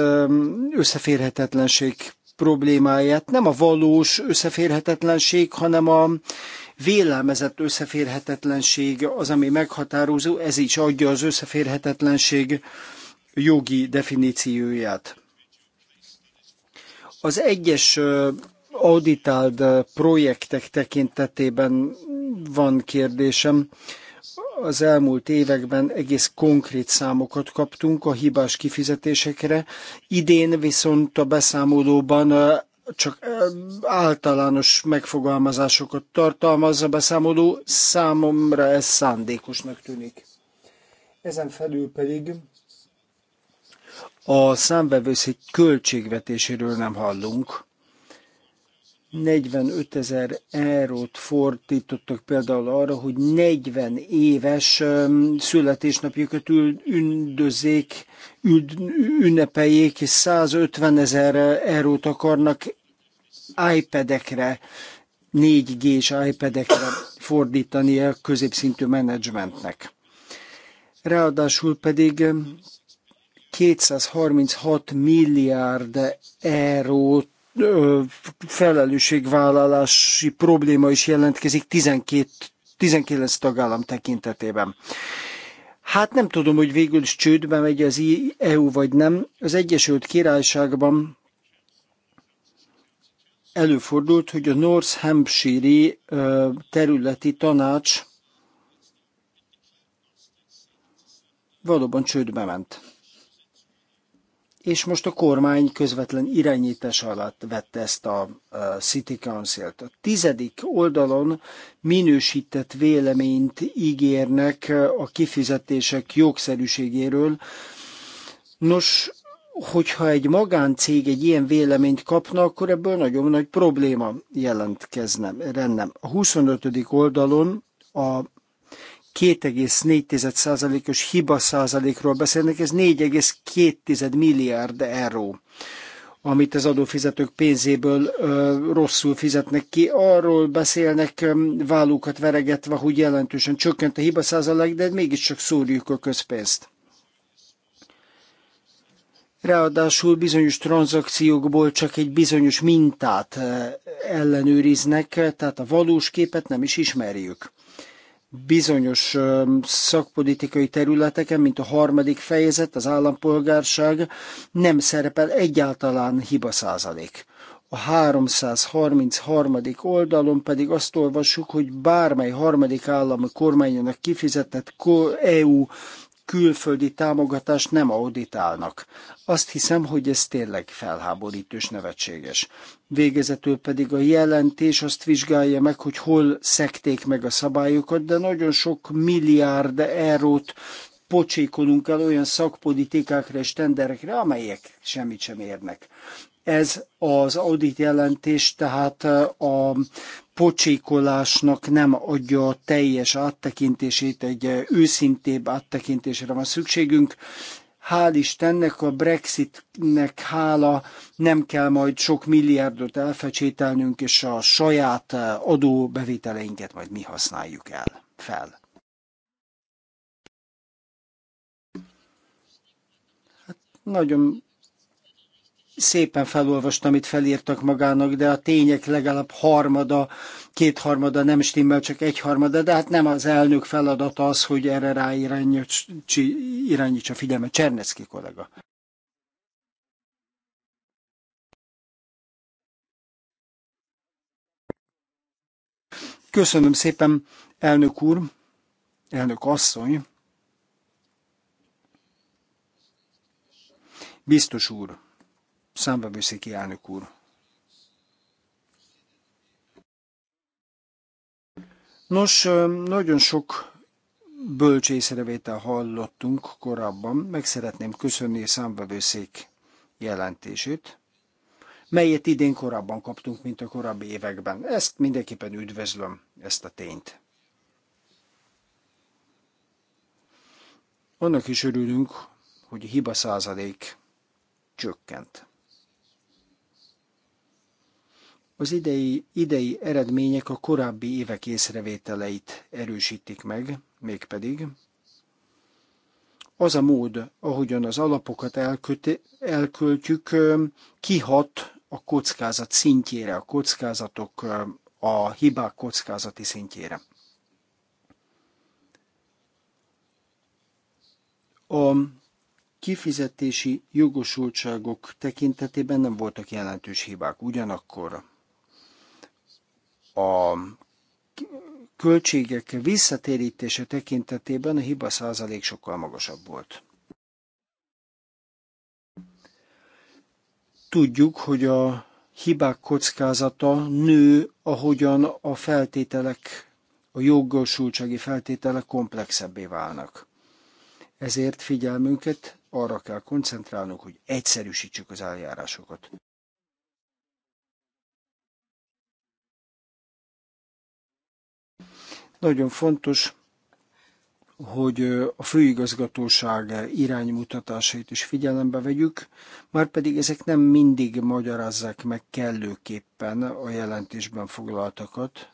összeférhetetlenség problémáját. Nem a valós összeférhetetlenség, hanem a vélelmezett összeférhetetlenség az, ami meghatározó, ez is adja az összeférhetetlenség jogi definícióját. Az egyes auditált eh, projektek tekintetében van kérdésem. Az elmúlt években egész konkrét számokat kaptunk a hibás kifizetésekre, idén viszont a beszámolóban eh, csak eh, általános megfogalmazásokat tartalmaz a beszámoló, számomra ez szándékosnak tűnik. Ezen felül pedig a számvevőszék költségvetéséről nem hallunk. 45 ezer eurót fordítottak például arra, hogy 40 éves születésnapjukat üldözzék, ünnepeljék, és 150 ezer eurót akarnak iPad-ekre, 4G-s iPad-ekre fordítani a középszintű menedzsmentnek. Ráadásul pedig 236 milliárd eurót felelősségvállalási probléma is jelentkezik 12, 19 tagállam tekintetében. Hát nem tudom, hogy végül is csődbe megy az EU vagy nem. Az Egyesült Királyságban előfordult, hogy a North Hampshire területi tanács valóban csődbe ment és most a kormány közvetlen irányítás alatt vette ezt a City Council-t. A tizedik oldalon minősített véleményt ígérnek a kifizetések jogszerűségéről. Nos, hogyha egy magáncég egy ilyen véleményt kapna, akkor ebből nagyon nagy probléma jelentkezne, rendem. A 25. oldalon a 2,4%-os hiba százalékról beszélnek, ez 4,2 milliárd euró amit az adófizetők pénzéből ö, rosszul fizetnek ki. Arról beszélnek ö, vállukat veregetve, hogy jelentősen csökkent a hiba százalék, de mégiscsak szórjuk a közpénzt. Ráadásul bizonyos tranzakciókból csak egy bizonyos mintát ellenőriznek, tehát a valós képet nem is ismerjük bizonyos szakpolitikai területeken, mint a harmadik fejezet, az állampolgárság, nem szerepel egyáltalán hiba százalék. A 333. oldalon pedig azt olvassuk, hogy bármely harmadik állam kormányának kifizetett EU külföldi támogatást nem auditálnak. Azt hiszem, hogy ez tényleg felháborítós nevetséges. Végezetül pedig a jelentés azt vizsgálja meg, hogy hol szekték meg a szabályokat, de nagyon sok milliárd eurót pocsékolunk el olyan szakpolitikákra és tenderekre, amelyek semmit sem érnek. Ez az audit jelentés tehát a pocsékolásnak nem adja a teljes áttekintését, egy őszintébb áttekintésre van szükségünk hál' Istennek a Brexitnek hála nem kell majd sok milliárdot elfecsételnünk, és a saját eh, adóbevételeinket majd mi használjuk el fel. Hát nagyon szépen felolvastam, amit felírtak magának, de a tények legalább harmada, kétharmada nem stimmel, csak egyharmada, de hát nem az elnök feladata az, hogy erre rá irányítsa figyelmet. Csernecki kollega. Köszönöm szépen, elnök úr, elnök asszony, biztos úr ki elnök úr. Nos, nagyon sok bölcs észrevétel hallottunk korábban, meg szeretném köszönni a számbevőszék jelentését, melyet idén korábban kaptunk, mint a korábbi években. Ezt mindenképpen üdvözlöm, ezt a tényt. Annak is örülünk, hogy a hiba százalék csökkent. Az idei, idei eredmények a korábbi évek észrevételeit erősítik meg, mégpedig az a mód, ahogyan az alapokat elköt, elköltjük, kihat a kockázat szintjére, a kockázatok, a hibák kockázati szintjére. A kifizetési jogosultságok tekintetében nem voltak jelentős hibák, ugyanakkor a költségek visszatérítése tekintetében a hiba százalék sokkal magasabb volt. Tudjuk, hogy a hibák kockázata nő, ahogyan a feltételek, a jogosultsági feltételek komplexebbé válnak. Ezért figyelmünket arra kell koncentrálnunk, hogy egyszerűsítsük az eljárásokat. Nagyon fontos, hogy a főigazgatóság iránymutatásait is figyelembe vegyük, már pedig ezek nem mindig magyarázzák meg kellőképpen a jelentésben foglaltakat,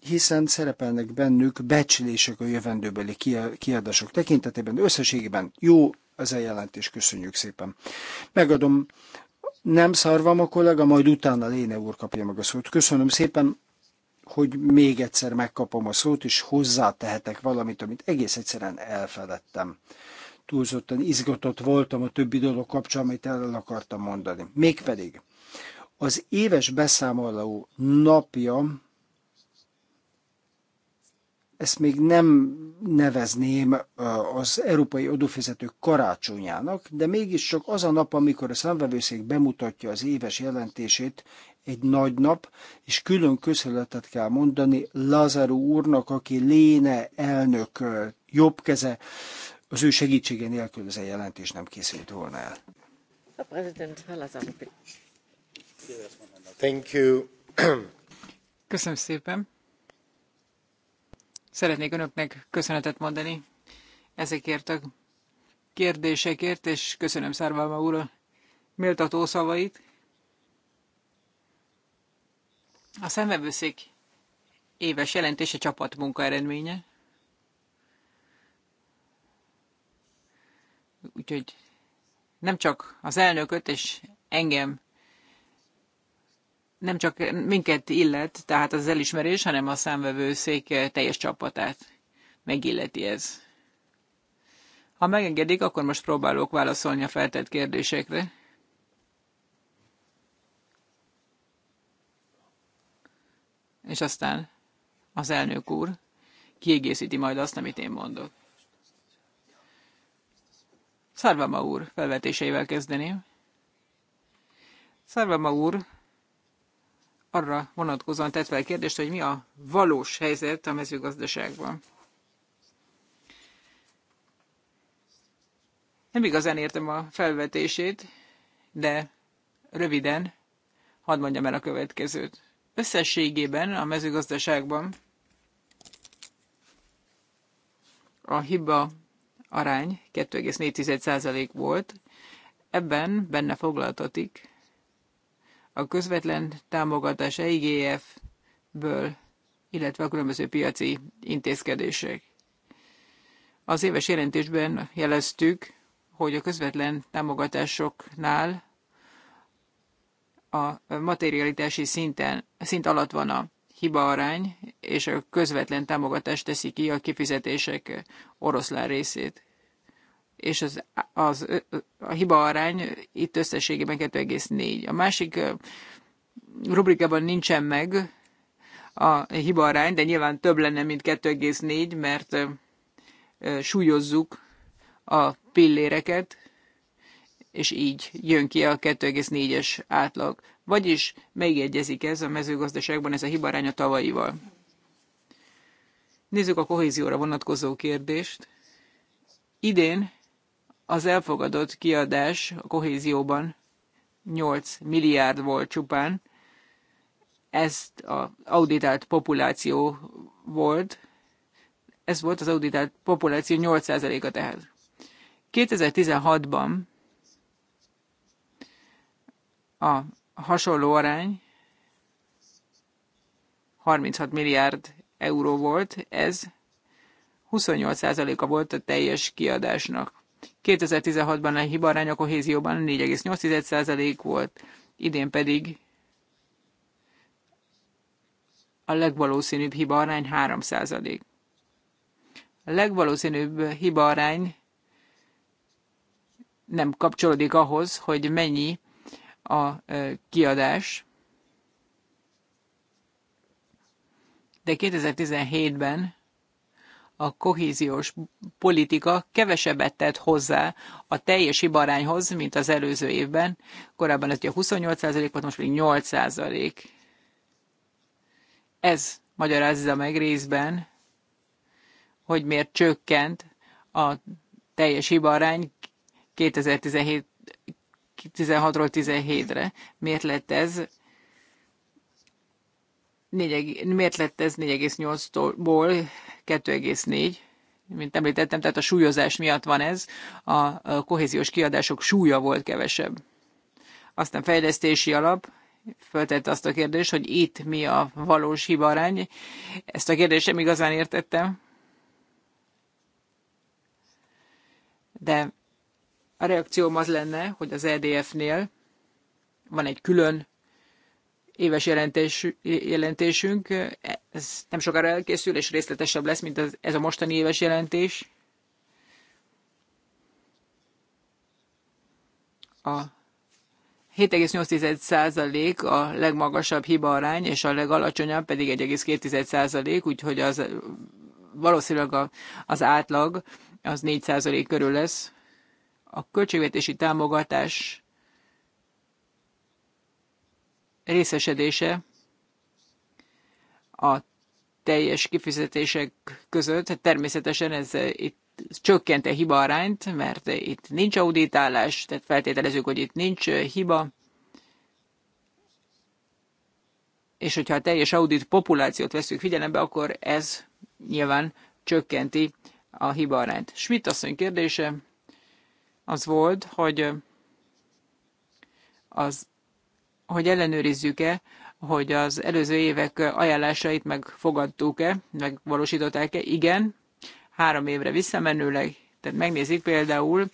hiszen szerepelnek bennük becslések a jövendőbeli kiadások tekintetében. Összességében jó ez a jelentés, köszönjük szépen. Megadom nem szarvam a kollega, majd utána Léne úr kapja meg a szót. Köszönöm szépen, hogy még egyszer megkapom a szót, és hozzátehetek valamit, amit egész egyszerűen elfeledtem. Túlzottan izgatott voltam a többi dolog kapcsán, amit el akartam mondani. Mégpedig az éves beszámoló napja ezt még nem nevezném az európai adófizetők karácsonyának, de mégiscsak az a nap, amikor a számvevőszék bemutatja az éves jelentését, egy nagy nap, és külön köszönetet kell mondani Lazaru úrnak, aki Léne elnök jobb keze, az ő segítsége nélkül ez a jelentés nem készült volna el. A Thank you. Köszönöm szépen. Szeretnék önöknek köszönetet mondani ezekért a kérdésekért, és köszönöm Szárváma úr a méltató szavait. A szemvevőszék éves jelentése csapatmunka eredménye. Úgyhogy nem csak az elnököt és engem nem csak minket illet, tehát az elismerés, hanem a számvevőszék teljes csapatát megilleti ez. Ha megengedik, akkor most próbálok válaszolni a feltett kérdésekre. És aztán az elnök úr kiegészíti majd azt, amit én mondok. Szarvama úr felvetéseivel kezdeném. Szarvama úr arra vonatkozóan tett fel kérdést, hogy mi a valós helyzet a mezőgazdaságban. Nem igazán értem a felvetését, de röviden hadd mondjam el a következőt. Összességében a mezőgazdaságban a hiba arány 2,4% volt, ebben benne foglaltatik a közvetlen támogatás EIGF-ből, illetve a különböző piaci intézkedések. Az éves jelentésben jeleztük, hogy a közvetlen támogatásoknál a materialitási szinten, szint alatt van a hiba arány, és a közvetlen támogatás teszi ki a kifizetések oroszlán részét és az, az, a hiba arány itt összességében 2,4. A másik rubrikában nincsen meg a hiba arány, de nyilván több lenne, mint 2,4, mert súlyozzuk a pilléreket, és így jön ki a 2,4-es átlag. Vagyis megjegyezik ez a mezőgazdaságban, ez a hiba a tavalyival. Nézzük a kohézióra vonatkozó kérdést. Idén az elfogadott kiadás a kohézióban 8 milliárd volt csupán, ezt az auditált populáció volt, ez volt az auditált populáció 8%-a tehát. 2016-ban a hasonló arány 36 milliárd euró volt, ez 28%-a volt a teljes kiadásnak. 2016-ban a hibarány a kohézióban 4,8% volt, idén pedig a legvalószínűbb hibarány 3%. A legvalószínűbb hibarány nem kapcsolódik ahhoz, hogy mennyi a kiadás, de 2017-ben a kohéziós politika kevesebbet tett hozzá a teljes hibarányhoz, mint az előző évben. Korábban ez ugye 28 volt, most pedig 8 százalék. Ez magyarázza meg részben, hogy miért csökkent a teljes hibarány 2017 16-ról 17-re. Miért lett ez 4, miért lett ez 4,8-ból 2,4 mint említettem, tehát a súlyozás miatt van ez, a kohéziós kiadások súlya volt kevesebb. Aztán fejlesztési alap, föltette azt a kérdést, hogy itt mi a valós hibarány. Ezt a kérdést nem igazán értettem. De a reakcióm az lenne, hogy az EDF-nél van egy külön éves jelentés, jelentésünk. Ez nem sokára elkészül, és részletesebb lesz, mint ez a mostani éves jelentés. A 7,8% a legmagasabb hibaarány, és a legalacsonyabb pedig 1,2%, úgyhogy az valószínűleg a, az átlag az 4% körül lesz. A költségvetési támogatás részesedése a teljes kifizetések között. Természetesen ez itt csökkente hiba arányt, mert itt nincs auditálás, tehát feltételezzük, hogy itt nincs hiba. És hogyha a teljes audit populációt veszük figyelembe, akkor ez nyilván csökkenti a hiba arányt. Schmidt asszony kérdése az volt, hogy az hogy ellenőrizzük-e, hogy az előző évek ajánlásait megfogadtuk-e, megvalósították-e. Igen, három évre visszamenőleg, tehát megnézik például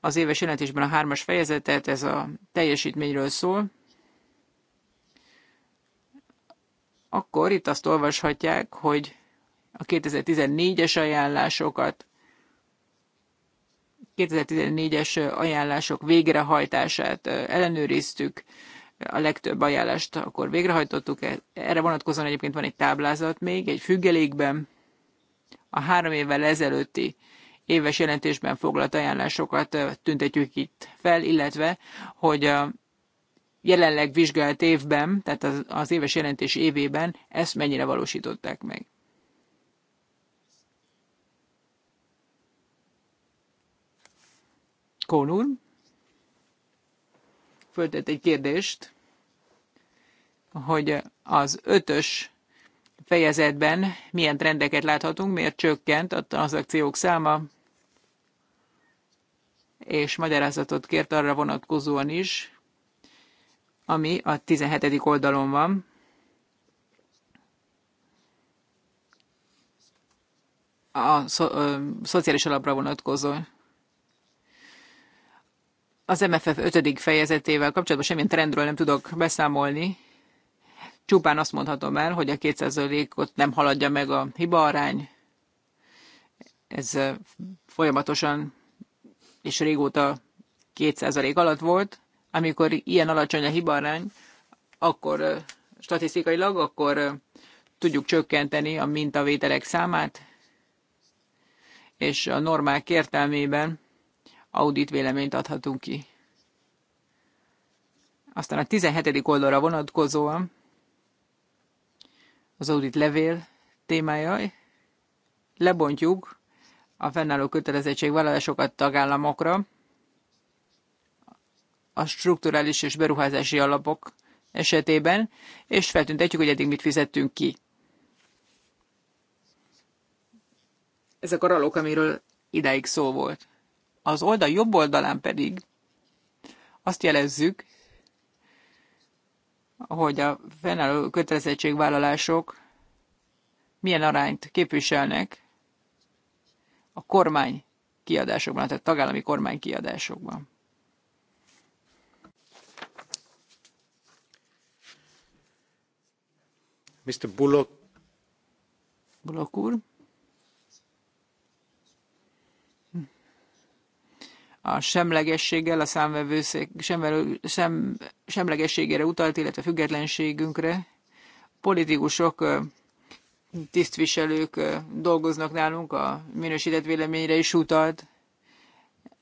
az éves jelentésben a hármas fejezetet, ez a teljesítményről szól, akkor itt azt olvashatják, hogy a 2014-es ajánlásokat, 2014-es ajánlások végrehajtását ellenőriztük, a legtöbb ajánlást akkor végrehajtottuk. E- erre vonatkozóan egyébként van egy táblázat még, egy függelékben. A három évvel ezelőtti éves jelentésben foglalt ajánlásokat tüntetjük itt fel, illetve, hogy a jelenleg vizsgált évben, tehát az, az éves jelentés évében ezt mennyire valósították meg. Kón föltett egy kérdést, hogy az ötös fejezetben milyen trendeket láthatunk, miért csökkent a tranzakciók száma, és magyarázatot kért arra vonatkozóan is, ami a 17. oldalon van. A szo- a szociális alapra vonatkozó az MFF ötödik fejezetével kapcsolatban semmilyen trendről nem tudok beszámolni. Csupán azt mondhatom el, hogy a 200 ot nem haladja meg a hibaarány. Ez folyamatosan és régóta 2% alatt volt. Amikor ilyen alacsony a hibaarány, akkor statisztikailag, akkor tudjuk csökkenteni a mintavételek számát, és a normák értelmében audit véleményt adhatunk ki. Aztán a 17. oldalra vonatkozóan az audit levél témája, lebontjuk a fennálló vállalásokat tagállamokra, a strukturális és beruházási alapok esetében, és feltüntetjük, hogy eddig mit fizettünk ki. Ezek a ralók, amiről idáig szó volt. Az oldal jobb oldalán pedig azt jelezzük, hogy a fennálló kötelezettségvállalások milyen arányt képviselnek a kormány kiadásokban, tehát tagállami kormány kiadásokban. Mr. Bullock. Bullock úr. a semlegességgel, a számvevőszék sem, sem, semlegességére utalt, illetve függetlenségünkre. Politikusok, tisztviselők dolgoznak nálunk, a minősített véleményre is utalt.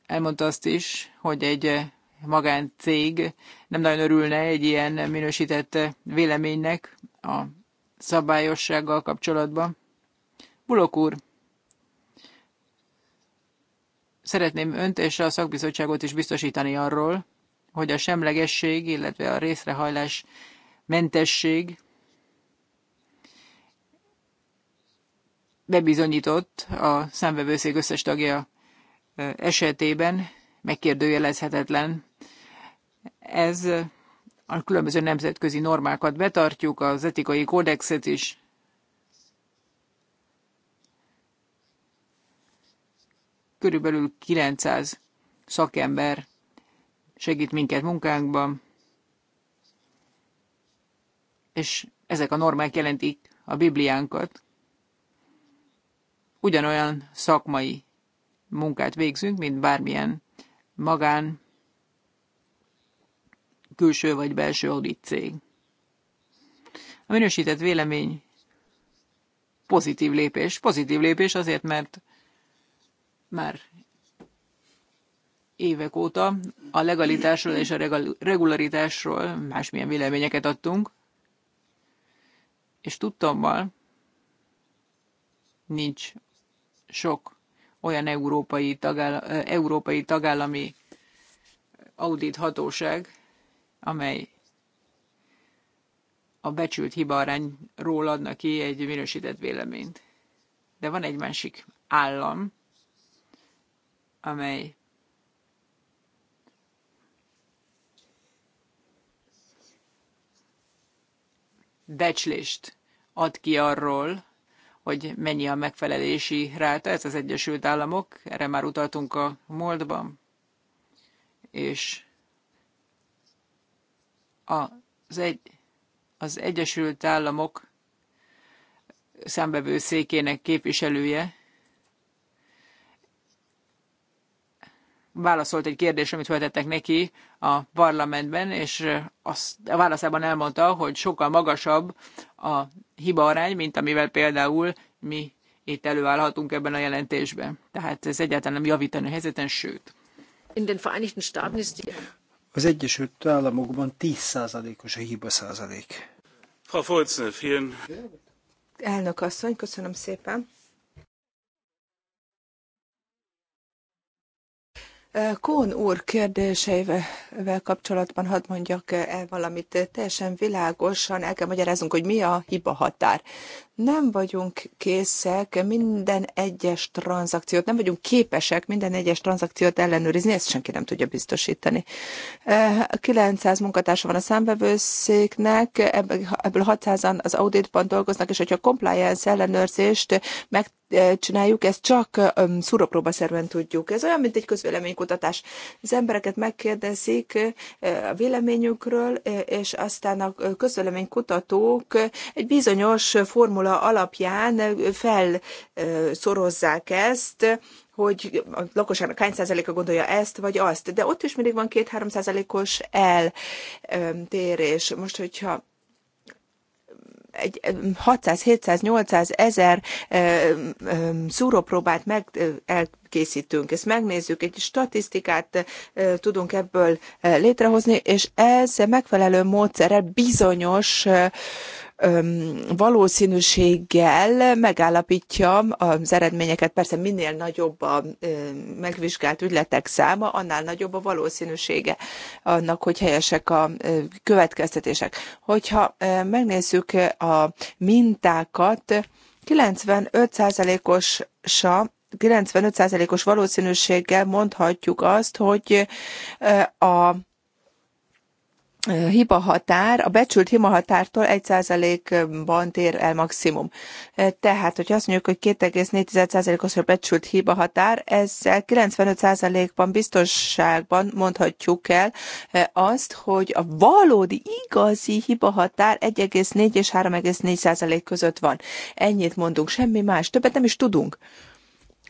Elmondta azt is, hogy egy magáncég nem nagyon örülne egy ilyen minősített véleménynek a szabályossággal kapcsolatban. Bulok úr, szeretném önt és a szakbizottságot is biztosítani arról, hogy a semlegesség, illetve a részrehajlás mentesség bebizonyított a számvevőszék összes tagja esetében, megkérdőjelezhetetlen. Ez a különböző nemzetközi normákat betartjuk, az etikai kódexet is Körülbelül 900 szakember segít minket munkánkban, és ezek a normák jelentik a Bibliánkat. Ugyanolyan szakmai munkát végzünk, mint bármilyen magán, külső vagy belső audit cég. A minősített vélemény pozitív lépés. Pozitív lépés azért, mert már évek óta a legalitásról és a regularitásról másmilyen véleményeket adtunk, és tudtommal nincs sok olyan európai, tagáll- európai tagállami hatóság, amely a becsült arányról adna ki egy minősített véleményt. De van egy másik állam, amely becslést ad ki arról, hogy mennyi a megfelelési ráta, ez az Egyesült Államok, erre már utaltunk a múltban, és az, egy, az Egyesült Államok székének képviselője válaszolt egy kérdésre, amit feltettek neki a parlamentben, és azt a válaszában elmondta, hogy sokkal magasabb a hiba arány, mint amivel például mi itt előállhatunk ebben a jelentésben. Tehát ez egyáltalán nem javítani a helyzeten, sőt. Az Egyesült Államokban 10%-os a hiba százalék. Frau Volzner, vielen. Elnök asszony, köszönöm szépen. Kón úr kérdéseivel kapcsolatban hadd mondjak el valamit. Teljesen világosan el kell magyaráznunk, hogy mi a hiba határ nem vagyunk készek minden egyes tranzakciót, nem vagyunk képesek minden egyes tranzakciót ellenőrizni, ezt senki nem tudja biztosítani. 900 eh, munkatársa van a számvevőszéknek, ebből 600-an az auditban dolgoznak, és hogyha a compliance ellenőrzést meg csináljuk, ezt csak szúrópróba szerven tudjuk. Ez olyan, mint egy közvéleménykutatás. Az embereket megkérdezik eh, a véleményükről, eh, és aztán a közvéleménykutatók egy bizonyos formulát formula alapján felszorozzák ezt, hogy a lakosságnak hány százaléka gondolja ezt vagy azt, de ott is mindig van két-három százalékos eltérés. Most, hogyha egy 600, 700, 800 ezer szúrópróbát meg elkészítünk, ezt megnézzük, egy statisztikát tudunk ebből létrehozni, és ez megfelelő módszerrel bizonyos valószínűséggel megállapítja az eredményeket. Persze minél nagyobb a megvizsgált ügyletek száma, annál nagyobb a valószínűsége annak, hogy helyesek a következtetések. Hogyha megnézzük a mintákat, 95%-os 95%-os valószínűséggel mondhatjuk azt, hogy a Hibahatár. a becsült hibahatártól 1%-ban tér el maximum. Tehát, hogyha azt mondjuk, hogy 2,4% os a becsült hibahatár, ezzel 95%-ban biztonságban mondhatjuk el eh, azt, hogy a valódi, igazi hibahatár 1,4 és 3,4% között van. Ennyit mondunk, semmi más, többet nem is tudunk.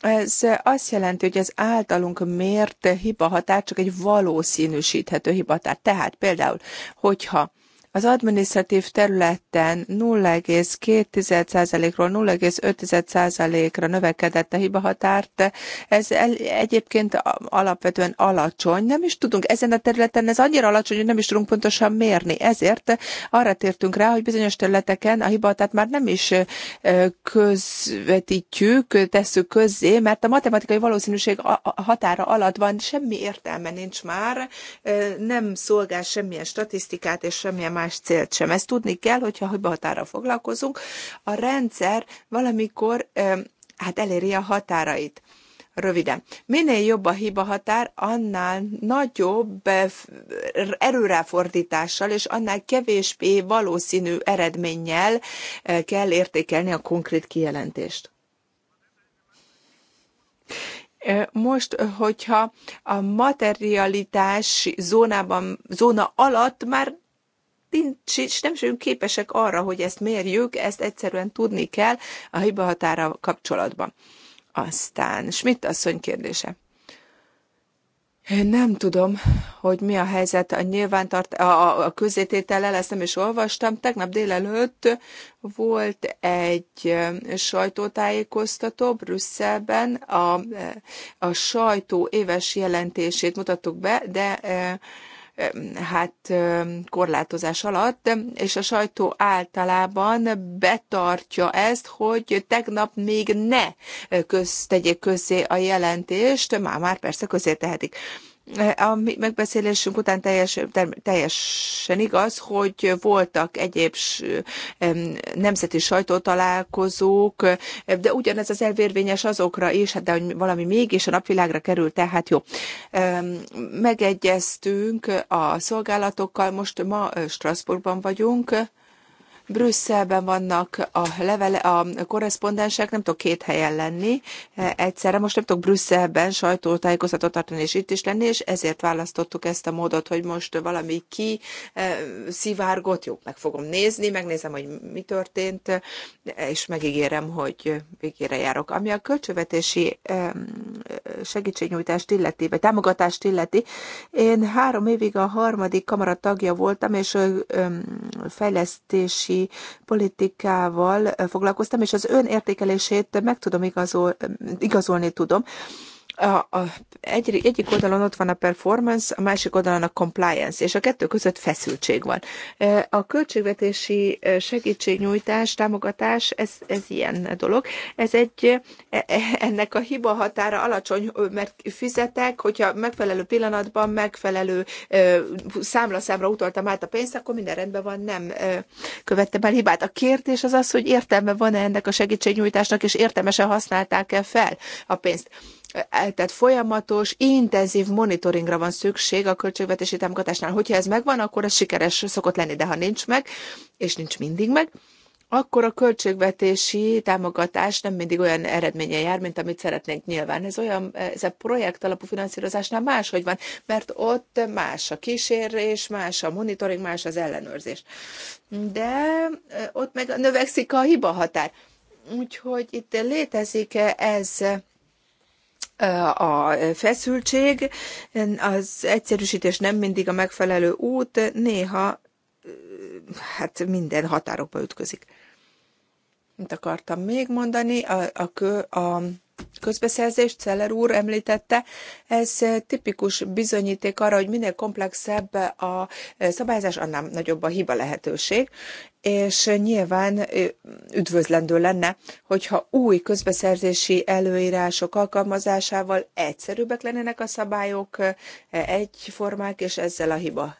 Ez azt jelenti, hogy az általunk mért hibahatár csak egy valószínűsíthető hibahatár. Tehát például, hogyha az adminisztratív területen 0,2%-ról 0,5%-ra növekedett a hibahatárt. Ez egyébként alapvetően alacsony. Nem is tudunk, ezen a területen ez annyira alacsony, hogy nem is tudunk pontosan mérni. Ezért arra tértünk rá, hogy bizonyos területeken a hibahatárt már nem is közvetítjük, tesszük közzé, mert a matematikai valószínűség határa alatt van, semmi értelme nincs már, nem szolgál semmilyen statisztikát és semmilyen más más célt sem. Ezt tudni kell, hogyha hibahatára foglalkozunk, a rendszer valamikor hát eléri a határait. Röviden. Minél jobb a hiba határ, annál nagyobb erőráfordítással és annál kevésbé valószínű eredménnyel kell értékelni a konkrét kijelentést. Most, hogyha a materialitás zónában, zóna alatt már nincs, és nem vagyunk képesek arra, hogy ezt mérjük, ezt egyszerűen tudni kell a hiba határa kapcsolatban. Aztán Schmidt asszony kérdése. Én nem tudom, hogy mi a helyzet a nyilvántart, a, a közététellel, ezt nem is olvastam. Tegnap délelőtt volt egy sajtótájékoztató Brüsszelben, a, a sajtó éves jelentését mutattuk be, de hát korlátozás alatt, és a sajtó általában betartja ezt, hogy tegnap még ne köz, tegyék közzé a jelentést, már, már persze közé tehetik. A mi megbeszélésünk után teljes, teljesen igaz, hogy voltak egyéb nemzeti sajtótalálkozók, de ugyanez az elvérvényes azokra is, hát de hogy valami mégis a napvilágra került, tehát jó. Megegyeztünk a szolgálatokkal, most ma Strasbourgban vagyunk, Brüsszelben vannak a, levele, a korrespondensek, nem tudok két helyen lenni e, egyszerre. Most nem tudok Brüsszelben sajtótájékoztatót tartani, és itt is lenni, és ezért választottuk ezt a módot, hogy most valami ki e, szivárgott, jó, meg fogom nézni, megnézem, hogy mi történt, és megígérem, hogy végére járok. Ami a költségvetési e, segítségnyújtást illeti, vagy támogatást illeti, én három évig a harmadik kamara tagja voltam, és fejlesztési vidéki politikával foglalkoztam, és az ön értékelését meg tudom igazol, igazolni tudom a, a, egy, egyik oldalon ott van a performance, a másik oldalon a compliance, és a kettő között feszültség van. E, a költségvetési e, segítségnyújtás, támogatás, ez, ez ilyen dolog. Ez egy, e, ennek a hiba határa alacsony, mert fizetek, hogyha megfelelő pillanatban, megfelelő számlaszámra utaltam át a pénzt, akkor minden rendben van, nem követtem el hibát. A kérdés az az, hogy értelme van-e ennek a segítségnyújtásnak, és értelmesen használták-e fel a pénzt E, tehát folyamatos, intenzív monitoringra van szükség a költségvetési támogatásnál. Hogyha ez megvan, akkor ez sikeres szokott lenni, de ha nincs meg, és nincs mindig meg, akkor a költségvetési támogatás nem mindig olyan eredménye jár, mint amit szeretnénk nyilván. Ez olyan, ez a projekt alapú finanszírozásnál máshogy van, mert ott más a kísérés, más a monitoring, más az ellenőrzés. De e, ott meg növekszik a hiba határ. Úgyhogy itt létezik ez a feszültség, az egyszerűsítés nem mindig a megfelelő út, néha hát minden határokba ütközik. Mit akartam még mondani? A, a, a közbeszerzést, Celler úr említette, ez tipikus bizonyíték arra, hogy minél komplexebb a szabályzás, annál nagyobb a hiba lehetőség, és nyilván üdvözlendő lenne, hogyha új közbeszerzési előírások alkalmazásával egyszerűbbek lennének a szabályok, egyformák, és ezzel a hiba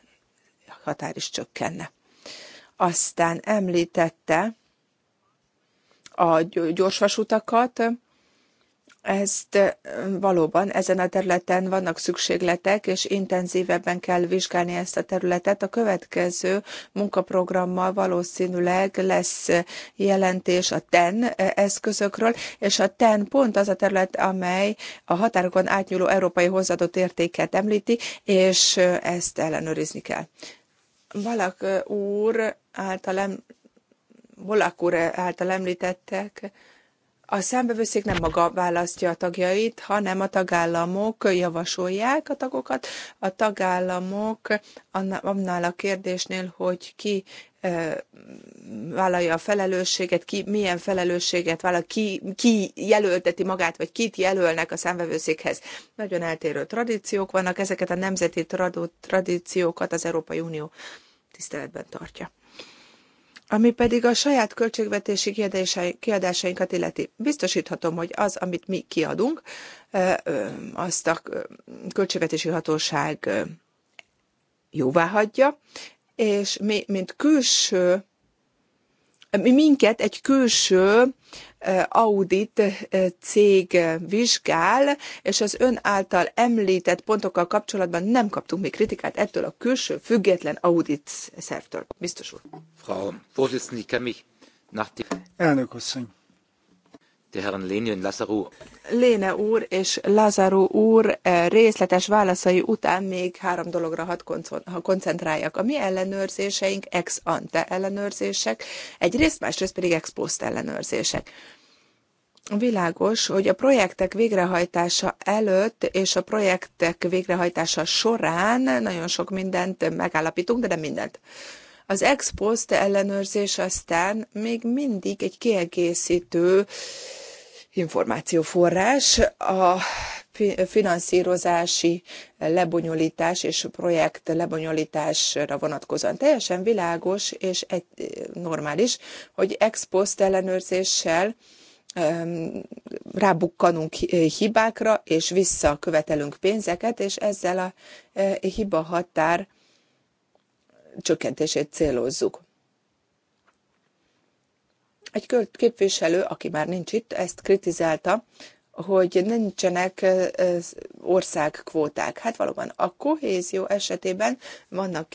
határ is csökkenne. Aztán említette a gyorsvasutakat, ezt valóban ezen a területen vannak szükségletek, és intenzívebben kell vizsgálni ezt a területet. A következő munkaprogrammal valószínűleg lesz jelentés a TEN eszközökről, és a TEN pont az a terület, amely a határokon átnyúló európai hozzáadott értéket említi, és ezt ellenőrizni kell. Valak úr által, em... Volak úr által említettek, a számbevőszék nem maga választja a tagjait, hanem a tagállamok javasolják a tagokat. A tagállamok annál a kérdésnél, hogy ki vállalja a felelősséget, ki milyen felelősséget vállal, ki, ki jelölteti magát, vagy kit jelölnek a számvevőszékhez. Nagyon eltérő tradíciók vannak, ezeket a nemzeti tradíciókat az Európai Unió tiszteletben tartja ami pedig a saját költségvetési kiadásainkat illeti. Biztosíthatom, hogy az, amit mi kiadunk, azt a költségvetési hatóság jóvá hagyja, és mi, mint külső, minket egy külső audit eh, cég eh, vizsgál, és az ön által említett pontokkal kapcsolatban nem kaptunk még kritikát ettől a külső független audit szervtől. Biztos úr. Frau Vorsitzende, ich kann mich nach Elnök asszony, Léne úr és Lázaro úr eh, részletes válaszai után még három dologra hat koncentráljak. A mi ellenőrzéseink ex ante ellenőrzések, egyrészt, másrészt pedig ex post ellenőrzések. Világos, hogy a projektek végrehajtása előtt és a projektek végrehajtása során nagyon sok mindent megállapítunk, de nem mindent. Az ex post ellenőrzés aztán még mindig egy kiegészítő információforrás. A finanszírozási lebonyolítás és projekt lebonyolításra vonatkozóan teljesen világos és egy, normális, hogy ex post ellenőrzéssel rábukkanunk hibákra, és visszakövetelünk pénzeket, és ezzel a e, hiba határ csökkentését célozzuk. Egy képviselő, aki már nincs itt, ezt kritizálta, hogy nincsenek országkvóták. Hát valóban a kohézió esetében vannak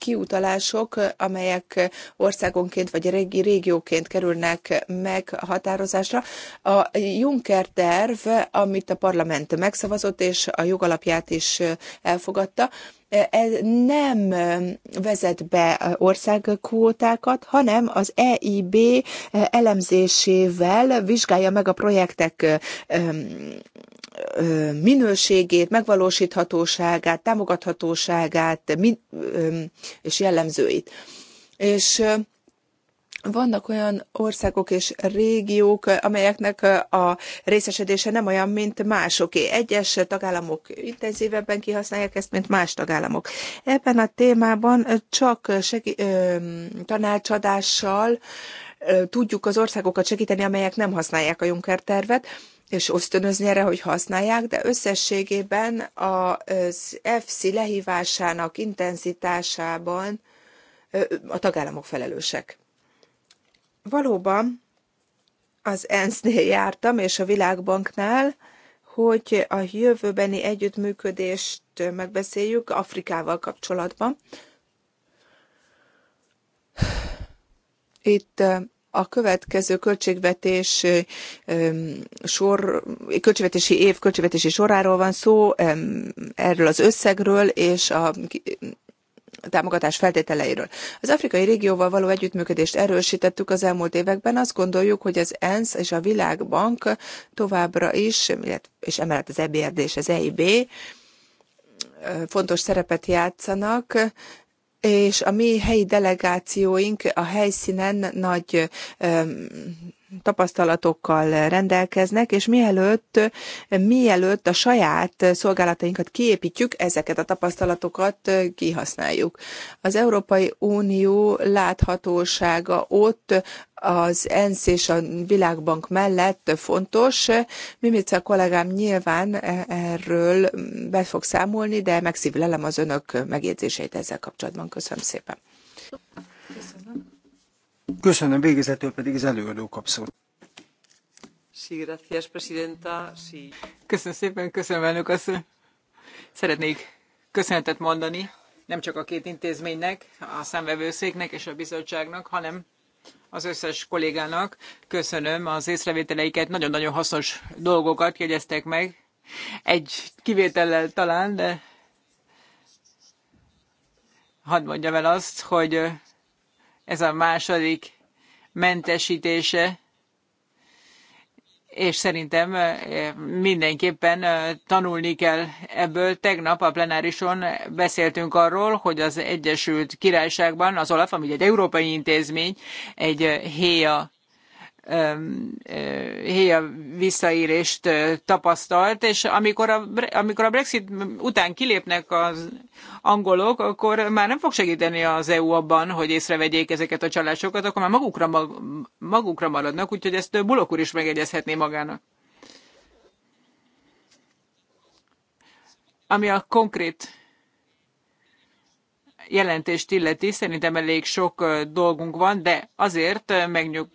kiutalások, amelyek országonként vagy régi régióként kerülnek meghatározásra. A Juncker terv, amit a parlament megszavazott, és a jogalapját is elfogadta, nem vezet be országkvótákat, hanem az EIB elemzésével vizsgálja meg a projektek minőségét, megvalósíthatóságát, támogathatóságát és jellemzőit. És vannak olyan országok és régiók, amelyeknek a részesedése nem olyan, mint másoké. Egyes tagállamok intenzívebben kihasználják ezt, mint más tagállamok. Ebben a témában csak tanácsadással tudjuk az országokat segíteni, amelyek nem használják a Juncker tervet, és ösztönözni erre, hogy használják, de összességében az FC lehívásának intenzitásában a tagállamok felelősek. Valóban az ENSZ-nél jártam, és a Világbanknál, hogy a jövőbeni együttműködést megbeszéljük Afrikával kapcsolatban. Itt a következő költségvetés sor, költségvetési év költségvetési soráról van szó, erről az összegről és a támogatás feltételeiről. Az afrikai régióval való együttműködést erősítettük az elmúlt években. Azt gondoljuk, hogy az ENSZ és a Világbank továbbra is, és emellett az EBRD és az EIB fontos szerepet játszanak, és a mi helyi delegációink a helyszínen nagy tapasztalatokkal rendelkeznek, és mielőtt, mielőtt a saját szolgálatainkat kiépítjük, ezeket a tapasztalatokat kihasználjuk. Az Európai Unió láthatósága ott az ENSZ és a Világbank mellett fontos. Mimica kollégám nyilván erről be fog számolni, de megszívlelem az önök megjegyzéseit ezzel kapcsolatban. Köszönöm szépen. Köszönöm, végezetül pedig az előadó kapszót. Köszönöm szépen, köszönöm elnök asszony. Szeretnék köszönetet mondani nem csak a két intézménynek, a szemvevőszéknek és a bizottságnak, hanem az összes kollégának. Köszönöm az észrevételeiket, nagyon-nagyon hasznos dolgokat jegyeztek meg. Egy kivétellel talán, de hadd mondjam el azt, hogy ez a második mentesítése, és szerintem mindenképpen tanulni kell ebből. Tegnap a plenárison beszéltünk arról, hogy az Egyesült Királyságban az Olaf, ami egy európai intézmény, egy héja héja visszaérést tapasztalt, és amikor a, amikor a Brexit után kilépnek az angolok, akkor már nem fog segíteni az EU abban, hogy észrevegyék ezeket a csalásokat, akkor már magukra, mag, magukra maradnak, úgyhogy ezt Bulok úr is megegyezhetné magának. Ami a konkrét jelentést illeti, szerintem elég sok dolgunk van, de azért megnyug,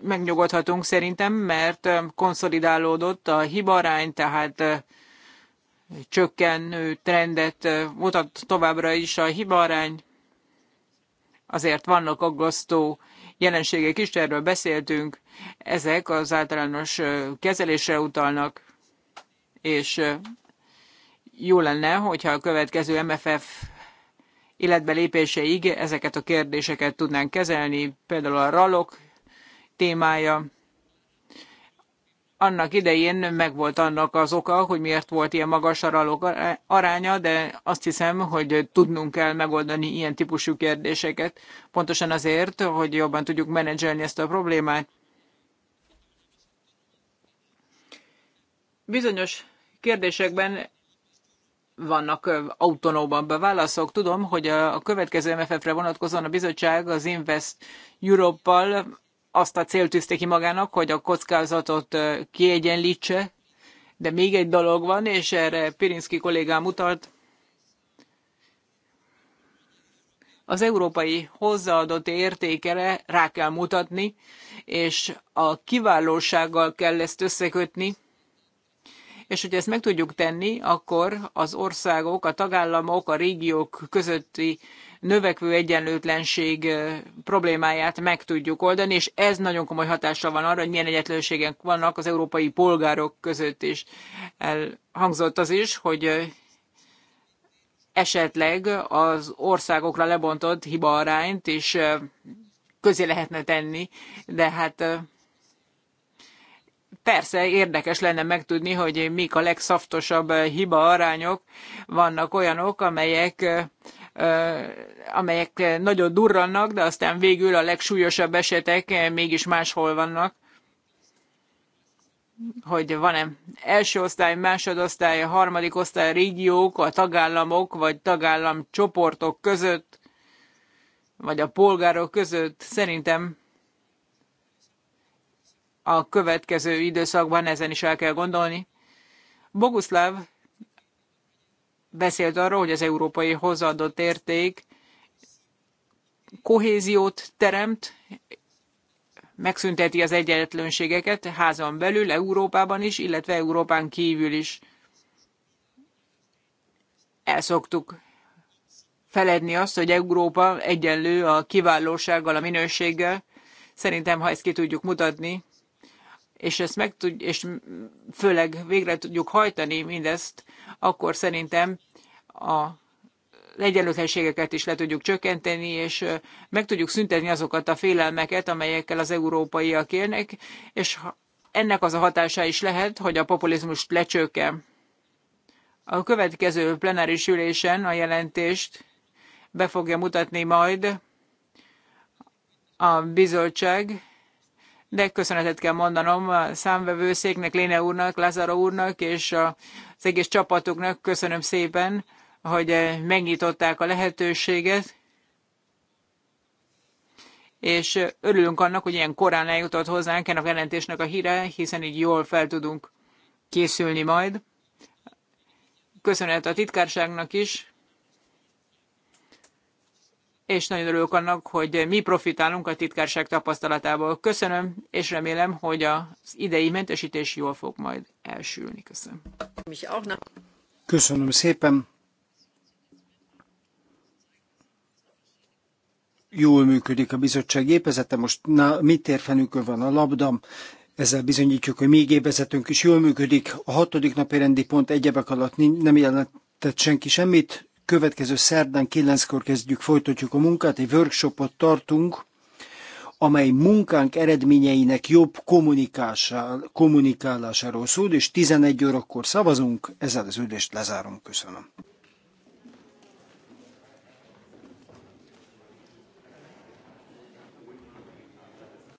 megnyugodhatunk szerintem, mert konszolidálódott a hibarány, tehát csökkenő trendet mutat továbbra is a hibarány. Azért vannak aggasztó jelenségek is, erről beszéltünk. Ezek az általános kezelésre utalnak, és jó lenne, hogyha a következő MFF életbe lépéseig ezeket a kérdéseket tudnánk kezelni, például a ralok témája. Annak idején megvolt annak az oka, hogy miért volt ilyen magas a aránya, de azt hiszem, hogy tudnunk kell megoldani ilyen típusú kérdéseket, pontosan azért, hogy jobban tudjuk menedzselni ezt a problémát. Bizonyos kérdésekben vannak autonóban válaszok. Tudom, hogy a következő MFF-re vonatkozóan a bizottság az Invest europe val azt a célt tűzte ki magának, hogy a kockázatot kiegyenlítse, de még egy dolog van, és erre Pirinszki kollégám utalt, az európai hozzáadott értékere rá kell mutatni, és a kiválósággal kell ezt összekötni, és hogy ezt meg tudjuk tenni, akkor az országok, a tagállamok, a régiók közötti növekvő egyenlőtlenség problémáját meg tudjuk oldani, és ez nagyon komoly hatással van arra, hogy milyen egyenlőségek vannak az európai polgárok között is. Elhangzott az is, hogy esetleg az országokra lebontott hibaarányt is közé lehetne tenni, de hát persze érdekes lenne megtudni, hogy mik a legszaftosabb hibaarányok Vannak olyanok, amelyek amelyek nagyon durrannak, de aztán végül a legsúlyosabb esetek eh, mégis máshol vannak. Hogy van-e első osztály, másodosztály, harmadik osztály, régiók, a tagállamok vagy tagállam csoportok között, vagy a polgárok között, szerintem a következő időszakban ezen is el kell gondolni. Boguslav beszélt arról, hogy az európai hozzáadott érték kohéziót teremt, megszünteti az egyenlőségeket házon belül, Európában is, illetve Európán kívül is. El szoktuk feledni azt, hogy Európa egyenlő a kiválósággal, a minőséggel. Szerintem, ha ezt ki tudjuk mutatni, és ezt meg tud, és főleg végre tudjuk hajtani mindezt, akkor szerintem a egyenlőtlenségeket is le tudjuk csökkenteni, és meg tudjuk szüntetni azokat a félelmeket, amelyekkel az európaiak élnek, és ennek az a hatása is lehet, hogy a populizmust lecsökken. A következő plenáris ülésen a jelentést be fogja mutatni majd a bizottság, de köszönetet kell mondanom a számvevőszéknek, Léne úrnak, Lázaro úrnak és az egész csapatuknak. Köszönöm szépen hogy eh, megnyitották a lehetőséget, és eh, örülünk annak, hogy ilyen korán eljutott hozzánk ennek a jelentésnek a híre, hiszen így jól fel tudunk készülni majd. Köszönet a titkárságnak is, és nagyon örülök annak, hogy eh, mi profitálunk a titkárság tapasztalatából. Köszönöm, és remélem, hogy az idei mentesítés jól fog majd elsülni. Köszönöm. Köszönöm szépen. jól működik a bizottság gépezete, most na, mit térfenükön van a labdam, ezzel bizonyítjuk, hogy mi gépezetünk is jól működik. A hatodik napi rendi pont egyebek alatt nem jelentett senki semmit. Következő szerdán kilenckor kezdjük, folytatjuk a munkát, egy workshopot tartunk, amely munkánk eredményeinek jobb kommunikálásáról szól, és 11 órakor szavazunk, ezzel az ülést lezárom. Köszönöm.